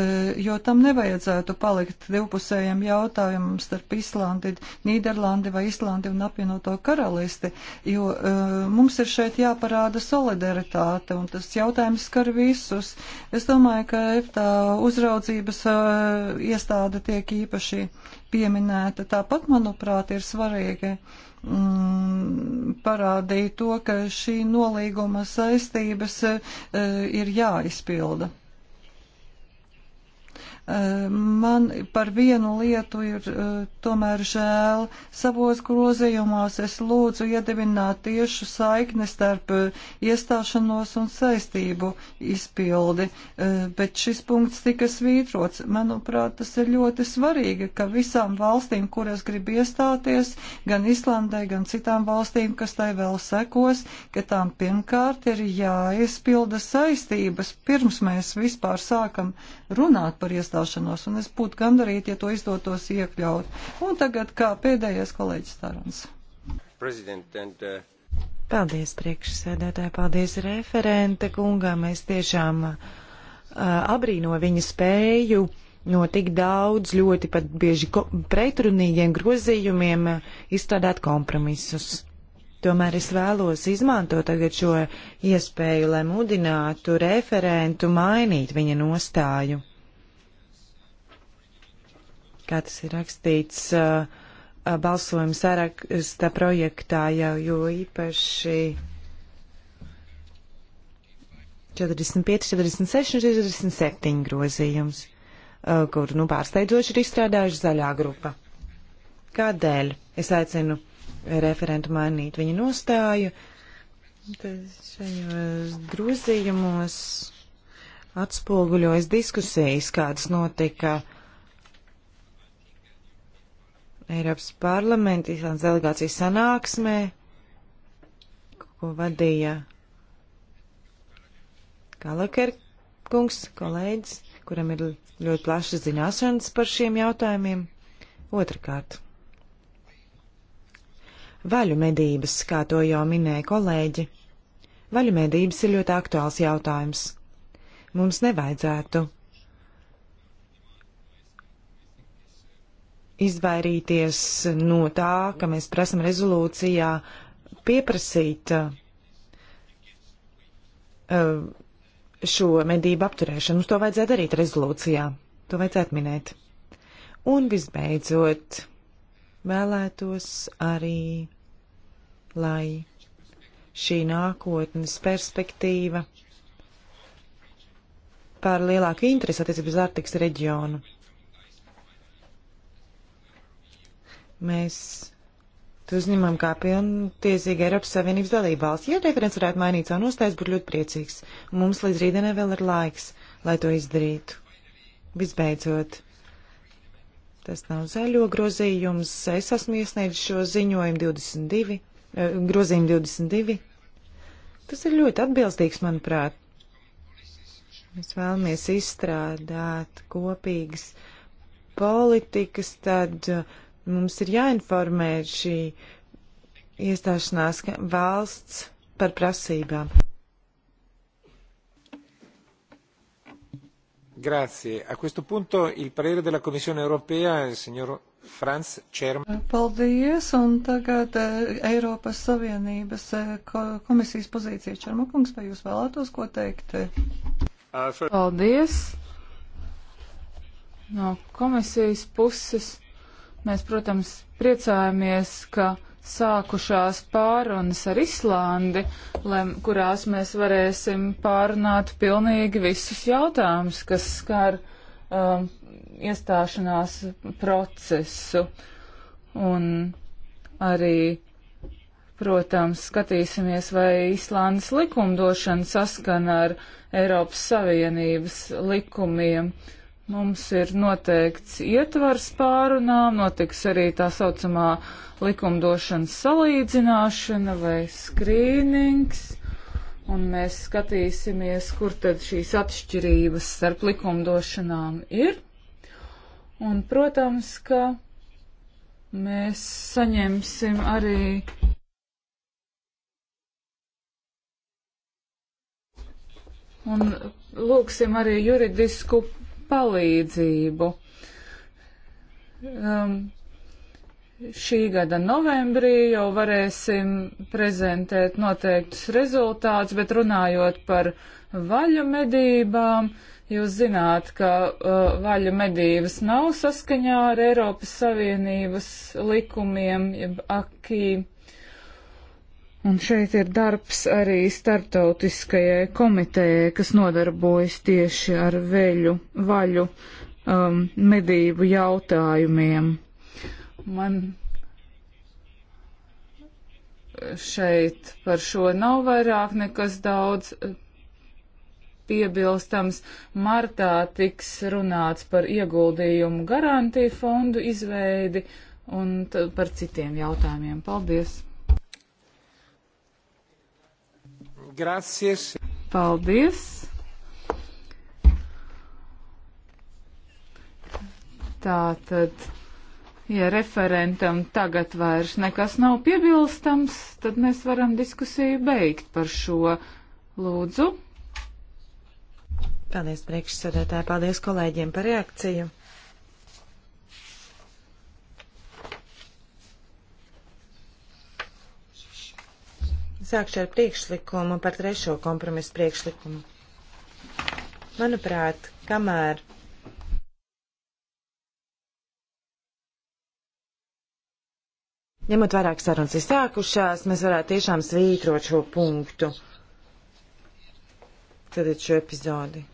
[SPEAKER 2] jo tam nevajadzētu palikt divpusējiem jautājumam starp Islandi, Nīderlandi vai Islandi un apvienoto karalisti, jo e, mums ir šeit jāparāda solidaritāte, un tas jautājums skar visus. Es domāju, ka tā uzraudzības iestāde tiek īpaši pieminēta. Tāpat, manuprāt, ir svarīgi mm, parādīja to, ka šī nolīguma saistības e, ir jāizpilda. Man par vienu lietu ir eh, tomēr žēl. Savos grozījumos es lūdzu iedibināt tiešu saikni starp eh, iestāšanos un saistību izpildi, eh, bet šis punkts tika svītrots. Manuprāt, tas ir ļoti svarīgi, ka visām valstīm, kuras grib iestāties, gan Islandai, gan citām valstīm, kas tai vēl sekos, ka tām pirmkārt ir jāizpilda saistības, pirms mēs vispār sākam runāt par iestāšanos, un es būtu gandarīti, ja to izdotos iekļaut. Un tagad kā pēdējais kolēģis Tarans.
[SPEAKER 1] And, uh...
[SPEAKER 2] Paldies,
[SPEAKER 4] priekšsēdētāji, paldies referente kungām. Es tiešām uh, abrīno viņa spēju no tik daudz ļoti pat bieži pretrunīgiem grozījumiem uh, izstrādāt kompromisus. Tomēr es vēlos izmantot tagad šo iespēju, lai mudinātu referentu mainīt viņa nostāju. Kā tas ir rakstīts uh, uh balsojuma saraksta projektā jau, jo īpaši 45, 46 un 47 grozījums, uh, kur, nu, pārsteidzoši ir izstrādājuši zaļā grupa. Kādēļ? Es aicinu referentu mainīt viņa nostāju. Tad šajos grozījumos atspoguļojas diskusijas, kādas notika Eiropas parlamenta Islandes delegācijas sanāksmē, ko vadīja Kalaker kungs, kolēģis, kuram ir ļoti plašas zināšanas par šiem jautājumiem. Otrakārt. Vaļumedības, kā to jau minēja kolēģi. Vaļumedības ir ļoti aktuāls jautājums. Mums nevajadzētu izvairīties no tā, ka mēs prasam rezolūcijā pieprasīt uh, šo medību apturēšanu. Mums to vajadzētu darīt rezolūcijā. To vajadzētu minēt. Un visbeidzot, vēlētos arī lai šī nākotnes perspektīva par lielāku interesi attiecībā uz Arktikas reģionu. Mēs to uzņemam kā pilntiesīgi Eiropas Savienības dalību valsts. Ja referents varētu mainīt savu nostājas, būtu ļoti priecīgs. Un mums līdz rītdienai vēl ir laiks, lai to izdarītu. Visbeidzot, tas nav zaļo grozījums. Es esmu iesniedzis šo ziņojumu 22. Eh, grozījuma 22. Tas ir ļoti atbilstīgs, manuprāt. Mēs vēlamies izstrādāt kopīgas politikas, tad eh, mums ir jāinformē šī iestāšanās valsts par prasībām.
[SPEAKER 1] Grazie. A questo punto il parere della Commissione europea, signor France,
[SPEAKER 2] Paldies, un tagad eh, Eiropas Savienības eh, komisijas pozīcija. Čermakungs, vai jūs vēlētos ko teikt?
[SPEAKER 1] Uh,
[SPEAKER 2] Paldies.
[SPEAKER 3] No komisijas puses mēs, protams, priecājamies, ka sākušās pārunas ar Islandi, lem, kurās mēs varēsim pārunāt pilnīgi visus jautājumus, kas skar um, iestāšanās procesu. Un arī, protams, skatīsimies, vai Īslandes likumdošana saskana ar Eiropas Savienības likumiem. Mums ir noteikts ietvars pārunām, notiks arī tā saucamā likumdošanas salīdzināšana vai skrīnings, un mēs skatīsimies, kur tad šīs atšķirības starp likumdošanām ir. Un, protams, ka mēs saņemsim arī. Un lūksim arī juridisku palīdzību. Um, šī gada novembrī jau varēsim prezentēt noteiktus rezultātus, bet runājot par vaļu medībām, uh, Jūs zināt, ka uh, vaļu medības nav saskaņā ar Eiropas Savienības likumiem, jeb akī. Un šeit ir darbs arī starptautiskajai komitejai, kas nodarbojas tieši ar veļu, vaļu um, medību jautājumiem. Man šeit par šo nav vairāk nekas daudz piebilstams. Martā tiks runāts par ieguldījumu garantiju fondu izveidi un par citiem jautājumiem. Paldies!
[SPEAKER 1] Gracias.
[SPEAKER 3] Paldies! Tātad. Ja referentam tagad vairs nekas nav piebilstams, tad mēs varam diskusiju beigt par
[SPEAKER 4] šo lūdzu. Paldies, priekšsēdētāji, paldies kolēģiem par reakciju. Sākšu ar priekšlikumu par trešo kompromisu priekšlikumu. Manuprāt, kamēr ņemot vairāk sarunas ir sākušās, mēs varētu tiešām svītrot šo punktu. Tad ir šo epizodi.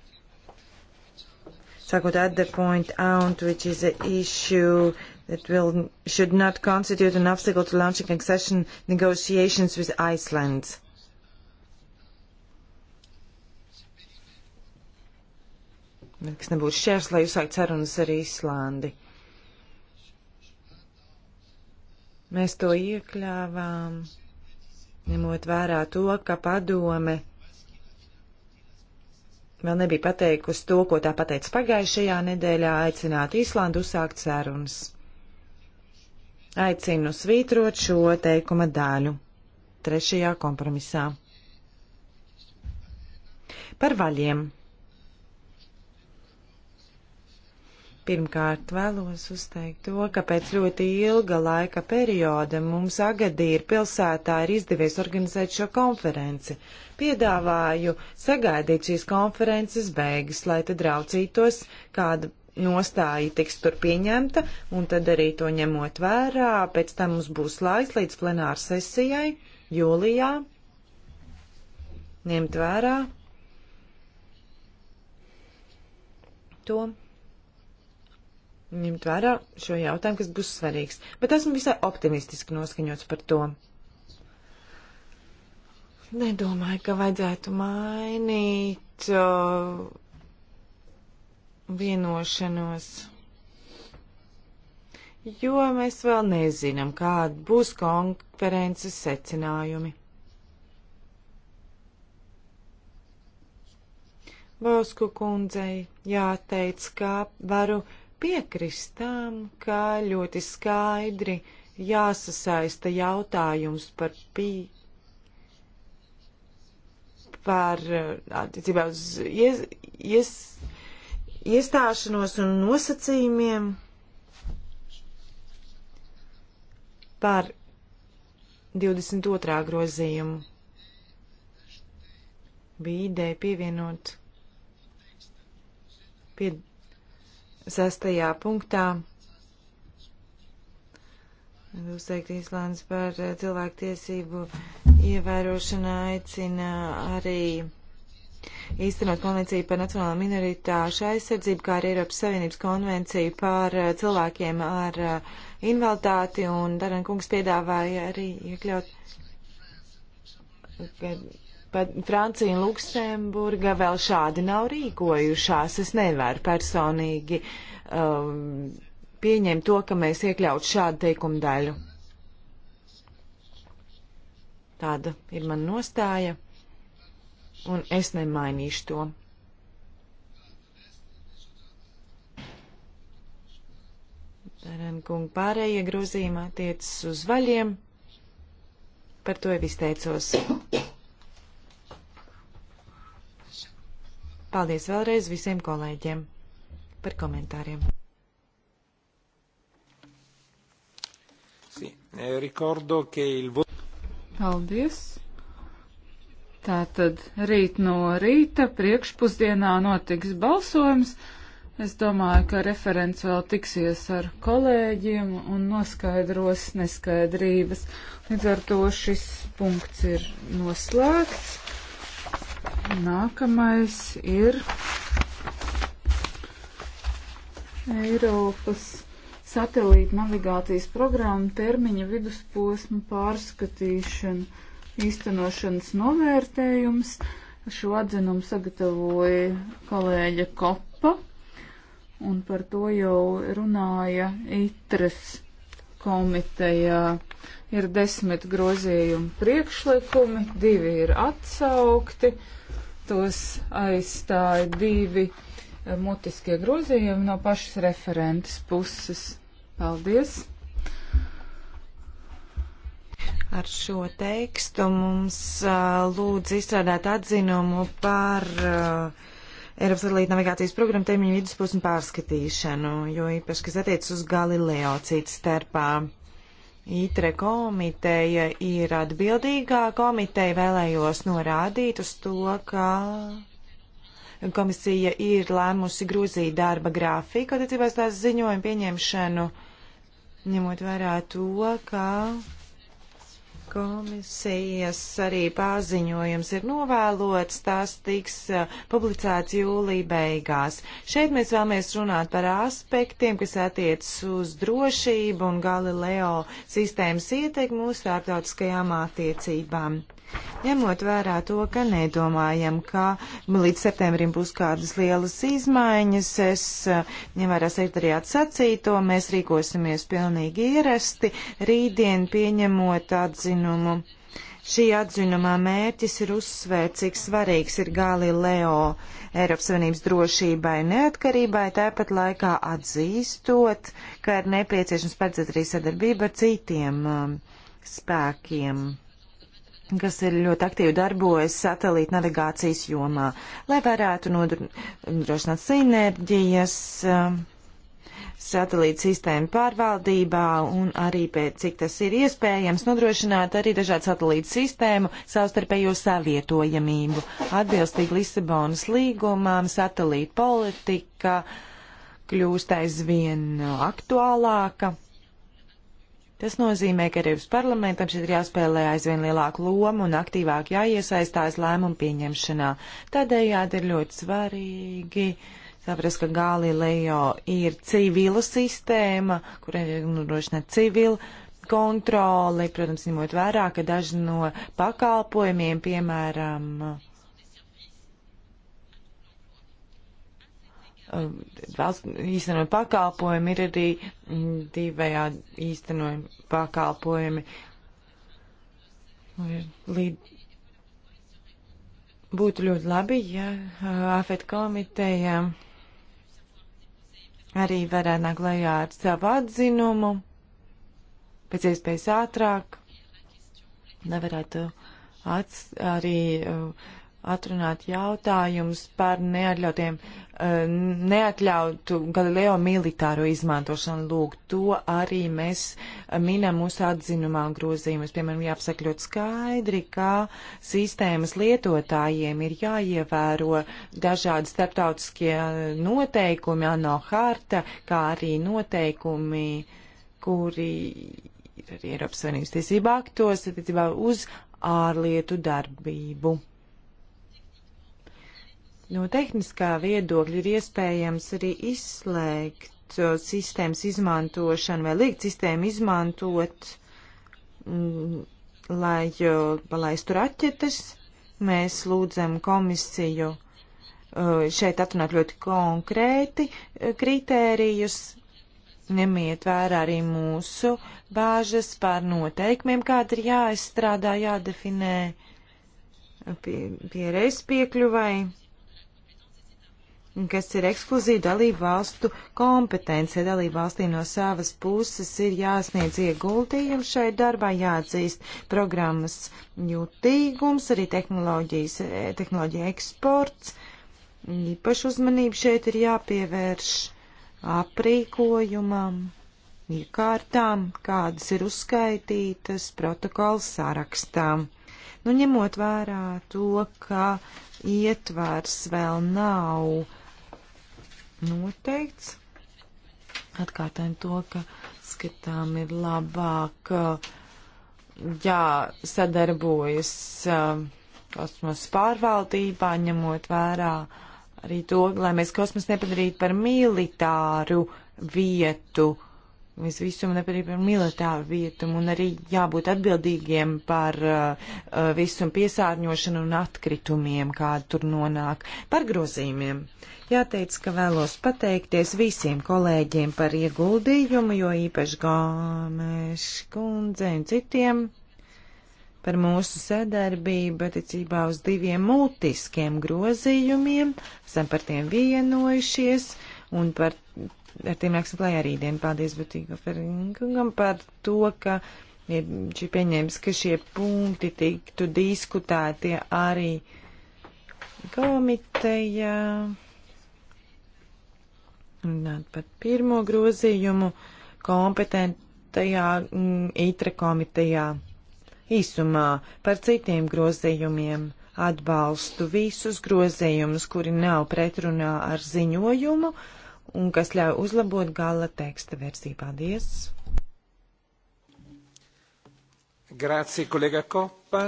[SPEAKER 4] Second, at the point out, which is an issue that will, should not constitute an obstacle to launching accession negotiations with Iceland. Kas nebūtu šķērs, lai uzsākt sarunas ar Īslandi. Mēs to iekļāvām, ņemot vērā to, ka padome vēl nebija pateikusi to, ko tā pateica pagājušajā nedēļā, aicināt Īslandu uzsākt sarunas. Aicinu svītrot šo teikuma daļu trešajā kompromisā. Par vaļiem. Pirmkārt, vēlos uzteikt to, ka pēc ļoti ilga laika perioda mums Agadīra pilsētā ir izdevies organizēt šo konferenci. Piedāvāju sagaidīt šīs konferences beigas, lai tad raucītos, kāda nostāja tiks tur pieņemta, un tad arī to ņemot vērā, pēc tam mums būs laiks līdz plenāra sesijai jūlijā ņemt vērā to ņemt vērā šo jautājumu, kas būs svarīgs. Bet esmu visai optimistiski noskaņots par to. Nedomāju, ka vajadzētu mainīt o, uh, vienošanos, jo mēs vēl nezinām, kāda būs konferences secinājumi. Bausku kundzei jāteic, kā varu piekrist tam, ka ļoti skaidri jāsasaista jautājums par pī par uh, attiecībā uz ies, ies, iestāšanos un nosacījumiem par 22. grozījumu bija ideja pievienot pie sastajā punktā. Uzteikt Īslāns par eh, cilvēktiesību ievērošanu aicina arī īstenot konvenciju par nacionālo minoritāšu aizsardzību, kā arī Eiropas Savienības konvenciju par eh, cilvēkiem ar eh, invaliditāti, un Daran kungs piedāvāja arī iekļaut Pat Francija un Luksemburga vēl šādi nav rīkojušās. Es nevaru personīgi um, pieņemt to, ka mēs iekļaut šādu teikumu daļu. Tāda ir mana nostāja, un es nemainīšu to. Tarankunga pārējie grozījumā tiecas uz vaļiem. Par to jau izteicos. Paldies vēlreiz visiem kolēģiem par komentāriem.
[SPEAKER 1] Eh,
[SPEAKER 4] Paldies!
[SPEAKER 3] Tātad rīt no rīta priekšpusdienā notiks balsojums. Es domāju, ka referents vēl tiksies ar kolēģiem un noskaidros neskaidrības. Līdz ar to šis punkts ir noslēgts. Nākamais ir Eiropas satelīta navigācijas programma termiņa vidusposma pārskatīšana, īstenošanas novērtējums. Šo atzinumu sagatavoja kolēģa Kopa, un par to jau runāja ITRES komitejā ir desmit grozījumu priekšlikumi, divi ir atsaukti. Uh, tos aizstāja divi eh, mutiskie grozījumi no pašas referentes puses. Paldies!
[SPEAKER 4] Ar šo tekstu mums uh, lūdz izstrādāt atzinumu par uh, Eiropas satelīta navigācijas programmu termiņu vidusposmu pārskatīšanu, jo īpaši, kas attiec uz Galileo citas starpā. Uh, ITRE komiteja ir atbildīgā komiteja, vēlējos norādīt uz to, ka komisija ir lēmusi grozīt darba grafiku attiecībās tās ziņojumu pieņemšanu, ņemot vērā to, ka Komisijas arī paziņojums ir novēlots, tas tiks publicēts jūlija beigās. Šeit mēs vēlamies runāt par aspektiem, kas attiecas uz drošību un Galileo sistēmas ietekmu uz starptautiskajām attiecībām. Ņemot vērā to, ka nedomājam, ka līdz septembrim būs kādas lielas izmaiņas, es eh, ņem vērā sekretariātu sacīto, mēs rīkosimies pilnīgi ierasti, rītdien pieņemot atzinumu. Šī atzinumā mērķis ir uzsvērt, cik svarīgs ir Galileo Eiropas Savienības drošībai un neatkarībai, tāpat laikā atzīstot, ka ir nepieciešams paredzēt arī sadarbību ar citiem um, spēkiem kas ir ļoti aktīvi darbojas satelīta navigācijas jomā, lai varētu nodrošināt sinerģijas um, satelīta sistēmu pārvaldībā un arī pēc cik tas ir iespējams nodrošināt arī dažādu satelītu sistēmu savstarpējo savietojamību. Atbilstīgi Lisabonas līgumām satelīta politika kļūst aizvien aktuālāka Tas nozīmē, ka Eiropas parlamentam šeit ir jāspēlē aizvien lielāku lomu un aktīvāk jāiesaistās lēmumu pieņemšanā. Tādējādi ir ļoti svarīgi saprast, ka Galileo ir civila sistēma, kurai ir nodrošina civila kontroli, protams, ņemot vērā, ka daži no pakalpojumiem, piemēram, īstenojumi pakalpojumi, ir arī mm, divējādi īstenojumi pakalpojumi. Līd... Būtu ļoti labi, ja AFET komiteja arī varētu nākt lejā ar savu atzinumu pēc iespējas ātrāk, nevarētu ats, arī uh, atrunāt jautājumus par neatļautiem, eh, neatļautu Galileo militāro izmantošanu. Lūk, to arī mēs minam mūsu atzinumā grozījumus. Piemēram, jāapsaka ļoti skaidri, ka sistēmas lietotājiem ir jāievēro dažādi starptautiskie noteikumi, ANO harta, kā arī noteikumi, kuri ir arī Eiropas Savienības tiesība aktos, attiecībā uz ārlietu darbību. No tehniskā viedokļa ir iespējams arī izslēgt uh, sistēmas izmantošanu vai likt sistēmu izmantot, m, mm, lai palaistu uh, raķetes. Mēs lūdzam komisiju uh, šeit atrunāt ļoti konkrēti kritērijus, ņemiet vērā arī mūsu bāžas par noteikumiem, kāda ir jāizstrādā, jādefinē pie, pie reizes piekļuvai kas ir ekskluzīva dalību valstu kompetence. Dalību valstīm no savas puses ir jāsniedz ieguldījumi šai darbā, jāatzīst programmas jūtīgums, arī tehnoloģijas, e, tehnoloģija eksports. Īpaši uzmanību šeit ir jāpievērš aprīkojumam, iekārtām, kādas ir uzskaitītas protokola sarakstām. Nu, ņemot vērā to, ka ietvars vēl nav uh, noteikts. Atkārtājam to, ka skatām ir labāk uh, jāsadarbojas uh, kosmosa pārvaldībā, ņemot vērā arī to, lai mēs kosmosu nepadarītu par militāru vietu. Mēs visu nepadarītu par militāru vietu un arī jābūt atbildīgiem par uh, visumu piesārņošanu un atkritumiem, kādi tur nonāk, par grozījumiem. Uh, Jāteic, ka vēlos pateikties visiem kolēģiem par ieguldījumu, jo īpaši Gāmēš kundze un citiem par mūsu sadarbību attiecībā uz diviem multiskiem grozījumiem. Esam par tiem vienojušies un par, ar tiem nāksim klajā rītdien. Paldies Butīgo Ferinkungam par to, ka ir šī pieņēmis, ka šie punkti tiktu diskutēti arī komiteja. Uh, Runāt par pirmo grozījumu kompetentajā mm, ITRE komitejā. Īsumā par citiem grozījumiem atbalstu visus grozījumus, kuri nav pretrunā ar ziņojumu un kas ļauj uzlabot gala teksta versiju. Paldies!
[SPEAKER 1] Grācija, kolēga Kopa!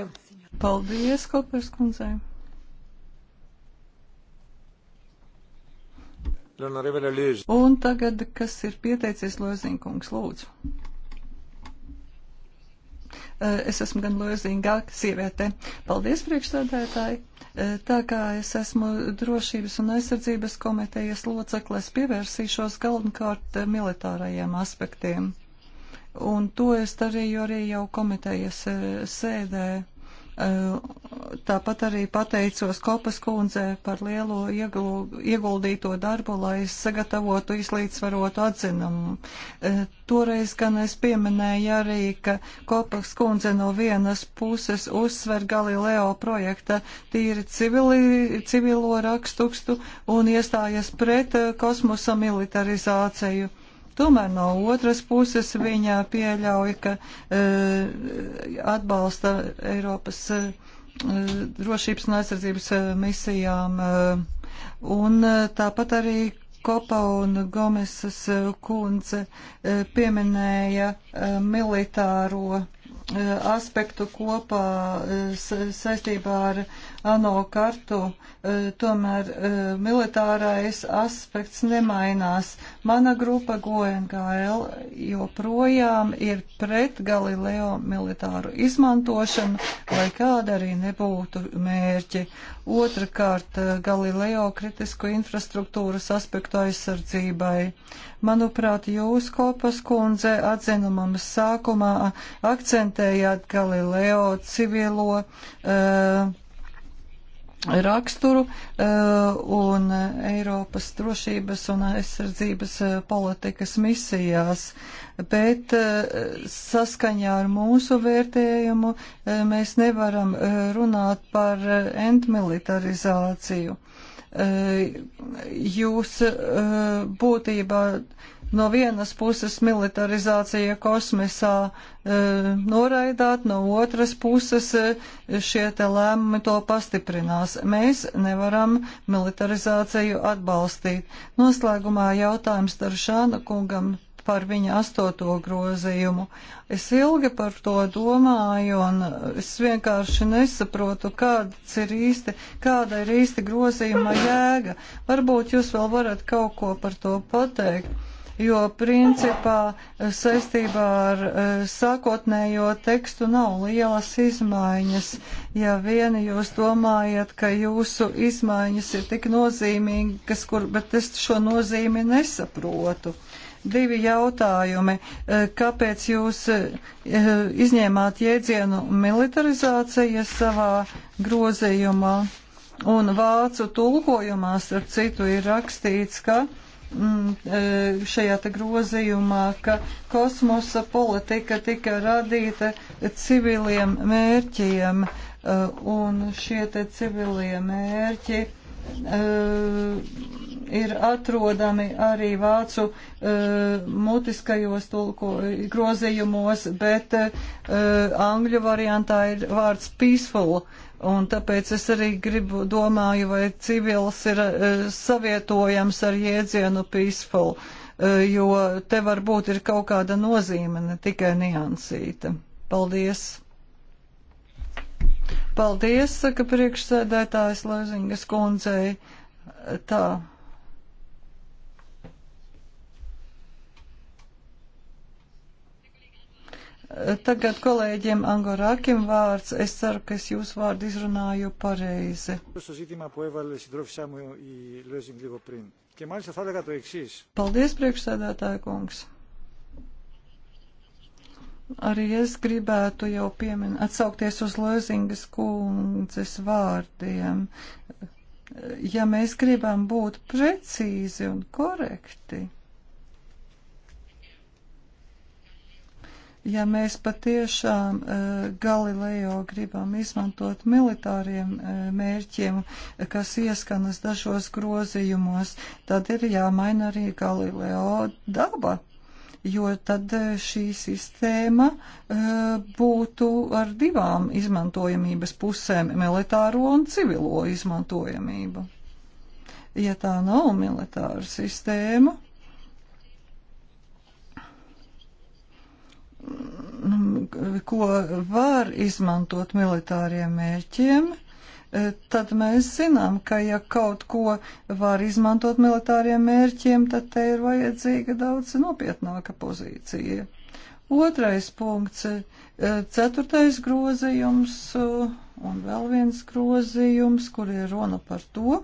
[SPEAKER 2] Paldies, Kopas kundzei!
[SPEAKER 1] Un
[SPEAKER 2] tagad, kas ir pieteicies Lozinkungs, lūdzu. Es esmu gan lozīgāka sieviete. Paldies, priekšsēdētāji! Tā kā es esmu drošības un aizsardzības komitejas loceklis, pievērsīšos galvenkārt militārajiem aspektiem. Un to es darīju arī jau komitejas sēdē Eh, tāpat arī pateicos Kopas kundzē par lielo ieguldīto darbu, lai sagatavotu izlīdzvarotu atzinumu. Eh, toreiz gan es pieminēju arī, ka Kopas kundze no vienas puses uzsver Galileo projekta tīri civili, civilo rakstukstu un iestājas pret eh, kosmosa militarizāciju Tomēr no otras puses viņa pieļauj, ka eh, atbalsta Eiropas eh, drošības un aizsardzības eh, misijām. Un tāpat arī Kopa un Gomesas kundze pieminēja militāro aspektu kopā saistībā ar ANO kartu, e, tomēr e, militārais aspekts nemainās. Mana grupa GONKL joprojām ir pret Galileo militāru izmantošanu, lai kāda arī nebūtu mērķi. Otrakārt, e, Galileo kritisku infrastruktūras aspektu aizsardzībai. Manuprāt, jūs, Kopas kundze, atzinumam sākumā akcentējāt Galileo civilo uh, raksturu eh, un Eiropas drošības un aizsardzības eh, politikas misijās, bet eh, saskaņā ar mūsu vērtējumu mēs nevaram runāt par entmilitarizāciju. Jūs būtībā No vienas puses militarizācija kosmisā e, noraidāt, no otras puses e, šie te lēmumi to pastiprinās. Mēs nevaram militarizāciju atbalstīt. Noslēgumā jautājums Taršāna kungam par viņa astoto grozījumu. Es ilgi par to domāju, un es vienkārši nesaprotu, kāds ir īsti, kāda ir īsti grozījuma jēga. Varbūt jūs vēl varat kaut ko par to pateikt jo principā eh, saistībā ar eh, sākotnējo tekstu nav lielas izmaiņas. Ja vien jūs domājat, ka jūsu izmaiņas ir tik nozīmīgas, kur, bet es šo nozīmi nesaprotu. Divi jautājumi. Eh, kāpēc jūs izņēmāt jēdzienu militarizācija savā grozījumā? Un vācu tulkojumā, starp citu, ir rakstīts, ka uh, Mm, e, šajā te grozījumā, ka kosmosa politika tika radīta civiliem mērķiem, e, un šie te civilie mērķi e, ir atrodami arī vācu uh, mutiskajos tulko, grozījumos, bet uh, angļu variantā ir vārds peaceful. Un tāpēc es arī gribu domāju, vai civils ir uh, savietojams ar jēdzienu peaceful, uh, jo te varbūt ir kaut kāda nozīme, ne tikai niansīta. Paldies! Paldies, saka priekšsēdētājs Lēzingas kundzei. Tā. Tagad kolēģiem Angorākim vārds. Es ceru, ka es jūsu vārdu izrunāju pareizi. Paldies, priekšsēdētāja kungs. Arī es gribētu jau pieminēt, atsaukties uz Lozingas kundzes vārdiem. Ja mēs gribam būt precīzi un korekti, Ja mēs patiešām eh, Galileo gribam izmantot militāriem eh, mērķiem, kas ieskanas dažos grozījumos, tad ir jāmaina arī Galileo daba jo tad eh, šī sistēma būtu ar divām izmantojamības pusēm - militāro un civilo izmantojamību. Ja tā nav militāra sistēma, Mm, ko var izmantot militāriem mērķiem, e, tad mēs zinām, ka ja kaut ko var izmantot militāriem mērķiem, tad te ir vajadzīga daudz nopietnāka pozīcija. Otrais punkts, e, ceturtais grozījums e, un vēl viens grozījums, kur ir runa par to,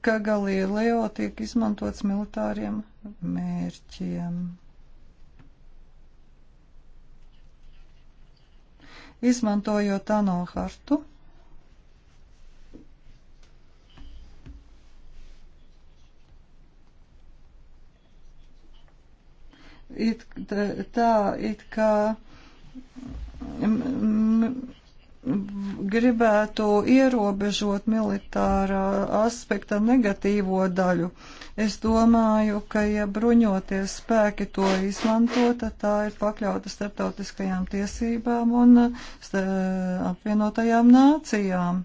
[SPEAKER 2] ka Galileo tiek izmantots militāriem mērķiem. Izmantojot ANO hartu, it, tā it kā m, m, gribētu ierobežot militārā aspekta negatīvo daļu. Es domāju, ka ja bruņoties spēki to izmanto, tad tā ir pakļauta starptautiskajām tiesībām un apvienotajām nācijām.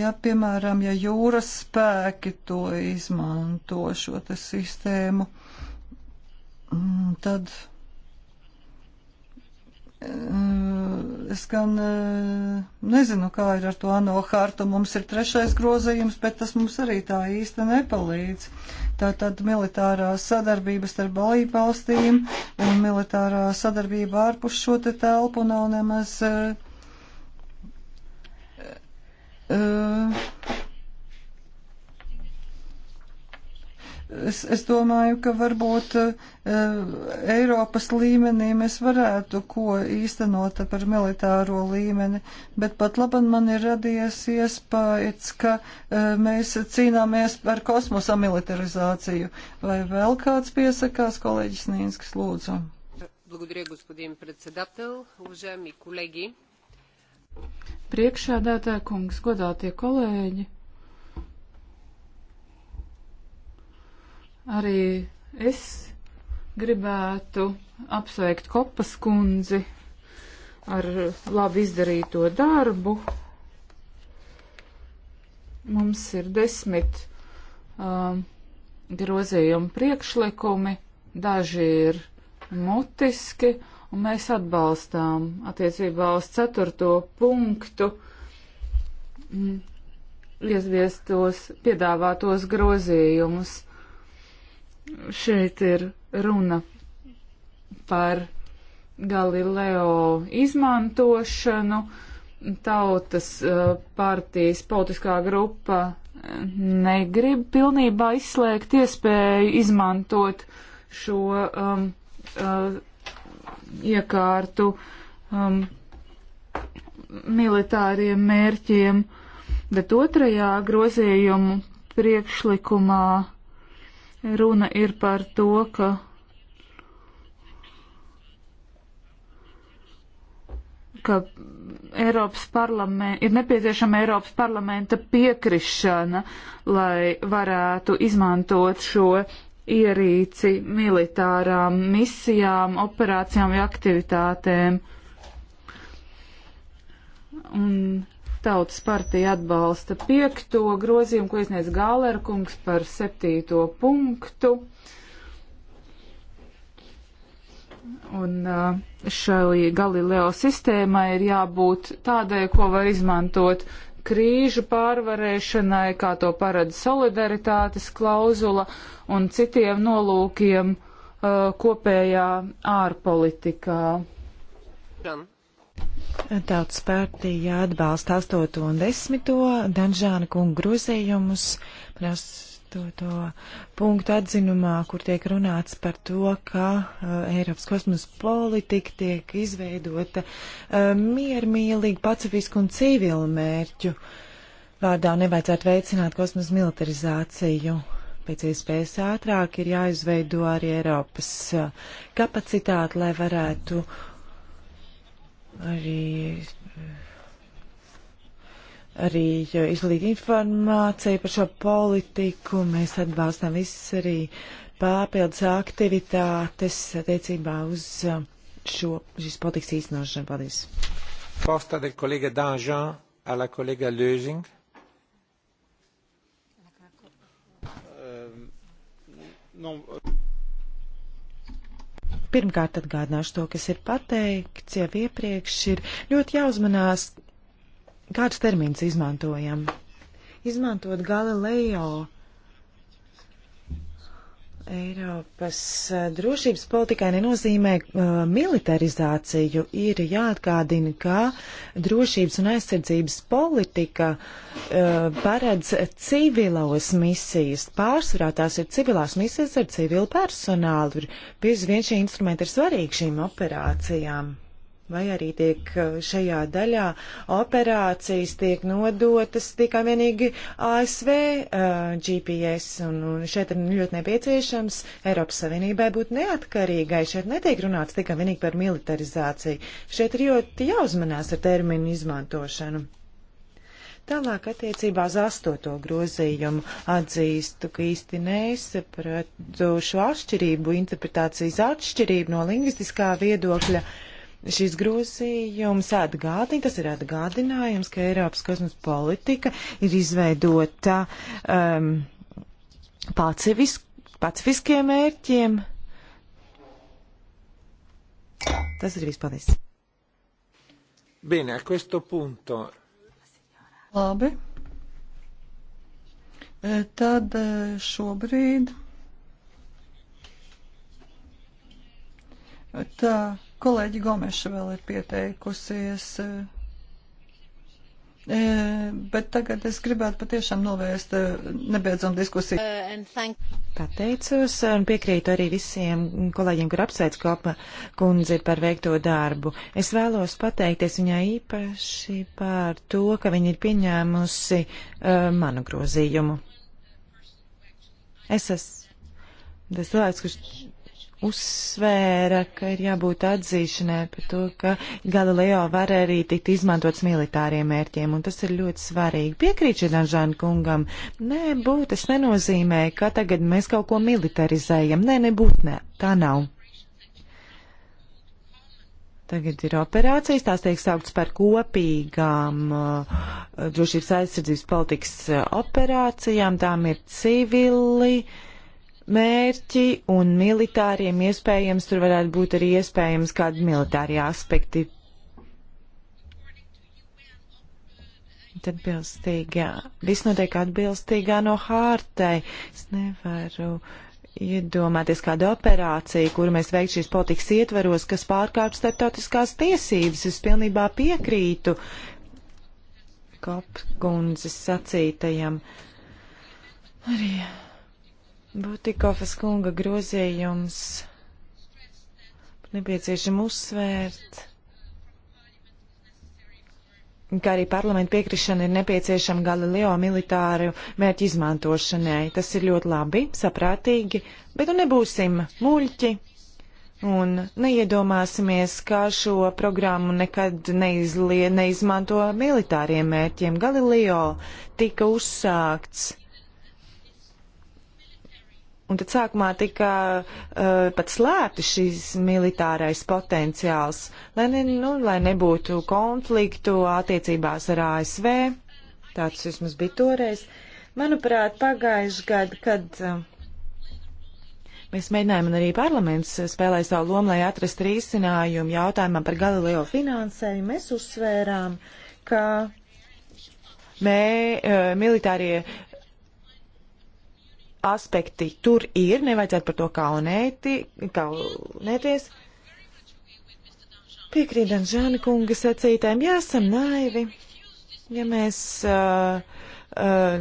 [SPEAKER 2] Ja, piemēram, ja jūras spēki to izmanto šo te sistēmu, mm, tad Eh, es gan eh, nezinu, kā ir ar to ANO hartu. Mums ir trešais grozījums, bet tas mums arī tā īsti nepalīdz. Tātad militārā sadarbība starp balību valstīm un militārā sadarbība ārpus šo te telpu nav nemaz. Uh, uh, Es, es domāju, ka varbūt uh, Eiropas līmenī mēs varētu ko īstenot par militāro līmeni, bet pat labam man ir radies iespējas, ka uh, mēs cīnāmies par kosmosa militarizāciju. Vai vēl kāds piesakās, kolēģis Nīnskis, lūdzu?
[SPEAKER 3] Благодаря, господин председател. Уважаеми колеги. Приекшādātāja kungs, godātie kolēģi. Arī es gribētu apsveikt kopas kundzi ar labi izdarīto darbu. Mums ir desmit um, grozījumu priekšlikumi, daži ir mutiski, un mēs atbalstām attiecībā uz ceturto punktu mm, iezviestos piedāvātos grozījumus. Šeit ir runa par Galileo izmantošanu. Tautas eh, partijas politiskā grupa eh, negrib pilnībā izslēgt iespēju izmantot šo um, uh, iekārtu um, militāriem mērķiem, bet otrajā grozījumu priekšlikumā Runa ir par to, ka ka Eiropas parlament, ir nepieciešama Eiropas parlamenta piekrišana, lai varētu izmantot šo ierīci militārām misijām, operācijām vai aktivitātēm. Un Tautas partija atbalsta piekto grozījumu, ko iesniedz Gālerkungs par septīto punktu. Un uh, šai Galileo sistēmai ir jābūt tādai, ko var izmantot krīžu pārvarēšanai, kā to parada solidaritātes klauzula un citiem nolūkiem uh, kopējā ārpolitikā.
[SPEAKER 4] Gan. Tautas partija atbalsta 8. un 10. Danžāna kunga grozījumus par 8. punktu atzinumā, kur tiek runāts par to, ka uh, Eiropas kosmos politika tiek izveidota uh, miermīlīgi, pacifiski un civilu mērķu vārdā nevajadzētu veicināt kosmos militarizāciju. Pēc iespējas ātrāk ir jāizveido arī Eiropas uh, kapacitāte, lai varētu uh, arī, arī eh, izlīt informāciju par šo politiku. Mēs atbalstam visas arī pārpildus aktivitātes attiecībā uz eh, šo, šīs politikas īstenošanu. Paldies.
[SPEAKER 1] Posta del kolēga Danjean à la kolēga Lösing.
[SPEAKER 3] Uh, non, uh...
[SPEAKER 4] Pirmkārt, atgādināšu to, kas ir pateikts jau iepriekš, ir ļoti jāuzmanās, kāds termins izmantojam. Izmantot Galileo Eiropas eh, drošības politikai nenozīmē uh, militarizāciju. Ir jāatgādina, ka drošības un aizsardzības politika uh, paredz civilos misijas. Pārsvarā tās ir civilās misijas ar civilu personālu. Piezvien šie instrumenti ir svarīgi šīm operācijām. Mm vai arī tiek eh, šajā daļā operācijas tiek nodotas tikai vienīgi ASV uh, eh, GPS, un, un šeit ir ļoti nepieciešams Eiropas Savienībai būt neatkarīgai. Šeit netiek runāts tikai vienīgi par militarizāciju. Šeit ir ļoti jāuzmanās ar terminu izmantošanu. Tālāk attiecībā uz astoto grozījumu atzīstu, ka īsti nesapratu šo atšķirību, interpretācijas atšķirību no lingvistiskā viedokļa. Uh, Šis grozījums atgādina, tas ir atgādinājums, ka Eiropas kosmosa politika ir izveidota um, pacivis, pacifiskiem mērķiem. Tas ir viss paldies.
[SPEAKER 1] Bene, a questo punto.
[SPEAKER 2] Labi. E, tad e, šobrīd. E, tā. Kolēģi Gomeša vēl ir pieteikusies. E, bet tagad es gribētu patiešām novērst e, nebeidzam diskusiju.
[SPEAKER 4] Uh,
[SPEAKER 2] Pateicos un piekrītu arī visiem
[SPEAKER 4] kolēģiem, kur apsveic Kopa kundzi par veikto darbu. Es vēlos pateikties viņai īpaši par to, ka viņa ir pieņēmusi uh, manu grozījumu. Es esmu tas cilvēks, kurš uzsvēra, ka ir jābūt atzīšanai par to, ka Galileo var arī tikt izmantots militāriem mērķiem, un tas ir ļoti svarīgi. Piekrītu Danžāna kungam, nē, būt tas nenozīmē, ka tagad mēs kaut ko militarizējam. Nē, nebūt, nē, tā nav. Tagad ir operācijas, tās tiek saukts par kopīgām uh, drošības aizsardzības politikas uh, operācijām, tām ir civili. Uh, mērķi un militāriem iespējams tur varētu būt arī iespējams kādi militārie aspekti. Atbilstīgā. Viss notiek atbilstīgā no hārtai. Es nevaru iedomāties kādu operāciju, kuru mēs veiktu šīs politikas ietveros, kas pārkāpj starptautiskās tiesības. Es pilnībā piekrītu Kopkundzes sacītajam. Arī Butikofas kunga grozījums nepieciešam uzsvērt, ka arī parlamenta piekrišana ir nepieciešama Galileo militāru mērķu izmantošanai. Tas ir ļoti labi, saprātīgi, bet nu nebūsim muļķi un neiedomāsimies, kā šo programmu nekad neizlie, neizmanto militāriem mērķiem. Galileo tika uzsākts Un tad sākumā tika uh, pat slēpti šis militārais potenciāls, lai, ne, nu, lai nebūtu konfliktu attiecībās ar ASV. Tāds vismaz bija toreiz. Manuprāt, pagājuši gadu, kad uh, mēs mēģinājām un arī parlaments spēlēja savu lomu, lai atrastu risinājumu jautājumam par Galileo finansējumu, mēs uzsvērām, ka mē, uh, militārie aspekti tur ir, nevajadzētu par to kaunēti, kaunēties. Piekrītam Žāna kunga sacītēm, jāsam naivi, ja mēs uh, Uh,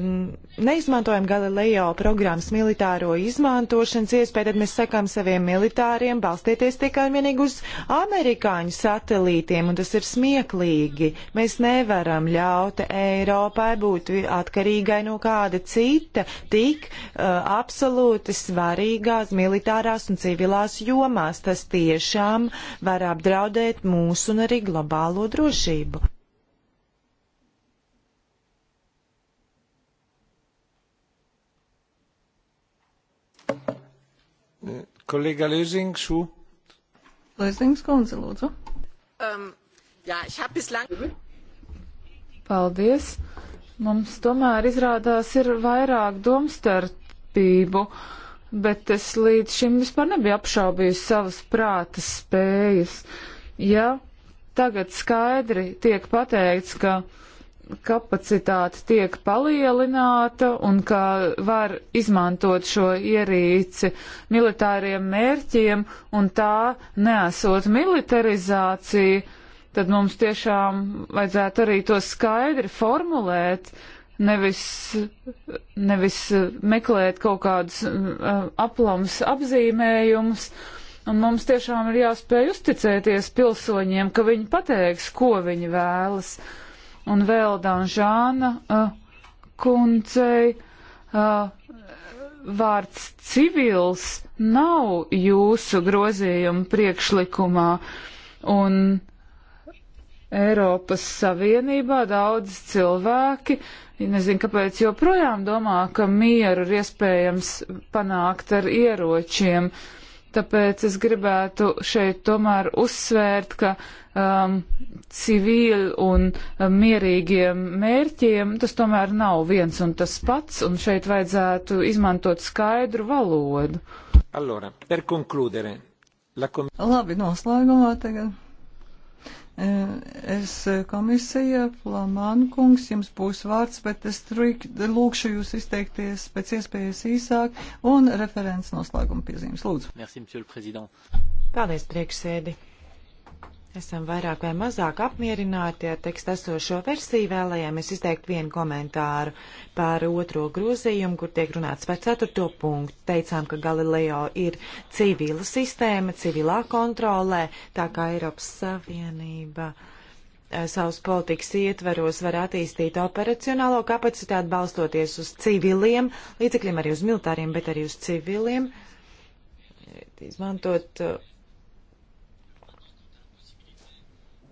[SPEAKER 4] neizmantojam Galileo programmas militāro izmantošanas iespēju, tad mēs sakām saviem militāriem balstieties tikai un vienīgi uz amerikāņu satelītiem, un tas ir smieklīgi. Mēs nevaram ļaut Eiropai būt atkarīgai no kāda cita tik uh, absolūti svarīgās militārās un civilās jomās. Tas tiešām var apdraudēt mūsu un arī globālo drošību.
[SPEAKER 1] Kolēģa Lēzings, su. Lēzings, kundze, lūdzu.
[SPEAKER 4] Um, jā, es habe bislang.
[SPEAKER 3] Paldies. Mums tomēr izrādās ir vairāk domstarpību, bet es līdz šim vispār nebiju apšaubījusi savas prātas spējas. Ja tagad skaidri tiek pateikts, ka kapacitāte tiek palielināta un ka var izmantot šo ierīci militāriem mērķiem un tā nesot militarizāciju, tad mums tiešām vajadzētu arī to skaidri formulēt, nevis, nevis meklēt kaut kādus uh, aplams apzīmējumus. Un mums tiešām ir jāspēj uzticēties pilsoņiem, ka viņi pateiks, ko viņi vēlas. Uh, un vēl Danžāna uh, kundzei uh, vārds civils nav jūsu grozījuma priekšlikumā, un Eiropas Savienībā daudz cilvēki, nezinu, kāpēc joprojām domā, ka mieru ir iespējams panākt ar ieročiem. Uh, Tāpēc es gribētu šeit tomēr uzsvērt, ka um, civili un um, mierīgiem mērķiem tas tomēr nav viens un tas pats, un šeit vajadzētu izmantot skaidru valodu.
[SPEAKER 1] Allora, per concludere,
[SPEAKER 2] la kom... Labi, noslēgumā tagad. Eh, es eh, komisija, Flamankungs, jums būs vārds, bet es trūk, lūkšu jūs izteikties pēc iespējas īsāk un referents noslēguma piezīmes. Lūdzu.
[SPEAKER 4] Merci, Paldies, priekšsēdi. Esam vairāk vai mazāk apmierināti ar tekstu esošo versiju. Vēlējāmies izteikt vienu komentāru par otro grozījumu, kur tiek runāts par ceturto punktu. Teicām, ka Galileo ir civila sistēma, civilā kontrolē, tā kā Eiropas Savienība eh, savus politikas ietveros var attīstīt operacionālo kapacitāti balstoties uz civiliem līdzekļiem, arī uz militāriem, bet arī uz civiliem. Eh, izmantot uh,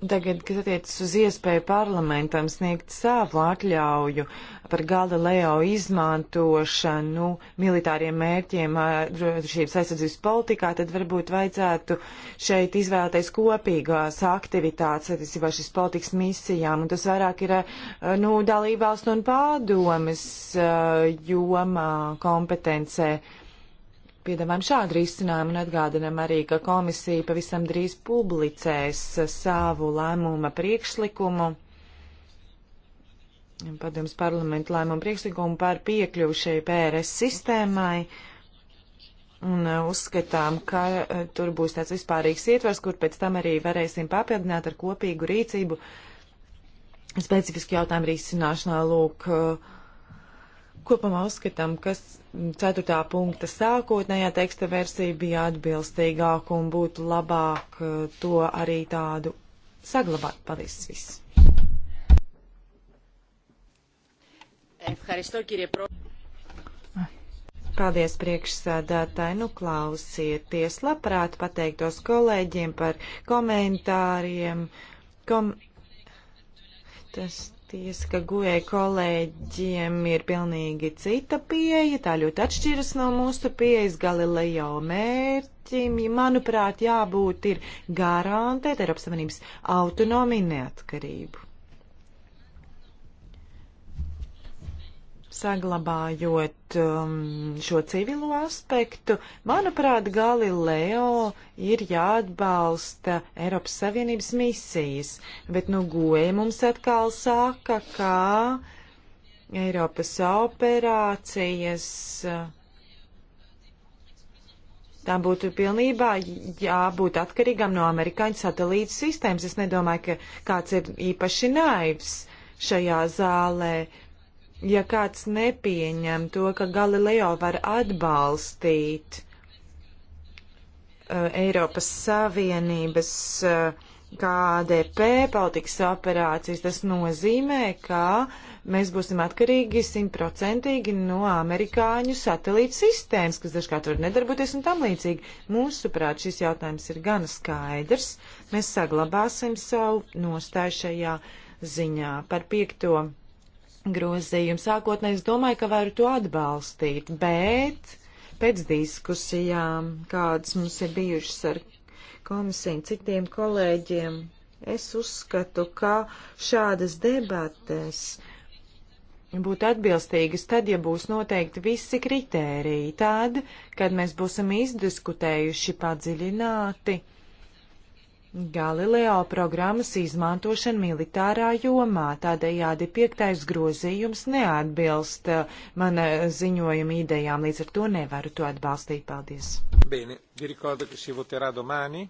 [SPEAKER 4] Tagad, kas attiecas uz iespēju parlamentam sniegt savu atļauju par Galileo izmantošanu militāriem mērķiem drošības aizsardzības politikā, tad varbūt vajadzētu šeit izvēlēties kopīgās aktivitātes, attiecībā šīs politikas misijām, un tas vairāk ir, nu, dalībvalstu un pārdomas jomā kompetencē. Uh, piedāvājam šādu risinājumu un atgādinam arī, ka komisija pavisam drīz publicēs savu lēmuma priekšlikumu. Padoms parlamentu lēmumu priekšlikumu par piekļuvu šai PRS sistēmai. Un uh, uzskatām, ka uh, tur būs tāds vispārīgs ietvers, kur pēc tam arī varēsim papildināt ar kopīgu rīcību specifisku jautājumu risināšanā. Lūk, uh, Kopumā uzskatām, ka 4. punkta sākotnējā teksta versija bija atbilstīgāka un būtu labāk eh, to arī tādu saglabāt. Paldies! Viss. Paldies priekšsēdētāji, nu klausieties, labprāt pateiktos kolēģiem par komentāriem. Kom... Tas Tiesa, ka gujai kolēģiem ir pilnīgi cita pieeja, tā ļoti atšķiras no mūsu pieejas Galileo mērķim. Manuprāt, jābūt ir garantēt Eiropas Savienības autonomiju neatkarību. Saglabājot um, šo civilo aspektu, manuprāt, Galileo ir jāatbalsta Eiropas Savienības misijas, bet nu goja mums atkal saka, ka Eiropas operācijas. Tā būtu pilnībā jābūt atkarīgam no amerikāņu satelītu sistēmas. Es nedomāju, ka kāds ir īpaši naivs šajā zālē. Uh, ja kāds nepieņem to, ka Galileo var atbalstīt uh, Eiropas Savienības uh, KDP politikas operācijas, tas nozīmē, ka mēs būsim atkarīgi simtprocentīgi no amerikāņu satelītu sistēmas, kas dažkārt var nedarboties un tam līdzīgi. Mūsuprāt, šis jautājums ir gana skaidrs. Mēs saglabāsim savu nostāju šajā ziņā par piekto grozījumu. Sākotnēji es domāju, ka varu to atbalstīt, bet pēc diskusijām, kādas mums ir bijušas ar komisiju, citiem kolēģiem, es uzskatu, ka šādas debates būt atbilstīgas tad, ja būs noteikti visi kritēriji, tad, kad mēs būsim izdiskutējuši padziļināti Galileo programmas izmantošana militārā jomā, tādējādi piektais grozījums neatbilst uh, mana ziņojuma idejām, līdz ar to nevaru to atbalstīt. Paldies!
[SPEAKER 1] Bene, vi ricordo che si voterà
[SPEAKER 4] domani.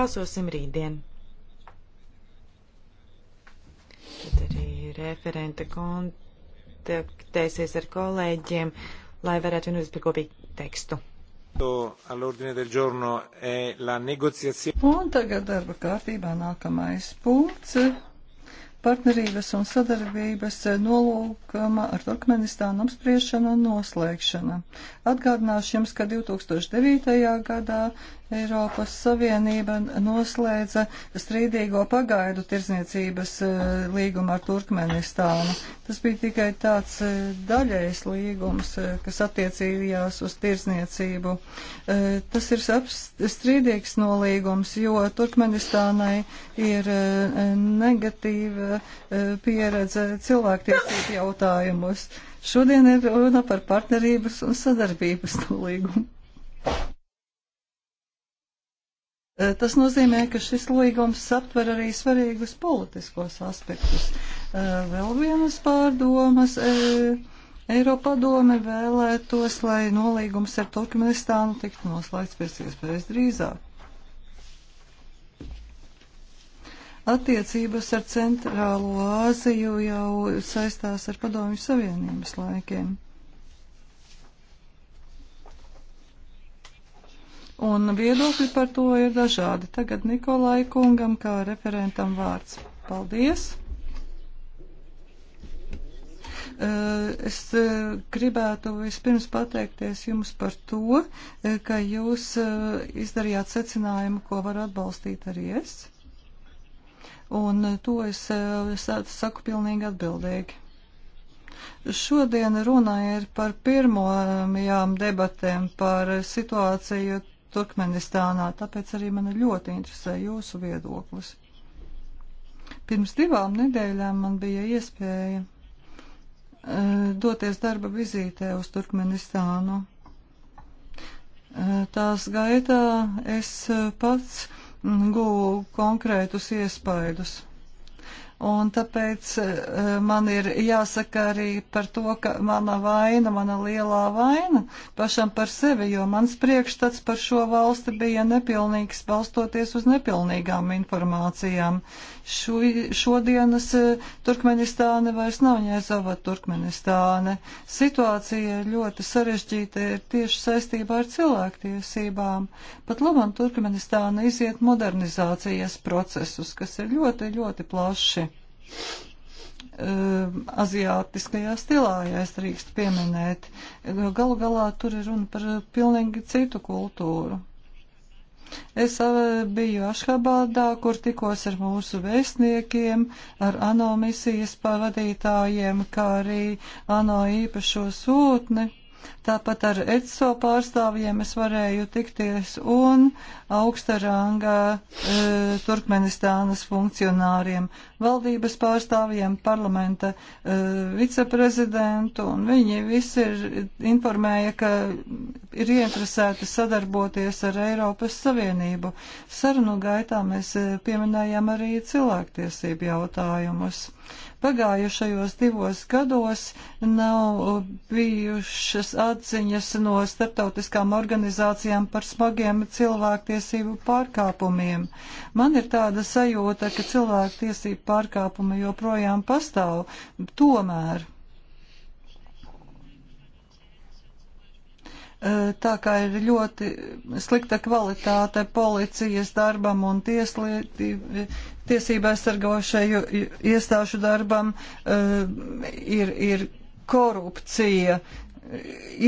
[SPEAKER 4] Balsosim rītdien. Tad arī referenta kontaktēsies ar kolēģiem,
[SPEAKER 2] lai varētu vienoties par kopīgu tekstu. Un tagad darba kārtībā nākamais punkts - partnerības un sadarbības nolūkama ar Turkmenistānu apspriešana un noslēgšana. Atgādināšu jums, ka 2009. gadā Eiropas Savienība noslēdza strīdīgo pagaidu tirzniecības e, līgumu ar Turkmenistānu. Tas bija tikai tāds e, daļais līgums, e, kas attiecījās uz tirzniecību. Tas ir strīdīgs nolīgums, jo Turkmenistānai ir negatīva pieredze cilvēktiesību jautājumus. Šodien ir runa par partnerības un sadarbības nolīgumu. Eh, tas nozīmē, ka šis līgums satver arī svarīgus politiskos aspektus. Eh, vēl vienas pārdomas. Eh, Eiropadome vēlētos, lai nolīgums ar Turkmenistānu tiktu noslēgts pēc iespējas drīzāk. Attiecības ar Centrālo Āziju jau saistās ar Padomju Savienības laikiem. un viedokļi par to ir dažādi. Tagad Nikolai kungam kā referentam vārds. Paldies! Es gribētu vispirms pateikties jums par to, ka jūs izdarījāt secinājumu, ko var atbalstīt arī es. Un to es saku pilnīgi atbildīgi. Šodien runa ir par pirmajām debatēm par situāciju Turkmenistānā, tāpēc arī man ļoti interesē jūsu viedoklis. Pirms divām nedēļām man bija iespēja uh, doties darba vizītē uz Turkmenistānu. Uh, tās gaitā es pats guvu konkrētus iespaidus. Un tāpēc eh, man ir jāsaka arī par to, ka mana vaina, mana lielā vaina pašam par sevi, jo mans priekšstats par šo valsti bija nepilnīgs, balstoties uz nepilnīgām informācijām. Šo, šodienas eh, Turkmenistāne vairs nav Ņēzava Turkmenistāne. Situācija ir ļoti sarežģīta, ir tieši saistībā ar cilvēktiesībām. Pat labam Turkmenistāna iziet modernizācijas procesus, kas ir ļoti, ļoti plaši. Ehm, aziātiskajā stilā, ja es drīkst pieminēt. Galu galā tur ir runa par eh, pilnīgi citu kultūru. Es eh, biju Ašhabādā, kur tikos ar mūsu vēstniekiem, ar ANO misijas pavadītājiem, kā arī ANO īpašo sūtni Tāpat ar ECO pārstāvjiem es varēju tikties un augsta ranga e, Turkmenistānas funkcionāriem, valdības pārstāvjiem, parlamenta e, viceprezidentu, un viņi visi ir informēja, ka ir ieinteresēti sadarboties ar Eiropas Savienību. Sarunu gaitā mēs e, pieminējām arī cilvēktiesību jautājumus. Thank you Pagājušajos divos gados nav uh, bijušas atziņas no starptautiskām organizācijām par smagiem cilvēktiesību pārkāpumiem. Man ir tāda sajūta, ka cilvēktiesību pārkāpumi joprojām pastāv. Tomēr. Uh, tā kā ir ļoti slikta kvalitāte policijas darbam un tieslietību tiesībā sargošaju iestāžu darbam eh, ir, ir korupcija,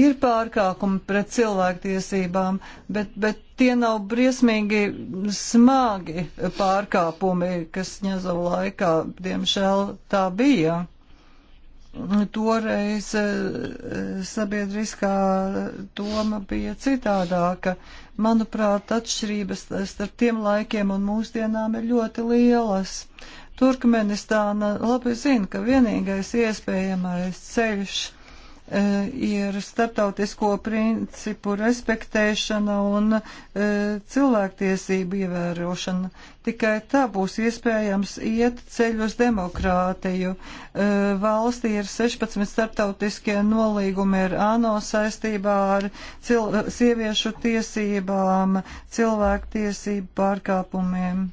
[SPEAKER 2] ir pārkāpumi pret cilvēktiesībām, bet, bet tie nav briesmīgi smagi pārkāpumi, kas ņezo laikā, diemžēl tā bija toreiz eh, sabiedriskā doma bija citādāka. Manuprāt, atšķirības starp tiem laikiem un mūsdienām ir ļoti lielas. Turkmenistāna labi zina, ka vienīgais iespējamais ceļš E, ir starptautisko principu respektēšana un e, cilvēktiesību ievērošana. Tikai tā būs iespējams iet ceļu uz demokrātiju. E, valstī ir 16 starptautiskie nolīgumi ar ANO saistībā ar sieviešu tiesībām, cilvēktiesību pārkāpumiem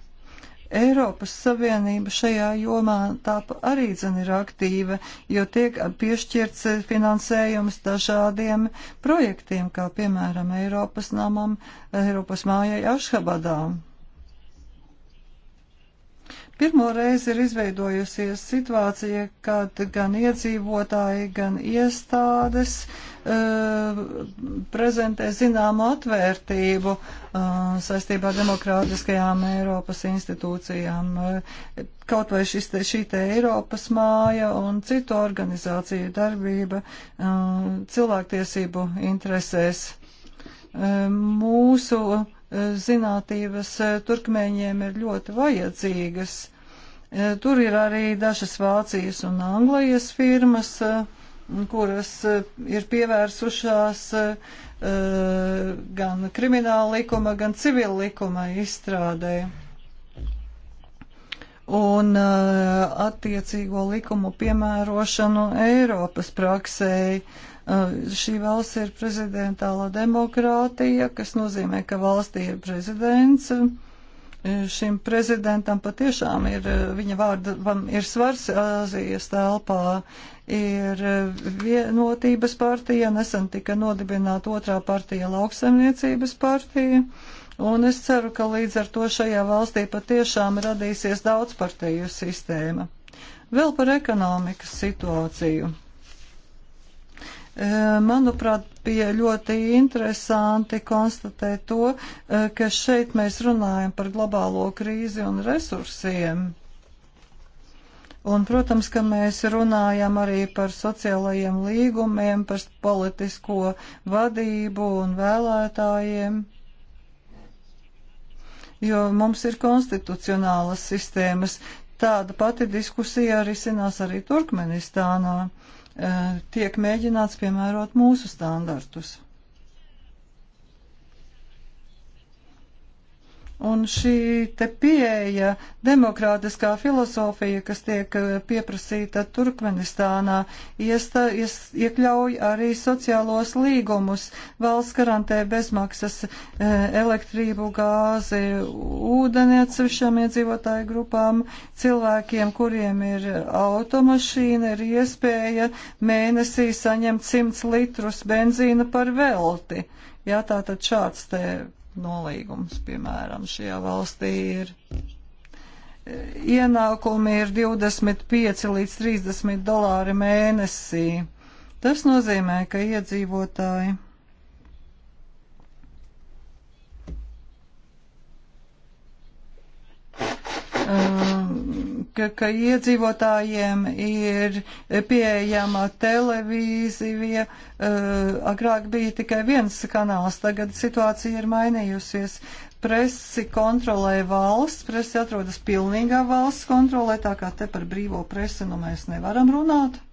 [SPEAKER 2] Eiropas Savienība šajā jomā tāpa arī dzen ir aktīva, jo tiek piešķirts eh, finansējums dažādiem projektiem, kā piemēram Eiropas namam, Eiropas mājai Ašhabadā. Pirmo reizi ir izveidojusies situācija, kad gan iedzīvotāji, gan iestādes uh, Eh, prezentē zināmu atvērtību eh, saistībā ar demokrātiskajām Eiropas institūcijām. Eh, kaut vai šis te, šī te Eiropas māja un citu organizāciju darbība cilvēktiesību interesēs. Mūsu zinātības turkmēņiem ir ļoti vajadzīgas. Tur ir arī dažas Vācijas un Anglijas firmas, uh, kuras eh, ir pievērsušās eh, gan krimināla likuma, gan civila likuma izstrādē. Un eh, attiecīgo likumu piemērošanu Eiropas praksēji. Šī valsts ir prezidentāla demokrātija, kas nozīmē, ka valstī ir prezidents. Un Šim prezidentam patiešām ir, viņa vārdam ir svars Āzijas telpā. Ir vienotības partija, nesen tika nodibināta otrā partija lauksaimniecības partija. Un es ceru, ka līdz ar to šajā valstī patiešām radīsies daudzpartiju sistēma. Vēl par ekonomikas situāciju. Eh, manuprāt, bija ļoti interesanti konstatēt to, eh, ka šeit mēs runājam par globālo krīzi un resursiem. Un, protams, ka mēs runājam arī par sociālajiem līgumiem, par politisko vadību un vēlētājiem, jo mums ir konstitucionālas sistēmas. Tāda pati diskusija arī sinās arī Turkmenistānā. Eh, tiek mēģināts piemērot mūsu standartus. Un šī te pieeja, demokrātiskā filozofija, kas tiek eh, pieprasīta Turkmenistānā, iesta, ies, iekļauj arī sociālos līgumus. Valsts garantē bezmaksas e, elektrību, gāzi, ūdeni atsevišķām iedzīvotāju grupām. Cilvēkiem, kuriem ir automašīna, ir iespēja mēnesī saņemt 100 litrus benzīna par velti. Jā, tā tad šāds te nolīgums, piemēram, šajā valstī ir. E, ienākumi ir 25 līdz 30 dolāri mēnesī. Tas nozīmē, ka iedzīvotāji uh, ka, ka iedzīvotājiem ir pieejama televīzija. Eh, agrāk bija tikai viens kanāls, tagad situācija ir mainījusies. Presi kontrolē valsts, presi atrodas pilnīgā valsts kontrolē, tā kā te par brīvo presi nu mēs nevaram runāt.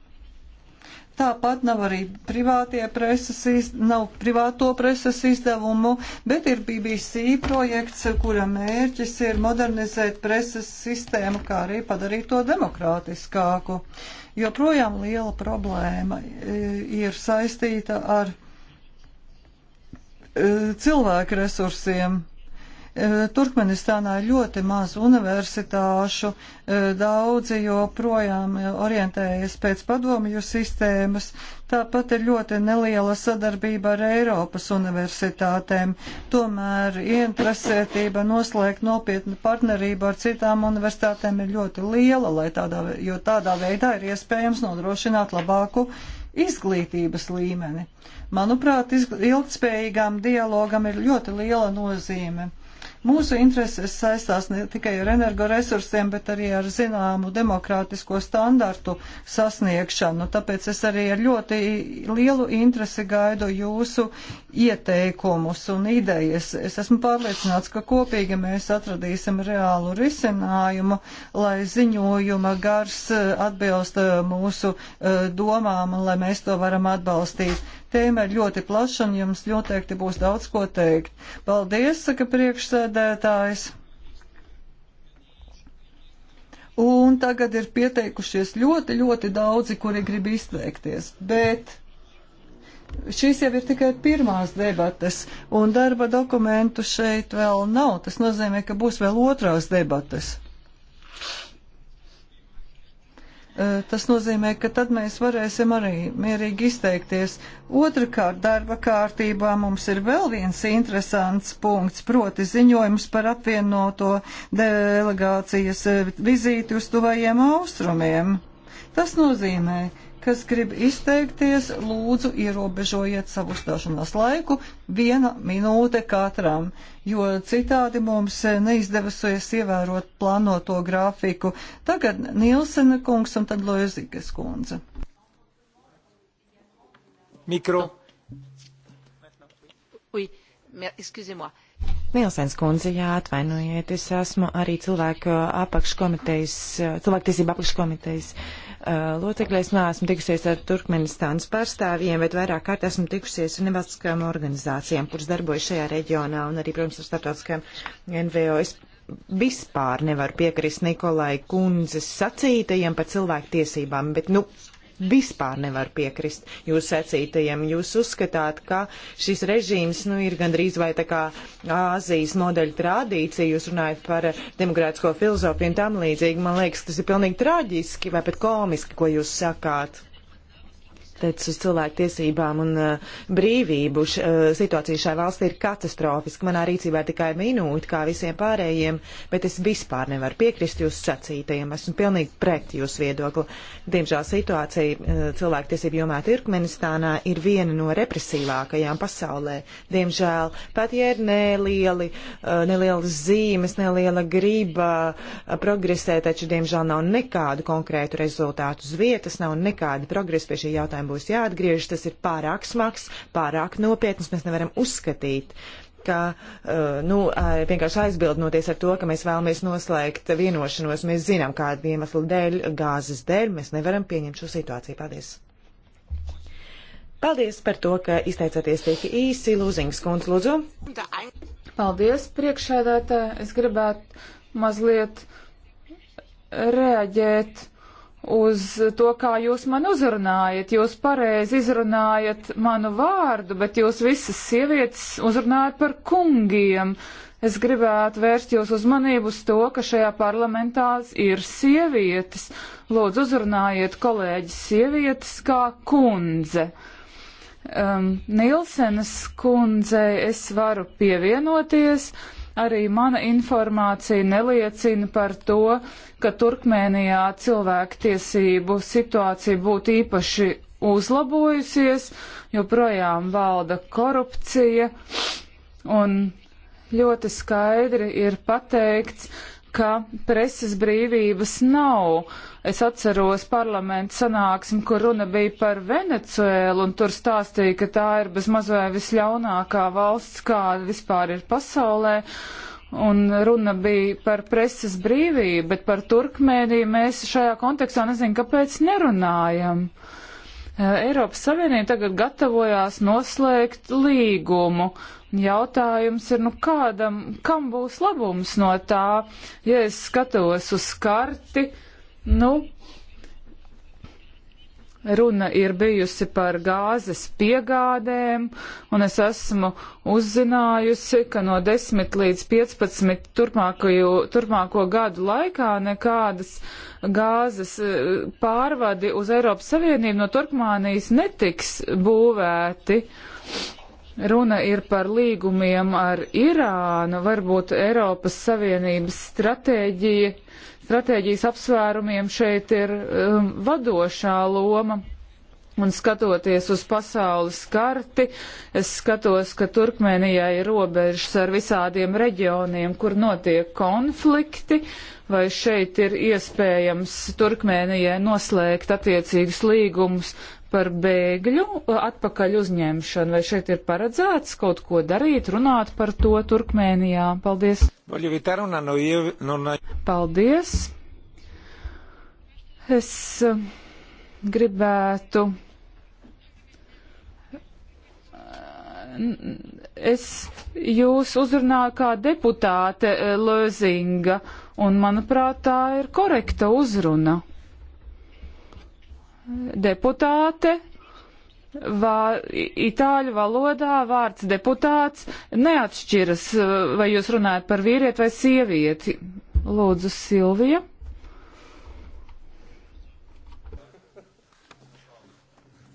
[SPEAKER 2] Tāpat nav arī privātie preses, iz, nav privāto preses izdevumu, bet ir BBC projekts, kura mērķis ir modernizēt preses sistēmu, kā arī padarīt to demokrātiskāku. Joprojām liela problēma e, ir saistīta ar e, cilvēku resursiem E, Turkmenistānā ir ļoti maz universitāšu, e, daudzi joprojām orientējas pēc padomju sistēmas, tāpat ir ļoti neliela sadarbība ar Eiropas universitātēm. Tomēr interesētība noslēgt nopietnu partnerību ar citām universitātēm ir ļoti liela, tādā, jo tādā veidā ir iespējams nodrošināt labāku izglītības līmeni. Manuprāt, ilgspējīgām dialogam ir ļoti liela nozīme. Mūsu intereses saistās ne tikai ar energoresursiem, bet arī ar zināmu demokrātisko standartu sasniegšanu. Tāpēc es arī ar ļoti lielu interesi gaidu jūsu ieteikumus un idejas. Es esmu pārliecināts, ka kopīgi mēs atradīsim reālu risinājumu, lai ziņojuma gars eh, atbilst eh, mūsu eh, domām un lai mēs to varam atbalstīt. Tēma ir ļoti plaša un jums noteikti būs daudz ko teikt. Paldies, saka priekšsēdētājs. Un tagad ir pieteikušies ļoti, ļoti daudzi, kuri grib izteikties. Bet šīs jau ir tikai pirmās debates, un darba dokumentu šeit vēl nav. Tas nozīmē, ka būs vēl otrās debates. Eh, tas nozīmē, ka tad mēs varēsim arī mierīgi izteikties. Otrakārt, darba kārtībā mums ir vēl viens interesants punkts, proti ziņojums par apvienoto delegācijas eh, vizīti uz tuvajiem austrumiem. Tas nozīmē, kas grib izteikties, lūdzu ierobežojiet savu uzstāšanās laiku viena minūte katram, jo citādi mums neizdevusies ievērot plānoto grafiku. Tagad Nilsena kungs un tad Loizikas kundze. Mikro. Oui, excusez-moi. Nielsens kundze,
[SPEAKER 4] jā, atvainojiet, es esmu arī cilvēku apakškomitejas, cilvēktiesība apakškomitejas uh, Eh, locekļa. Es neesmu tikusies ar Turkmenistānas pārstāvjiem, bet vairāk kārt esmu tikusies ar nevalstiskām organizācijām, kuras darbojas šajā reģionā un arī, protams, ar starptautiskajām NVO. Es vispār nevaru piekrist Nikolai Kunzes sacītajiem par cilvēku tiesībām, bet, nu, vispār nevar piekrist jūs secītajiem. Jūs uzskatāt, ka šis režīms nu, ir gandrīz vai tā kā Āzijas modeļa tradīcija, jūs runājat par demokrātisko filozofiju un tam līdzīgi. Man liekas, tas ir pilnīgi traģiski vai pat komiski, ko jūs sakāt attiecas uz cilvēku tiesībām un uh, brīvību. Š, uh, situācija šajā valstī ir katastrofiska. Manā rīcībā ir tikai minūte, kā visiem pārējiem, bet es vispār nevaru piekrist jūsu sacītajiem. Esmu pilnīgi pret jūsu viedokli. Diemžēl situācija uh, cilvēku tiesību jomā Turkmenistānā ir viena no represīvākajām pasaulē. Diemžēl pat ja ir nelieli, uh, nelielas zīmes, neliela griba uh, progresē, taču diemžēl nav nekādu konkrētu rezultātu uz vietas, nav nekāda progresa pie šī jautājuma būs jāatgriež, tas ir pārāk smags, pārāk nopietns, mēs nevaram uzskatīt ka uh, nu, vienkārši aizbildnoties ar to, ka mēs vēlamies noslēgt vienošanos, mēs zinām, kāda iemesla dēļ, gāzes dēļ, mēs nevaram pieņemt šo situāciju. Paldies! Paldies par to, ka izteicāties tik īsi, Lūziņas kundze, lūdzu. Paldies, priekšēdētā.
[SPEAKER 3] Es gribētu mazliet reaģēt uz to, kā jūs man uzrunājat. Jūs pareizi izrunājat manu vārdu, bet jūs visas sievietes uzrunājat par kungiem. Es gribētu vērst jūs uzmanību uz to, ka šajā parlamentā ir sievietes. Lūdzu, uzrunājiet kolēģis sievietes kā kundze. Um, Nilsenas kundzei es varu pievienoties. Uh, Arī mana informācija neliecina par to, ka Turkmēnijā cilvēktiesību situācija būtu īpaši uzlabojusies, joprojām valda korupcija un ļoti skaidri ir pateikts, ka preses brīvības nav. Es atceros parlamentu sanāksmi, kur runa bija par Venecuēlu, un tur stāstīja, ka tā ir bez mazvē visļaunākā valsts, kāda vispār ir pasaulē. Un runa bija par preses brīvību, bet par Turkmēniju mēs šajā kontekstā nezinu, kāpēc nerunājam. Eiropas Savienība tagad gatavojās noslēgt līgumu Jautājums ir, nu kādam, kam būs labums no tā, ja es skatos uz karti, nu, runa ir bijusi par gāzes piegādēm, un es esmu uzzinājusi, ka no 10 līdz 15 turpmāko, turpmāko gadu laikā nekādas gāzes e, pārvadi uz Eiropas Savienību no Turkmānijas netiks būvēti. Uh, runa ir par līgumiem ar Irānu, varbūt Eiropas Savienības stratēģija, stratēģijas apsvērumiem šeit ir um, vadošā loma. Un skatoties uz pasaules karti, es skatos, ka Turkmenijā ir robežas ar visādiem reģioniem, kur notiek konflikti, vai šeit ir iespējams Turkmenijai noslēgt attiecīgus līgumus par bēgļu uh, atpakaļ uzņemšanu. Vai šeit ir paredzēts kaut ko darīt, runāt par to Turkmēnijā? Paldies! Paldies! Es uh, gribētu. Uh, es jūs uzrunāju kā deputāte Lozinga, un manuprāt tā ir korekta uzruna deputāte Vā, itāļu valodā vārds deputāts neatšķiras, vai jūs runājat par vīrieti vai sievieti. Lūdzu, Silvija.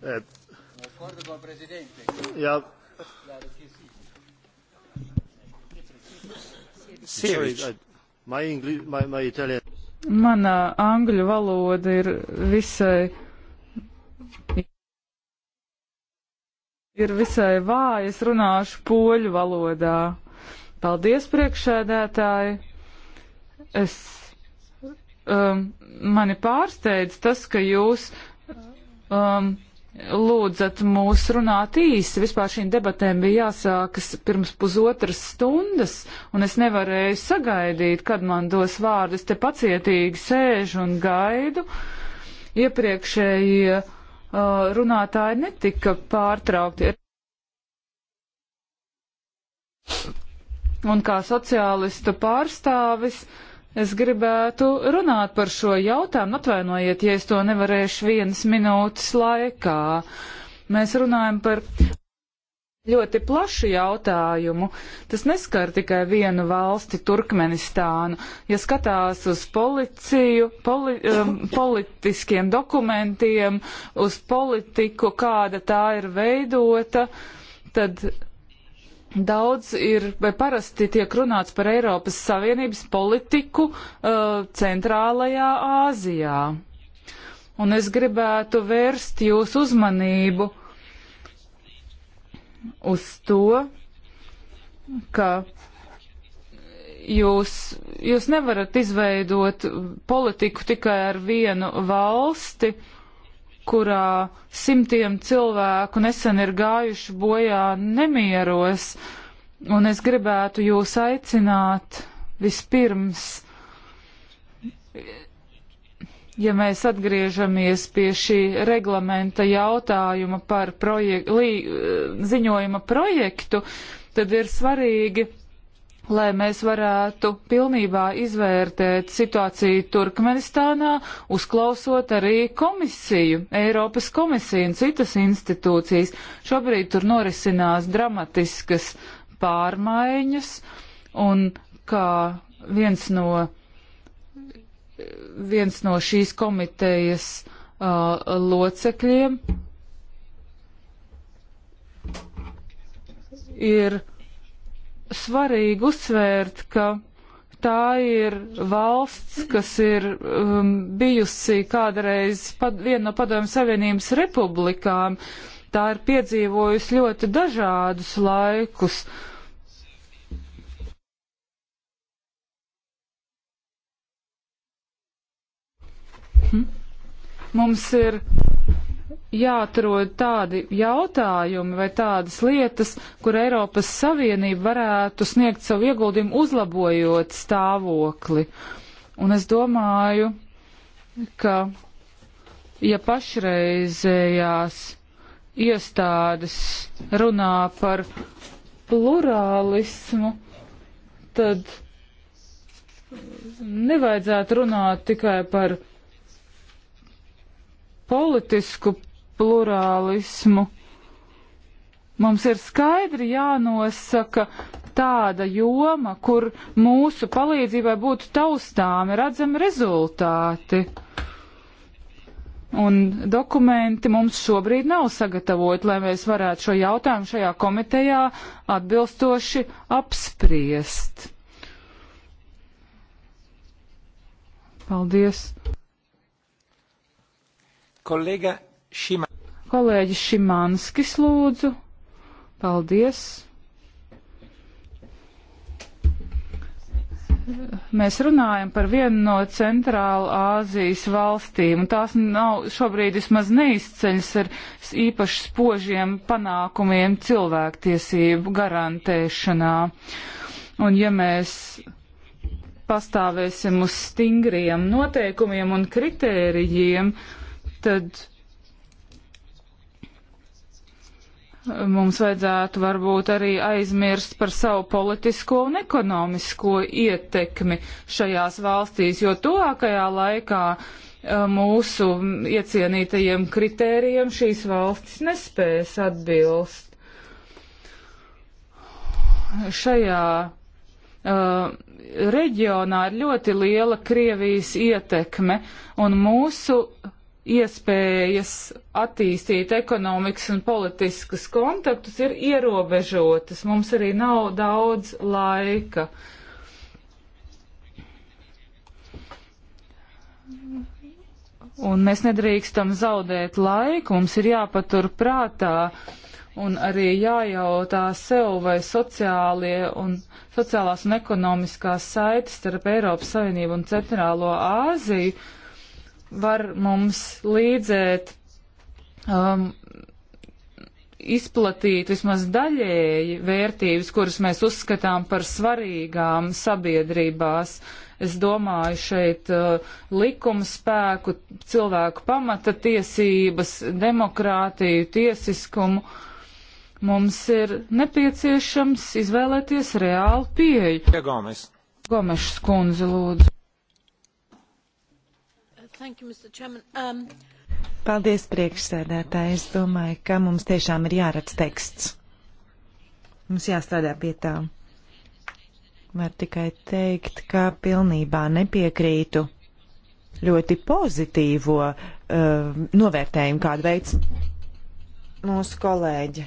[SPEAKER 2] Eh, jā.
[SPEAKER 4] Sieviete.
[SPEAKER 3] Mana angļu valoda ir visai ir visai vāja, es runāšu poļu valodā. Paldies, priekšēdētāji! Es, um, mani pārsteidz tas, ka jūs um, lūdzat mūs runāt īsi. Vispār šīm debatēm bija jāsākas pirms pusotras stundas, un es nevarēju sagaidīt, kad man dos vārdus. Te pacietīgi sēžu un gaidu. Iepriekšējie. Ja Uh, runātāji netika pārtraukti. Un kā sociālistu pārstāvis es gribētu runāt par šo jautājumu. Atvainojiet, ja es to nevarēšu vienas minūtes laikā. Mēs runājam par ļoti plašu jautājumu. Tas neskar tikai vienu valsti, Turkmenistānu. Ja skatās uz policiju, poli, um, politiskiem dokumentiem, uz politiku, kāda tā ir veidota, tad daudz ir, vai parasti tiek runāts par Eiropas Savienības politiku uh, centrālajā Āzijā. Un es gribētu vērst jūsu uzmanību uz to, ka jūs, jūs nevarat izveidot politiku tikai ar vienu valsti, kurā simtiem cilvēku nesen ir gājuši bojā nemieros, un es gribētu jūs aicināt vispirms ja mēs atgriežamies pie šī reglamenta jautājuma par projek li eh, ziņojuma projektu, tad ir svarīgi, lai mēs varētu pilnībā izvērtēt situāciju Turkmenistānā, uzklausot arī komisiju, Eiropas komisiju un citas institūcijas. Šobrīd tur norisinās dramatiskas pārmaiņas un kā viens no viens no šīs komitejas uh, locekļiem ir svarīgi uzsvērt, ka tā ir valsts, kas ir um, bijusi kādreiz pad, viena no padomju savienības republikām. Tā ir piedzīvojusi ļoti dažādus laikus. Uh, Mums ir jāatrod tādi jautājumi vai tādas lietas, kur Eiropas Savienība varētu sniegt savu ieguldījumu, uzlabojot stāvokli. Un es domāju, ka ja pašreizējās iestādes runā par plurālismu, tad nevajadzētu runāt tikai par politisku plurālismu. Mums ir skaidri jānosaka tāda joma, kur mūsu palīdzībai būtu taustāmi redzami rezultāti. Un dokumenti mums šobrīd nav sagatavoti, lai mēs varētu šo jautājumu šajā komitejā atbilstoši apspriest. Paldies!
[SPEAKER 1] Kolēģa Šima.
[SPEAKER 3] Kolēģis Šimanskis lūdzu. Paldies. Mēs runājam par vienu no centrāla Āzijas valstīm, un tās nav šobrīd vismaz neizceļas ar īpaši spožiem panākumiem cilvēktiesību garantēšanā. Un ja mēs pastāvēsim uz stingriem noteikumiem un kritērijiem, tad mums vajadzētu varbūt arī aizmirst par savu politisko un ekonomisko ietekmi šajās valstīs, jo tuvākajā laikā eh, mūsu iecienītajiem kritērijiem šīs valstis nespēs atbilst. Šajā uh, reģionā ir ļoti liela Krievijas ietekme, un mūsu iespējas attīstīt ekonomikas un politiskas kontaktus ir ierobežotas. Mums arī nav daudz laika. Un mēs nedrīkstam zaudēt laiku, mums ir jāpatur prātā un arī jājautā sev, vai sociālie un sociālās un ekonomiskās saites starp Eiropas Savienību un Centrālo Āziju var mums līdzēt um, izplatīt vismaz daļēji vērtības, kuras mēs uzskatām par svarīgām sabiedrībās. Es domāju šeit uh, likuma spēku, cilvēku pamata tiesības, demokrātiju, tiesiskumu. Mums ir nepieciešams izvēlēties reālu pieeju. Ja Gomes.
[SPEAKER 4] Gomeša skundze, lūdzu.
[SPEAKER 1] Thank you, Mr. Chairman.
[SPEAKER 4] Um... Paldies, priekšsēdētāji. Es domāju, ka mums tiešām ir jāredz teksts. Mums jāstrādā pie tā. Var tikai teikt, ka pilnībā nepiekrītu ļoti pozitīvo uh, novērtējumu, kādu veids mūsu kolēģi.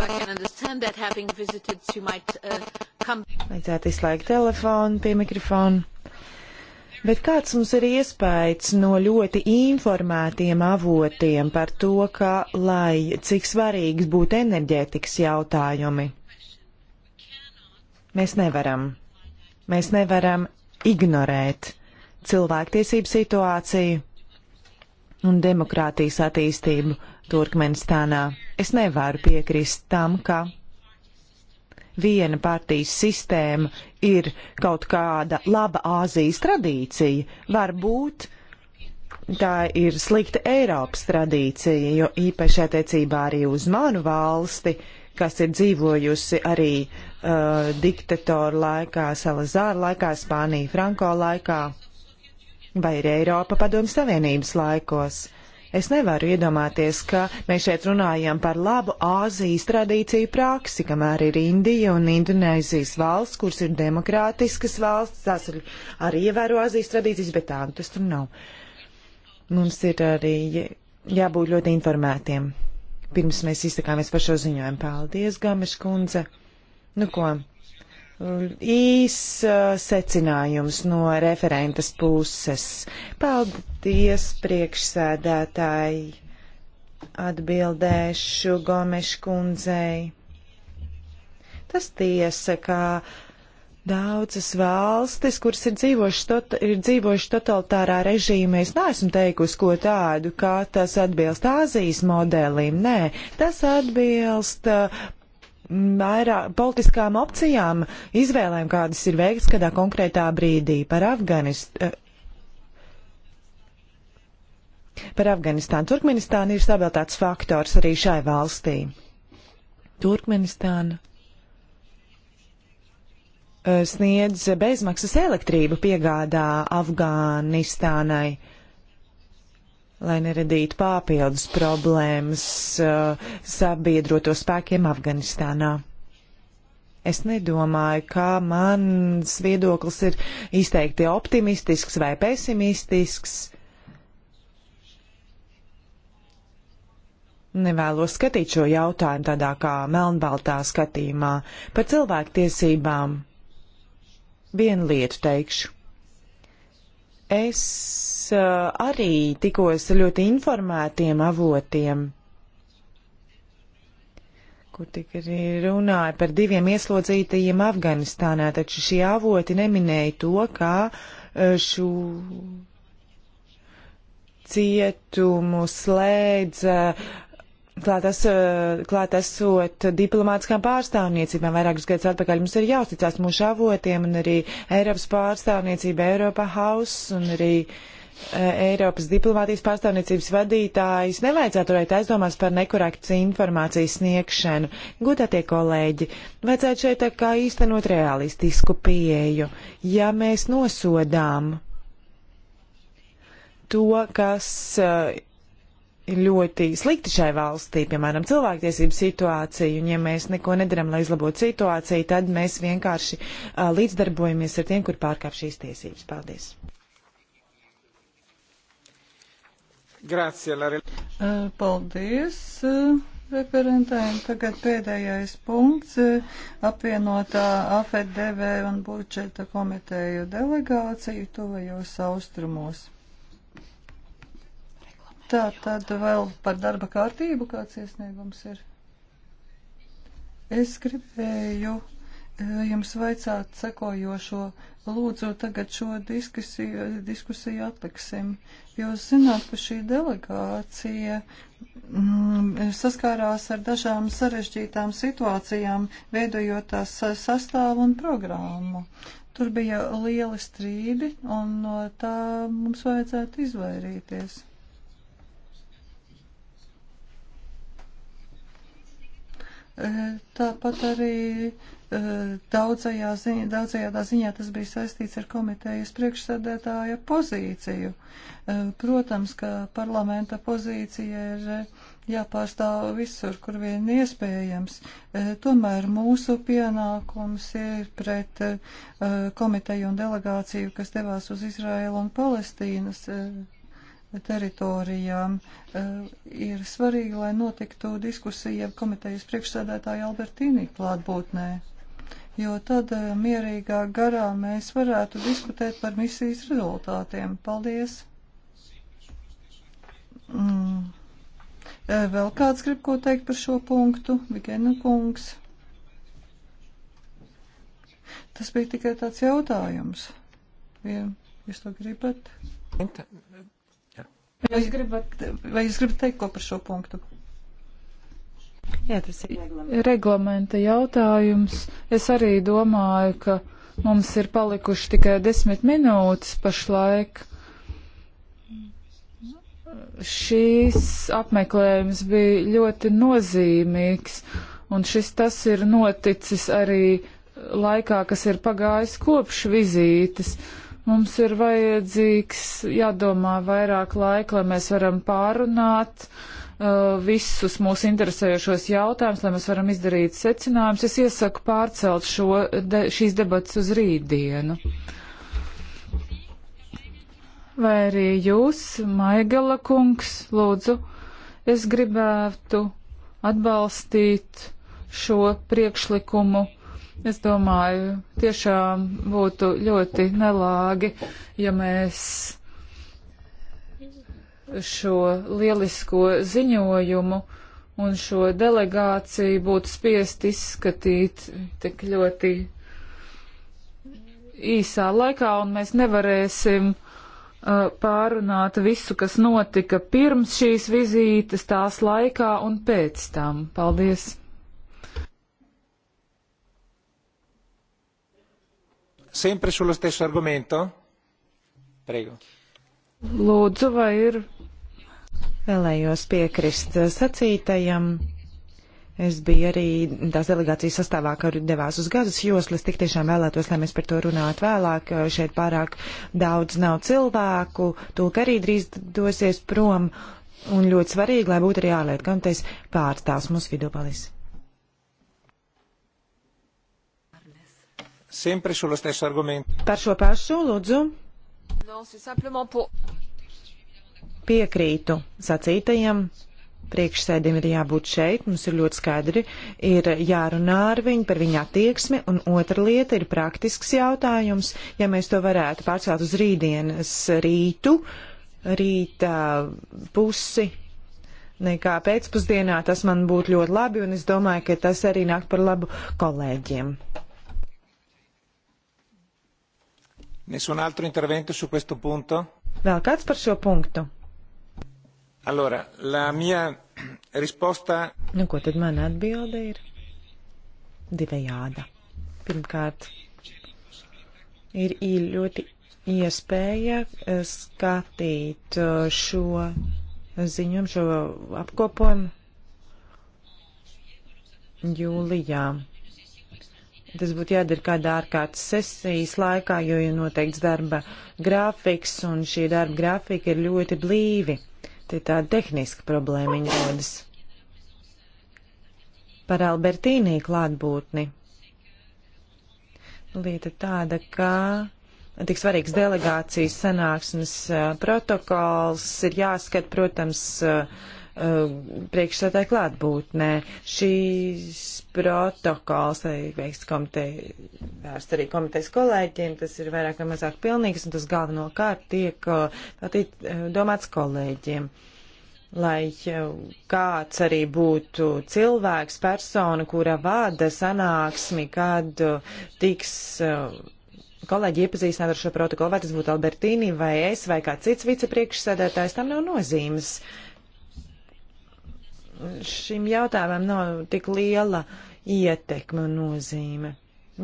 [SPEAKER 4] Uh, Vajadzētu izslēgt telefonu pie mikrofona. Bet kāds mums ir iespējas no ļoti informētiem avotiem par to, ka, lai cik svarīgs būtu enerģētikas jautājumi? Mēs nevaram. Mēs nevaram ignorēt cilvēktiesību situāciju un demokrātijas attīstību Turkmenistānā. Es nevaru piekrist tam, ka viena partijas sistēma ir kaut kāda laba Āzijas tradīcija, varbūt tā ir slikta Eiropas tradīcija, jo īpaši attiecībā arī uz manu valsti, kas ir dzīvojusi arī uh, diktatoru laikā, Salazāra laikā, Spānija Franko laikā vai arī Eiropa padomu Savienības laikos. Es nevaru iedomāties, ka mēs šeit runājam par labu Āzijas tradīciju praksi, kamēr ir Indija un Indonēzijas valsts, kuras ir demokrātiskas valsts, tās arī ievēro Āzijas tradīcijas, bet tā nu tas tur nav. Mums ir arī jābūt ļoti informētiem. Pirms mēs izsakāmies par šo ziņojumu. Paldies, Gameša kundze. Nu ko, īs uh, secinājums no referentas puses. Paldies Paldies, priekšsēdētāji! Atbildēšu Gomešu kundzei. Tas tiesa, ka daudzas valstis, kuras ir dzīvojušas, tot, ir dzīvojušas totalitārā režīmē, es neesmu teikusi ko tādu, kā tas atbilst Āzijas modelim. Nē, tas atbilst mm, vairāk politiskām opcijām, izvēlēm, kādas ir veikts kādā konkrētā brīdī par Afganist, Par Afganistānu. Turkmenistāna ir stabilitātes faktors arī šai valstī. Turkmenistāna eh, sniedz bezmaksas elektrību piegādā Afganistānai lai neradītu papildus problēmas uh, sabiedroto spēkiem Afganistānā. Es nedomāju, ka mans viedoklis ir izteikti optimistisks vai pesimistisks. Nevēlos skatīt šo jautājumu tādā kā melnbaltā skatījumā par cilvēktiesībām. Vienu lietu teikšu. Es uh, arī tikos ļoti informētiem avotiem, kur tik arī runāja par diviem ieslodzītajiem Afganistānā, taču šie avoti neminēja to, kā uh, šo cietumu slēdza uh, klātesot klāt diplomātiskām pārstāvniecībām. Vairākus gadus atpakaļ mums ir jāuzticās mūsu avotiem un arī Eiropas pārstāvniecība, Eiropa House un arī e, Eiropas diplomātijas pārstāvniecības vadītājs. Nevajadzētu turēt aizdomās par nekorektu informācijas sniegšanu. Gudātie kolēģi, vajadzētu šeit tā kā īstenot realistisku pieeju. Ja mēs nosodām to, kas uh, ir ļoti slikti šai valstī, piemēram, cilvēktiesību situācija, un ja mēs neko nedaram, lai izlabotu situāciju, tad mēs vienkārši uh, līdzdarbojamies ar tiem, kur pārkāp šīs tiesības. Paldies!
[SPEAKER 1] Grazie, Lari.
[SPEAKER 2] Paldies referentēm. Tagad pēdējais punkts - apvienotā AFDV un budžeta komiteju delegāciju tuvajos austrumos. Tā tad vēl par darba kārtību kāds iesniegums ir. Es gribēju eh, jums vaicāt sekojošo. Lūdzu, tagad šo diskusiju, diskusiju atliksim. Jūs zināt, ka šī delegācija mm, saskārās ar dažām sarežģītām situācijām, veidojot tās sastāvu un programmu. Tur bija lieli strīdi, un no tā mums vajadzētu izvairīties. Eh, tāpat arī eh, daudzajā ziņā, daudzajā ziņā tas bija saistīts ar komitejas priekšsēdētāja pozīciju. Eh, protams, ka parlamenta pozīcija ir jāpārstāv visur, kur vien iespējams. Tomēr mūsu pienākums ir pret komiteju un delegāciju, kas devās uz Izraēlu un Palestīnas teritorijām. Eh, ir svarīgi, lai notiktu diskusija komitejas priekšsēdētāja Albertīnī klātbūtnē, jo tad eh, mierīgā garā mēs varētu diskutēt par misijas rezultātiem. Paldies! Mm. Eh, vēl kāds grib ko teikt par šo punktu? Vigena kungs. Tas bija tikai tāds jautājums. Vien, jūs to gribat? Vai jūs gribat, vai jūs gribat teikt ko par šo punktu? Jā, tas ir
[SPEAKER 3] reglamenta. reglamenta jautājums. Es arī domāju, ka mums ir palikuši tikai desmit minūtes pašlaik. Šīs apmeklējums bija ļoti nozīmīgs, un šis tas ir noticis arī laikā, kas ir pagājis kopš vizītes. Uh, Mums ir vajadzīgs jādomā vairāk laika, lai mēs varam pārunāt uh, visus mūsu interesējošos jautājumus, lai mēs varam izdarīt secinājumus. Es iesaku pārcelt šo, de, šīs debats uz rītdienu. Vai arī jūs, Maigala kungs, lūdzu, es gribētu atbalstīt šo priekšlikumu Es domāju, tiešām būtu ļoti nelāgi, ja mēs šo lielisko ziņojumu un šo delegāciju būtu spiest izskatīt tik ļoti īsā laikā, un mēs nevarēsim uh, pārunāt visu, kas notika pirms šīs vizītes, tās laikā un pēc tam. Paldies!
[SPEAKER 1] Sempre sullo stesso argomento? Prego.
[SPEAKER 4] Lūdzu, vai ir? Vēlējos piekrist sacītajam. Es biju arī tās delegācijas sastāvā, kur devās uz gazas joslas. Tik tiešām vēlētos, lai mēs par to runātu vēlāk. Šeit pārāk daudz nav cilvēku. Tūk arī drīz dosies prom. Un ļoti svarīgi, lai būtu arī ārlietu komitejas pārstāvs mūsu vidū palis.
[SPEAKER 1] sempre sullo stesso
[SPEAKER 4] argomento. Par šo pašu, lūdzu. Piekrītu sacītajam. Priekšsēdim ir jābūt šeit, mums ir ļoti skaidri, ir jārunā ar viņu par viņa attieksmi, un otra lieta ir praktisks jautājums, ja mēs to varētu pārcelt uz rītdienas rītu, rīta pusi nekā pēcpusdienā, tas man būtu ļoti labi, un es domāju, ka tas arī nāk par labu kolēģiem.
[SPEAKER 1] Nessun altro intervento su questo punto?
[SPEAKER 4] Vēl kāds par šo punktu?
[SPEAKER 1] Allora, la mia risposta...
[SPEAKER 4] Nu, ko tad mana atbilde ir? Divējāda. Pirmkārt, ir ļoti iespēja eh, skatīt eh, šo ziņojumu, šo apkopojumu jūlijā. Tas būtu jādara kādā ārkārtas sesijas laikā, jo ir noteikts darba grafiks, un šī darba grafika ir ļoti blīvi. Te tāda tehniska problēma rodas. Par Albertīnī klātbūtni. Lieta tāda, ka tik svarīgs delegācijas sanāksmes protokols ir jāskat, protams, uh, Uh, priekšsētāja klātbūtnē. Šīs protokols tiek veikts komiteja, vērst arī komitejas kolēģiem, tas ir vairāk vai mazāk pilnīgs, un tas galvenokārt tiek tātīt, uh, uh, domāts kolēģiem. Lai kāds arī būtu cilvēks, persona, kura vada sanāksmi, kad tiks kolēģi iepazīstināt ar šo protokolu, vai tas būtu Albertīni, vai es, vai kāds cits vicepriekšsēdētājs, tam nav nozīmes. Uh, šim jautājumam nav tik liela ietekme un nozīme.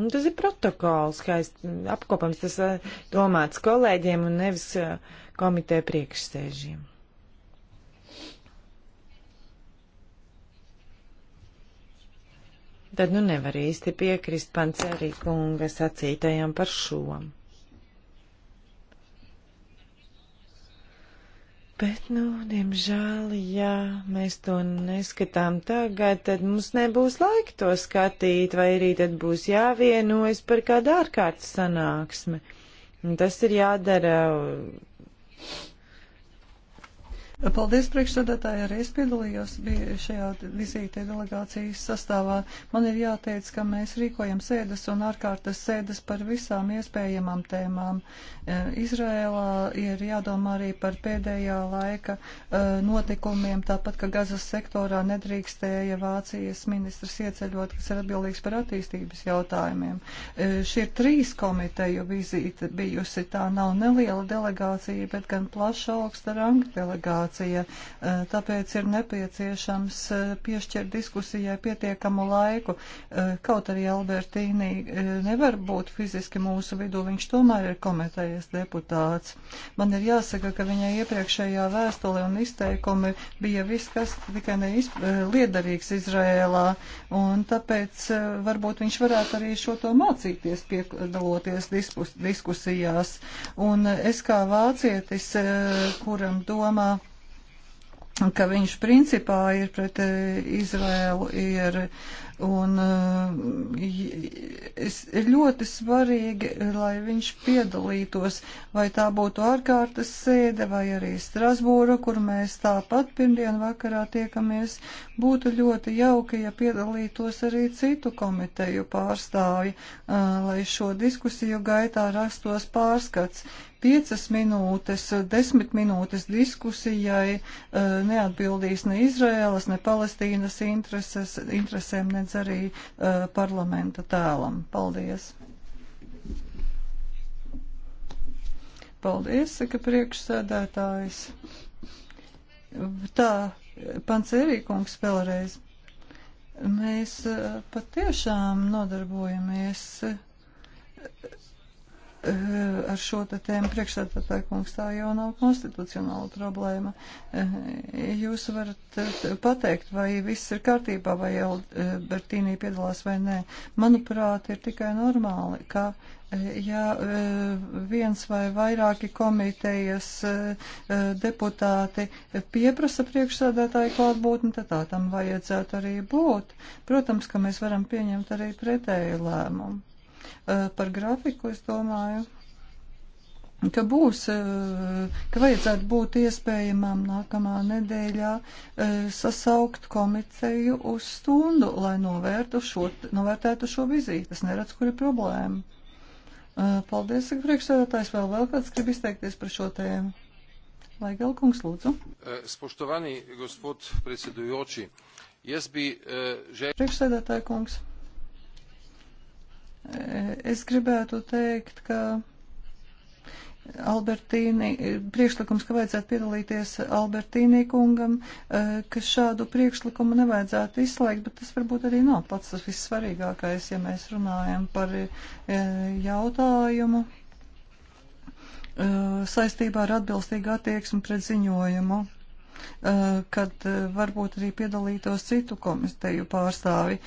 [SPEAKER 4] Un tas ir protokols, kā es apkopams, tas eh, domāts kolēģiem un nevis eh, komiteja priekšsēžiem. Tad nu nevar īsti piekrist pancerī kunga sacītajam par šo. Bet, nu, diemžēl, ja mēs to neskatām tagad, tad mums nebūs laika to skatīt, vai arī tad būs jāvienojas par kādu ārkārtas sanāksmi.
[SPEAKER 2] Un tas ir jādara Paldies, priekšsēdētāji, arī es piedalījos šajā vizītē delegācijas sastāvā. Man ir jāteic, ka mēs rīkojam sēdes un ārkārtas sēdes par visām iespējamām tēmām. E, Izrēlā ir jādomā arī par pēdējā laika e, notikumiem, tāpat, ka gazas sektorā nedrīkstēja Vācijas ministrs ieceļot, kas ir atbildīgs par attīstības jautājumiem. E, Šī ir trīs komiteju vizīte bijusi, tā nav neliela delegācija, bet gan plaša augsta ranga delegācija situācija, eh, tāpēc ir nepieciešams eh, piešķirt diskusijai pietiekamu laiku. Eh, kaut arī Albertīnī nevar būt fiziski mūsu vidū, viņš tomēr ir komitejas deputāts. Man ir jāsaka, ka viņai iepriekšējā vēstule un izteikumi bija viss, kas tikai neiz, liederīgs Izrēlā, un tāpēc varbūt viņš varētu arī šo to mācīties, piedaloties diskus, diskusijās. Un es kā vācietis, kuram domā, ka viņš principā ir pret e, Izraēlu ir, un e, es, ir ļoti svarīgi, lai viņš piedalītos, vai tā būtu ārkārtas sēde, vai arī Strasbūra, kur mēs tāpat pirmdien vakarā tiekamies, būtu ļoti jauki, ja piedalītos arī citu komiteju pārstāvi, e, lai šo diskusiju gaitā rastos pārskats piecas minūtes, desmit minūtes diskusijai eh, neatbildīs ne Izraēlas, ne Palestīnas intereses, interesēm, nedz arī eh, parlamenta tēlam. Paldies! Paldies, saka priekšsēdētājs. Tā, pants Erīkungs vēlreiz. Mēs eh, patiešām nodarbojamies E, ar šo te tēmu priekšstādātāju kungs tā jau nav konstitucionāla problēma. E, jūs varat e, pateikt, vai viss ir kārtībā, vai Albertīnī piedalās vai nē. Manuprāt, ir tikai normāli, ka ja viens vai vairāki komitejas deputāti pieprasa priekšsādātāju klātbūtni, tad tā tam vajadzētu arī būt. Protams, ka mēs varam pieņemt arī pretēju lēmumu. Eh, par grafiku es domāju, ka būs, eh, ka vajadzētu būt iespējamām nākamā nedēļā eh, sasaukt komiteju uz stundu, lai novērtu šo, novērtētu šo vizīti. Es neredzu, kur ir problēma. Paldies, saka priekšsēdētājs. Vēl vēl kāds grib izteikties par šo tēmu. Lai gal kungs lūdzu. Spoštovani, gospod predsedujoči, es biju... Priekšsēdētāja kungs. Es gribētu teikt, ka Albertīni, priekšlikums, ka vajadzētu piedalīties Albertīnī kungam, eh, ka šādu priekšlikumu nevajadzētu izslēgt, bet tas varbūt arī nav pats tas vissvarīgākais, ja mēs runājam par eh, jautājumu eh, saistībā ar atbilstīgu attieksmi pret ziņojumu kad varbūt arī piedalītos citu komiteju pārstāvi.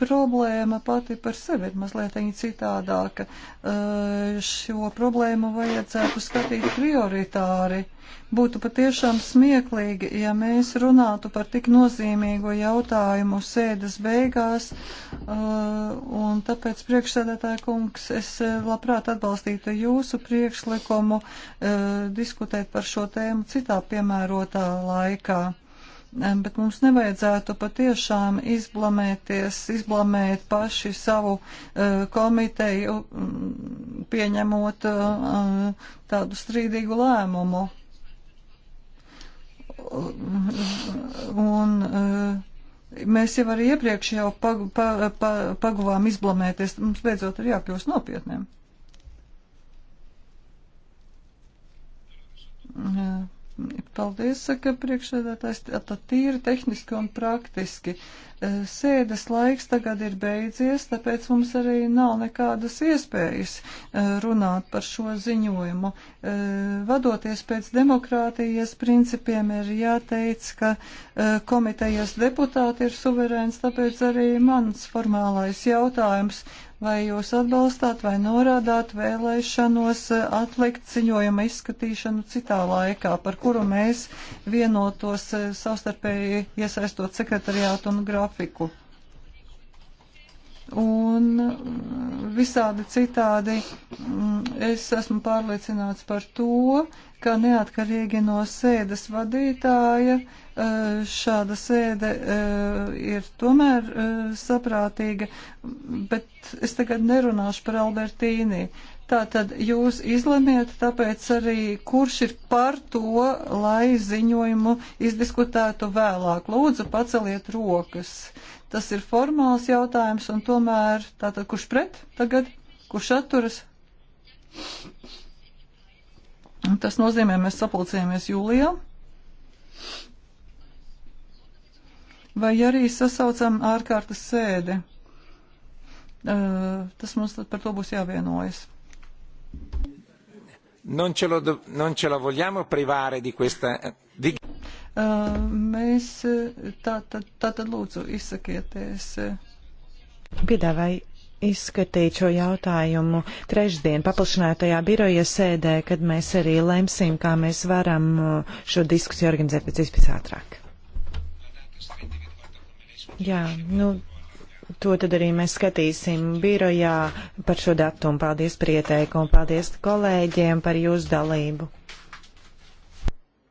[SPEAKER 2] Problēma pati par sevi ir mazliet citādāka. Eh, šo problēmu vajadzētu skatīt prioritāri. Būtu patiešām smieklīgi, ja mēs runātu par tik nozīmīgu jautājumu sēdes beigās, eh, un tāpēc priekšsēdētāja kungs, es eh, labprāt atbalstītu jūsu priekšlikumu diskutēt par šo tēmu citā piemērotā laikā bet mums nevajadzētu patiešām izblamēties, izblamēt paši savu uh, komiteju, pieņemot uh, tādu strīdīgu lēmumu. Un uh, mēs jau arī iepriekš jau pag, pa, pa, paguvām izblamēties, mums beidzot ir jākļūst nopietniem. Uh. Paldies, saka priekšsēdētājs. Tad tīri tehniski un praktiski. E, sēdes laiks tagad ir beidzies, tāpēc mums arī nav nekādas iespējas e, runāt par šo ziņojumu. E, vadoties pēc demokrātijas principiem ir jāteic, ka komitejas deputāti ir suverēns, tāpēc arī mans formālais jautājums vai jūs atbalstāt vai norādāt vēlēšanos eh, atlikt ziņojuma izskatīšanu citā laikā, par kuru mēs vienotos eh, savstarpēji iesaistot sekretariātu un grafiku un mm, visādi citādi mm, es esmu pārliecināts par to, ka neatkarīgi no sēdes vadītāja eh, šāda sēde eh, ir tomēr eh, saprātīga, bet es tagad nerunāšu par Albertīnī. Tātad jūs izlemiet, tāpēc arī kurš ir par to, lai ziņojumu izdiskutētu vēlāk. Lūdzu, paceliet rokas. Uh, Tas ir formāls jautājums, un tomēr tātad kurš pret tagad, kurš atturas? Tas nozīmē, mēs sapulcējamies jūlijā. Vai arī sasaucam ārkārtas sēdi. Uh, tas mums tad par to būs jāvienojas.
[SPEAKER 1] Non ce, lo, non ce la vogliamo privare di questa.
[SPEAKER 2] Di... Mēs tā, tā, tā tad lūdzu izsakieties. Piedāvāju izskatīt šo jautājumu trešdien
[SPEAKER 4] paplašinātajā biroja sēdē, kad mēs arī lemsim, kā mēs varam šo diskusiju organizēt pēc iespējas ātrāk. Jā, nu, to tad arī mēs skatīsim birojā par šo datumu. Paldies par ieteikumu, paldies kolēģiem par jūsu dalību.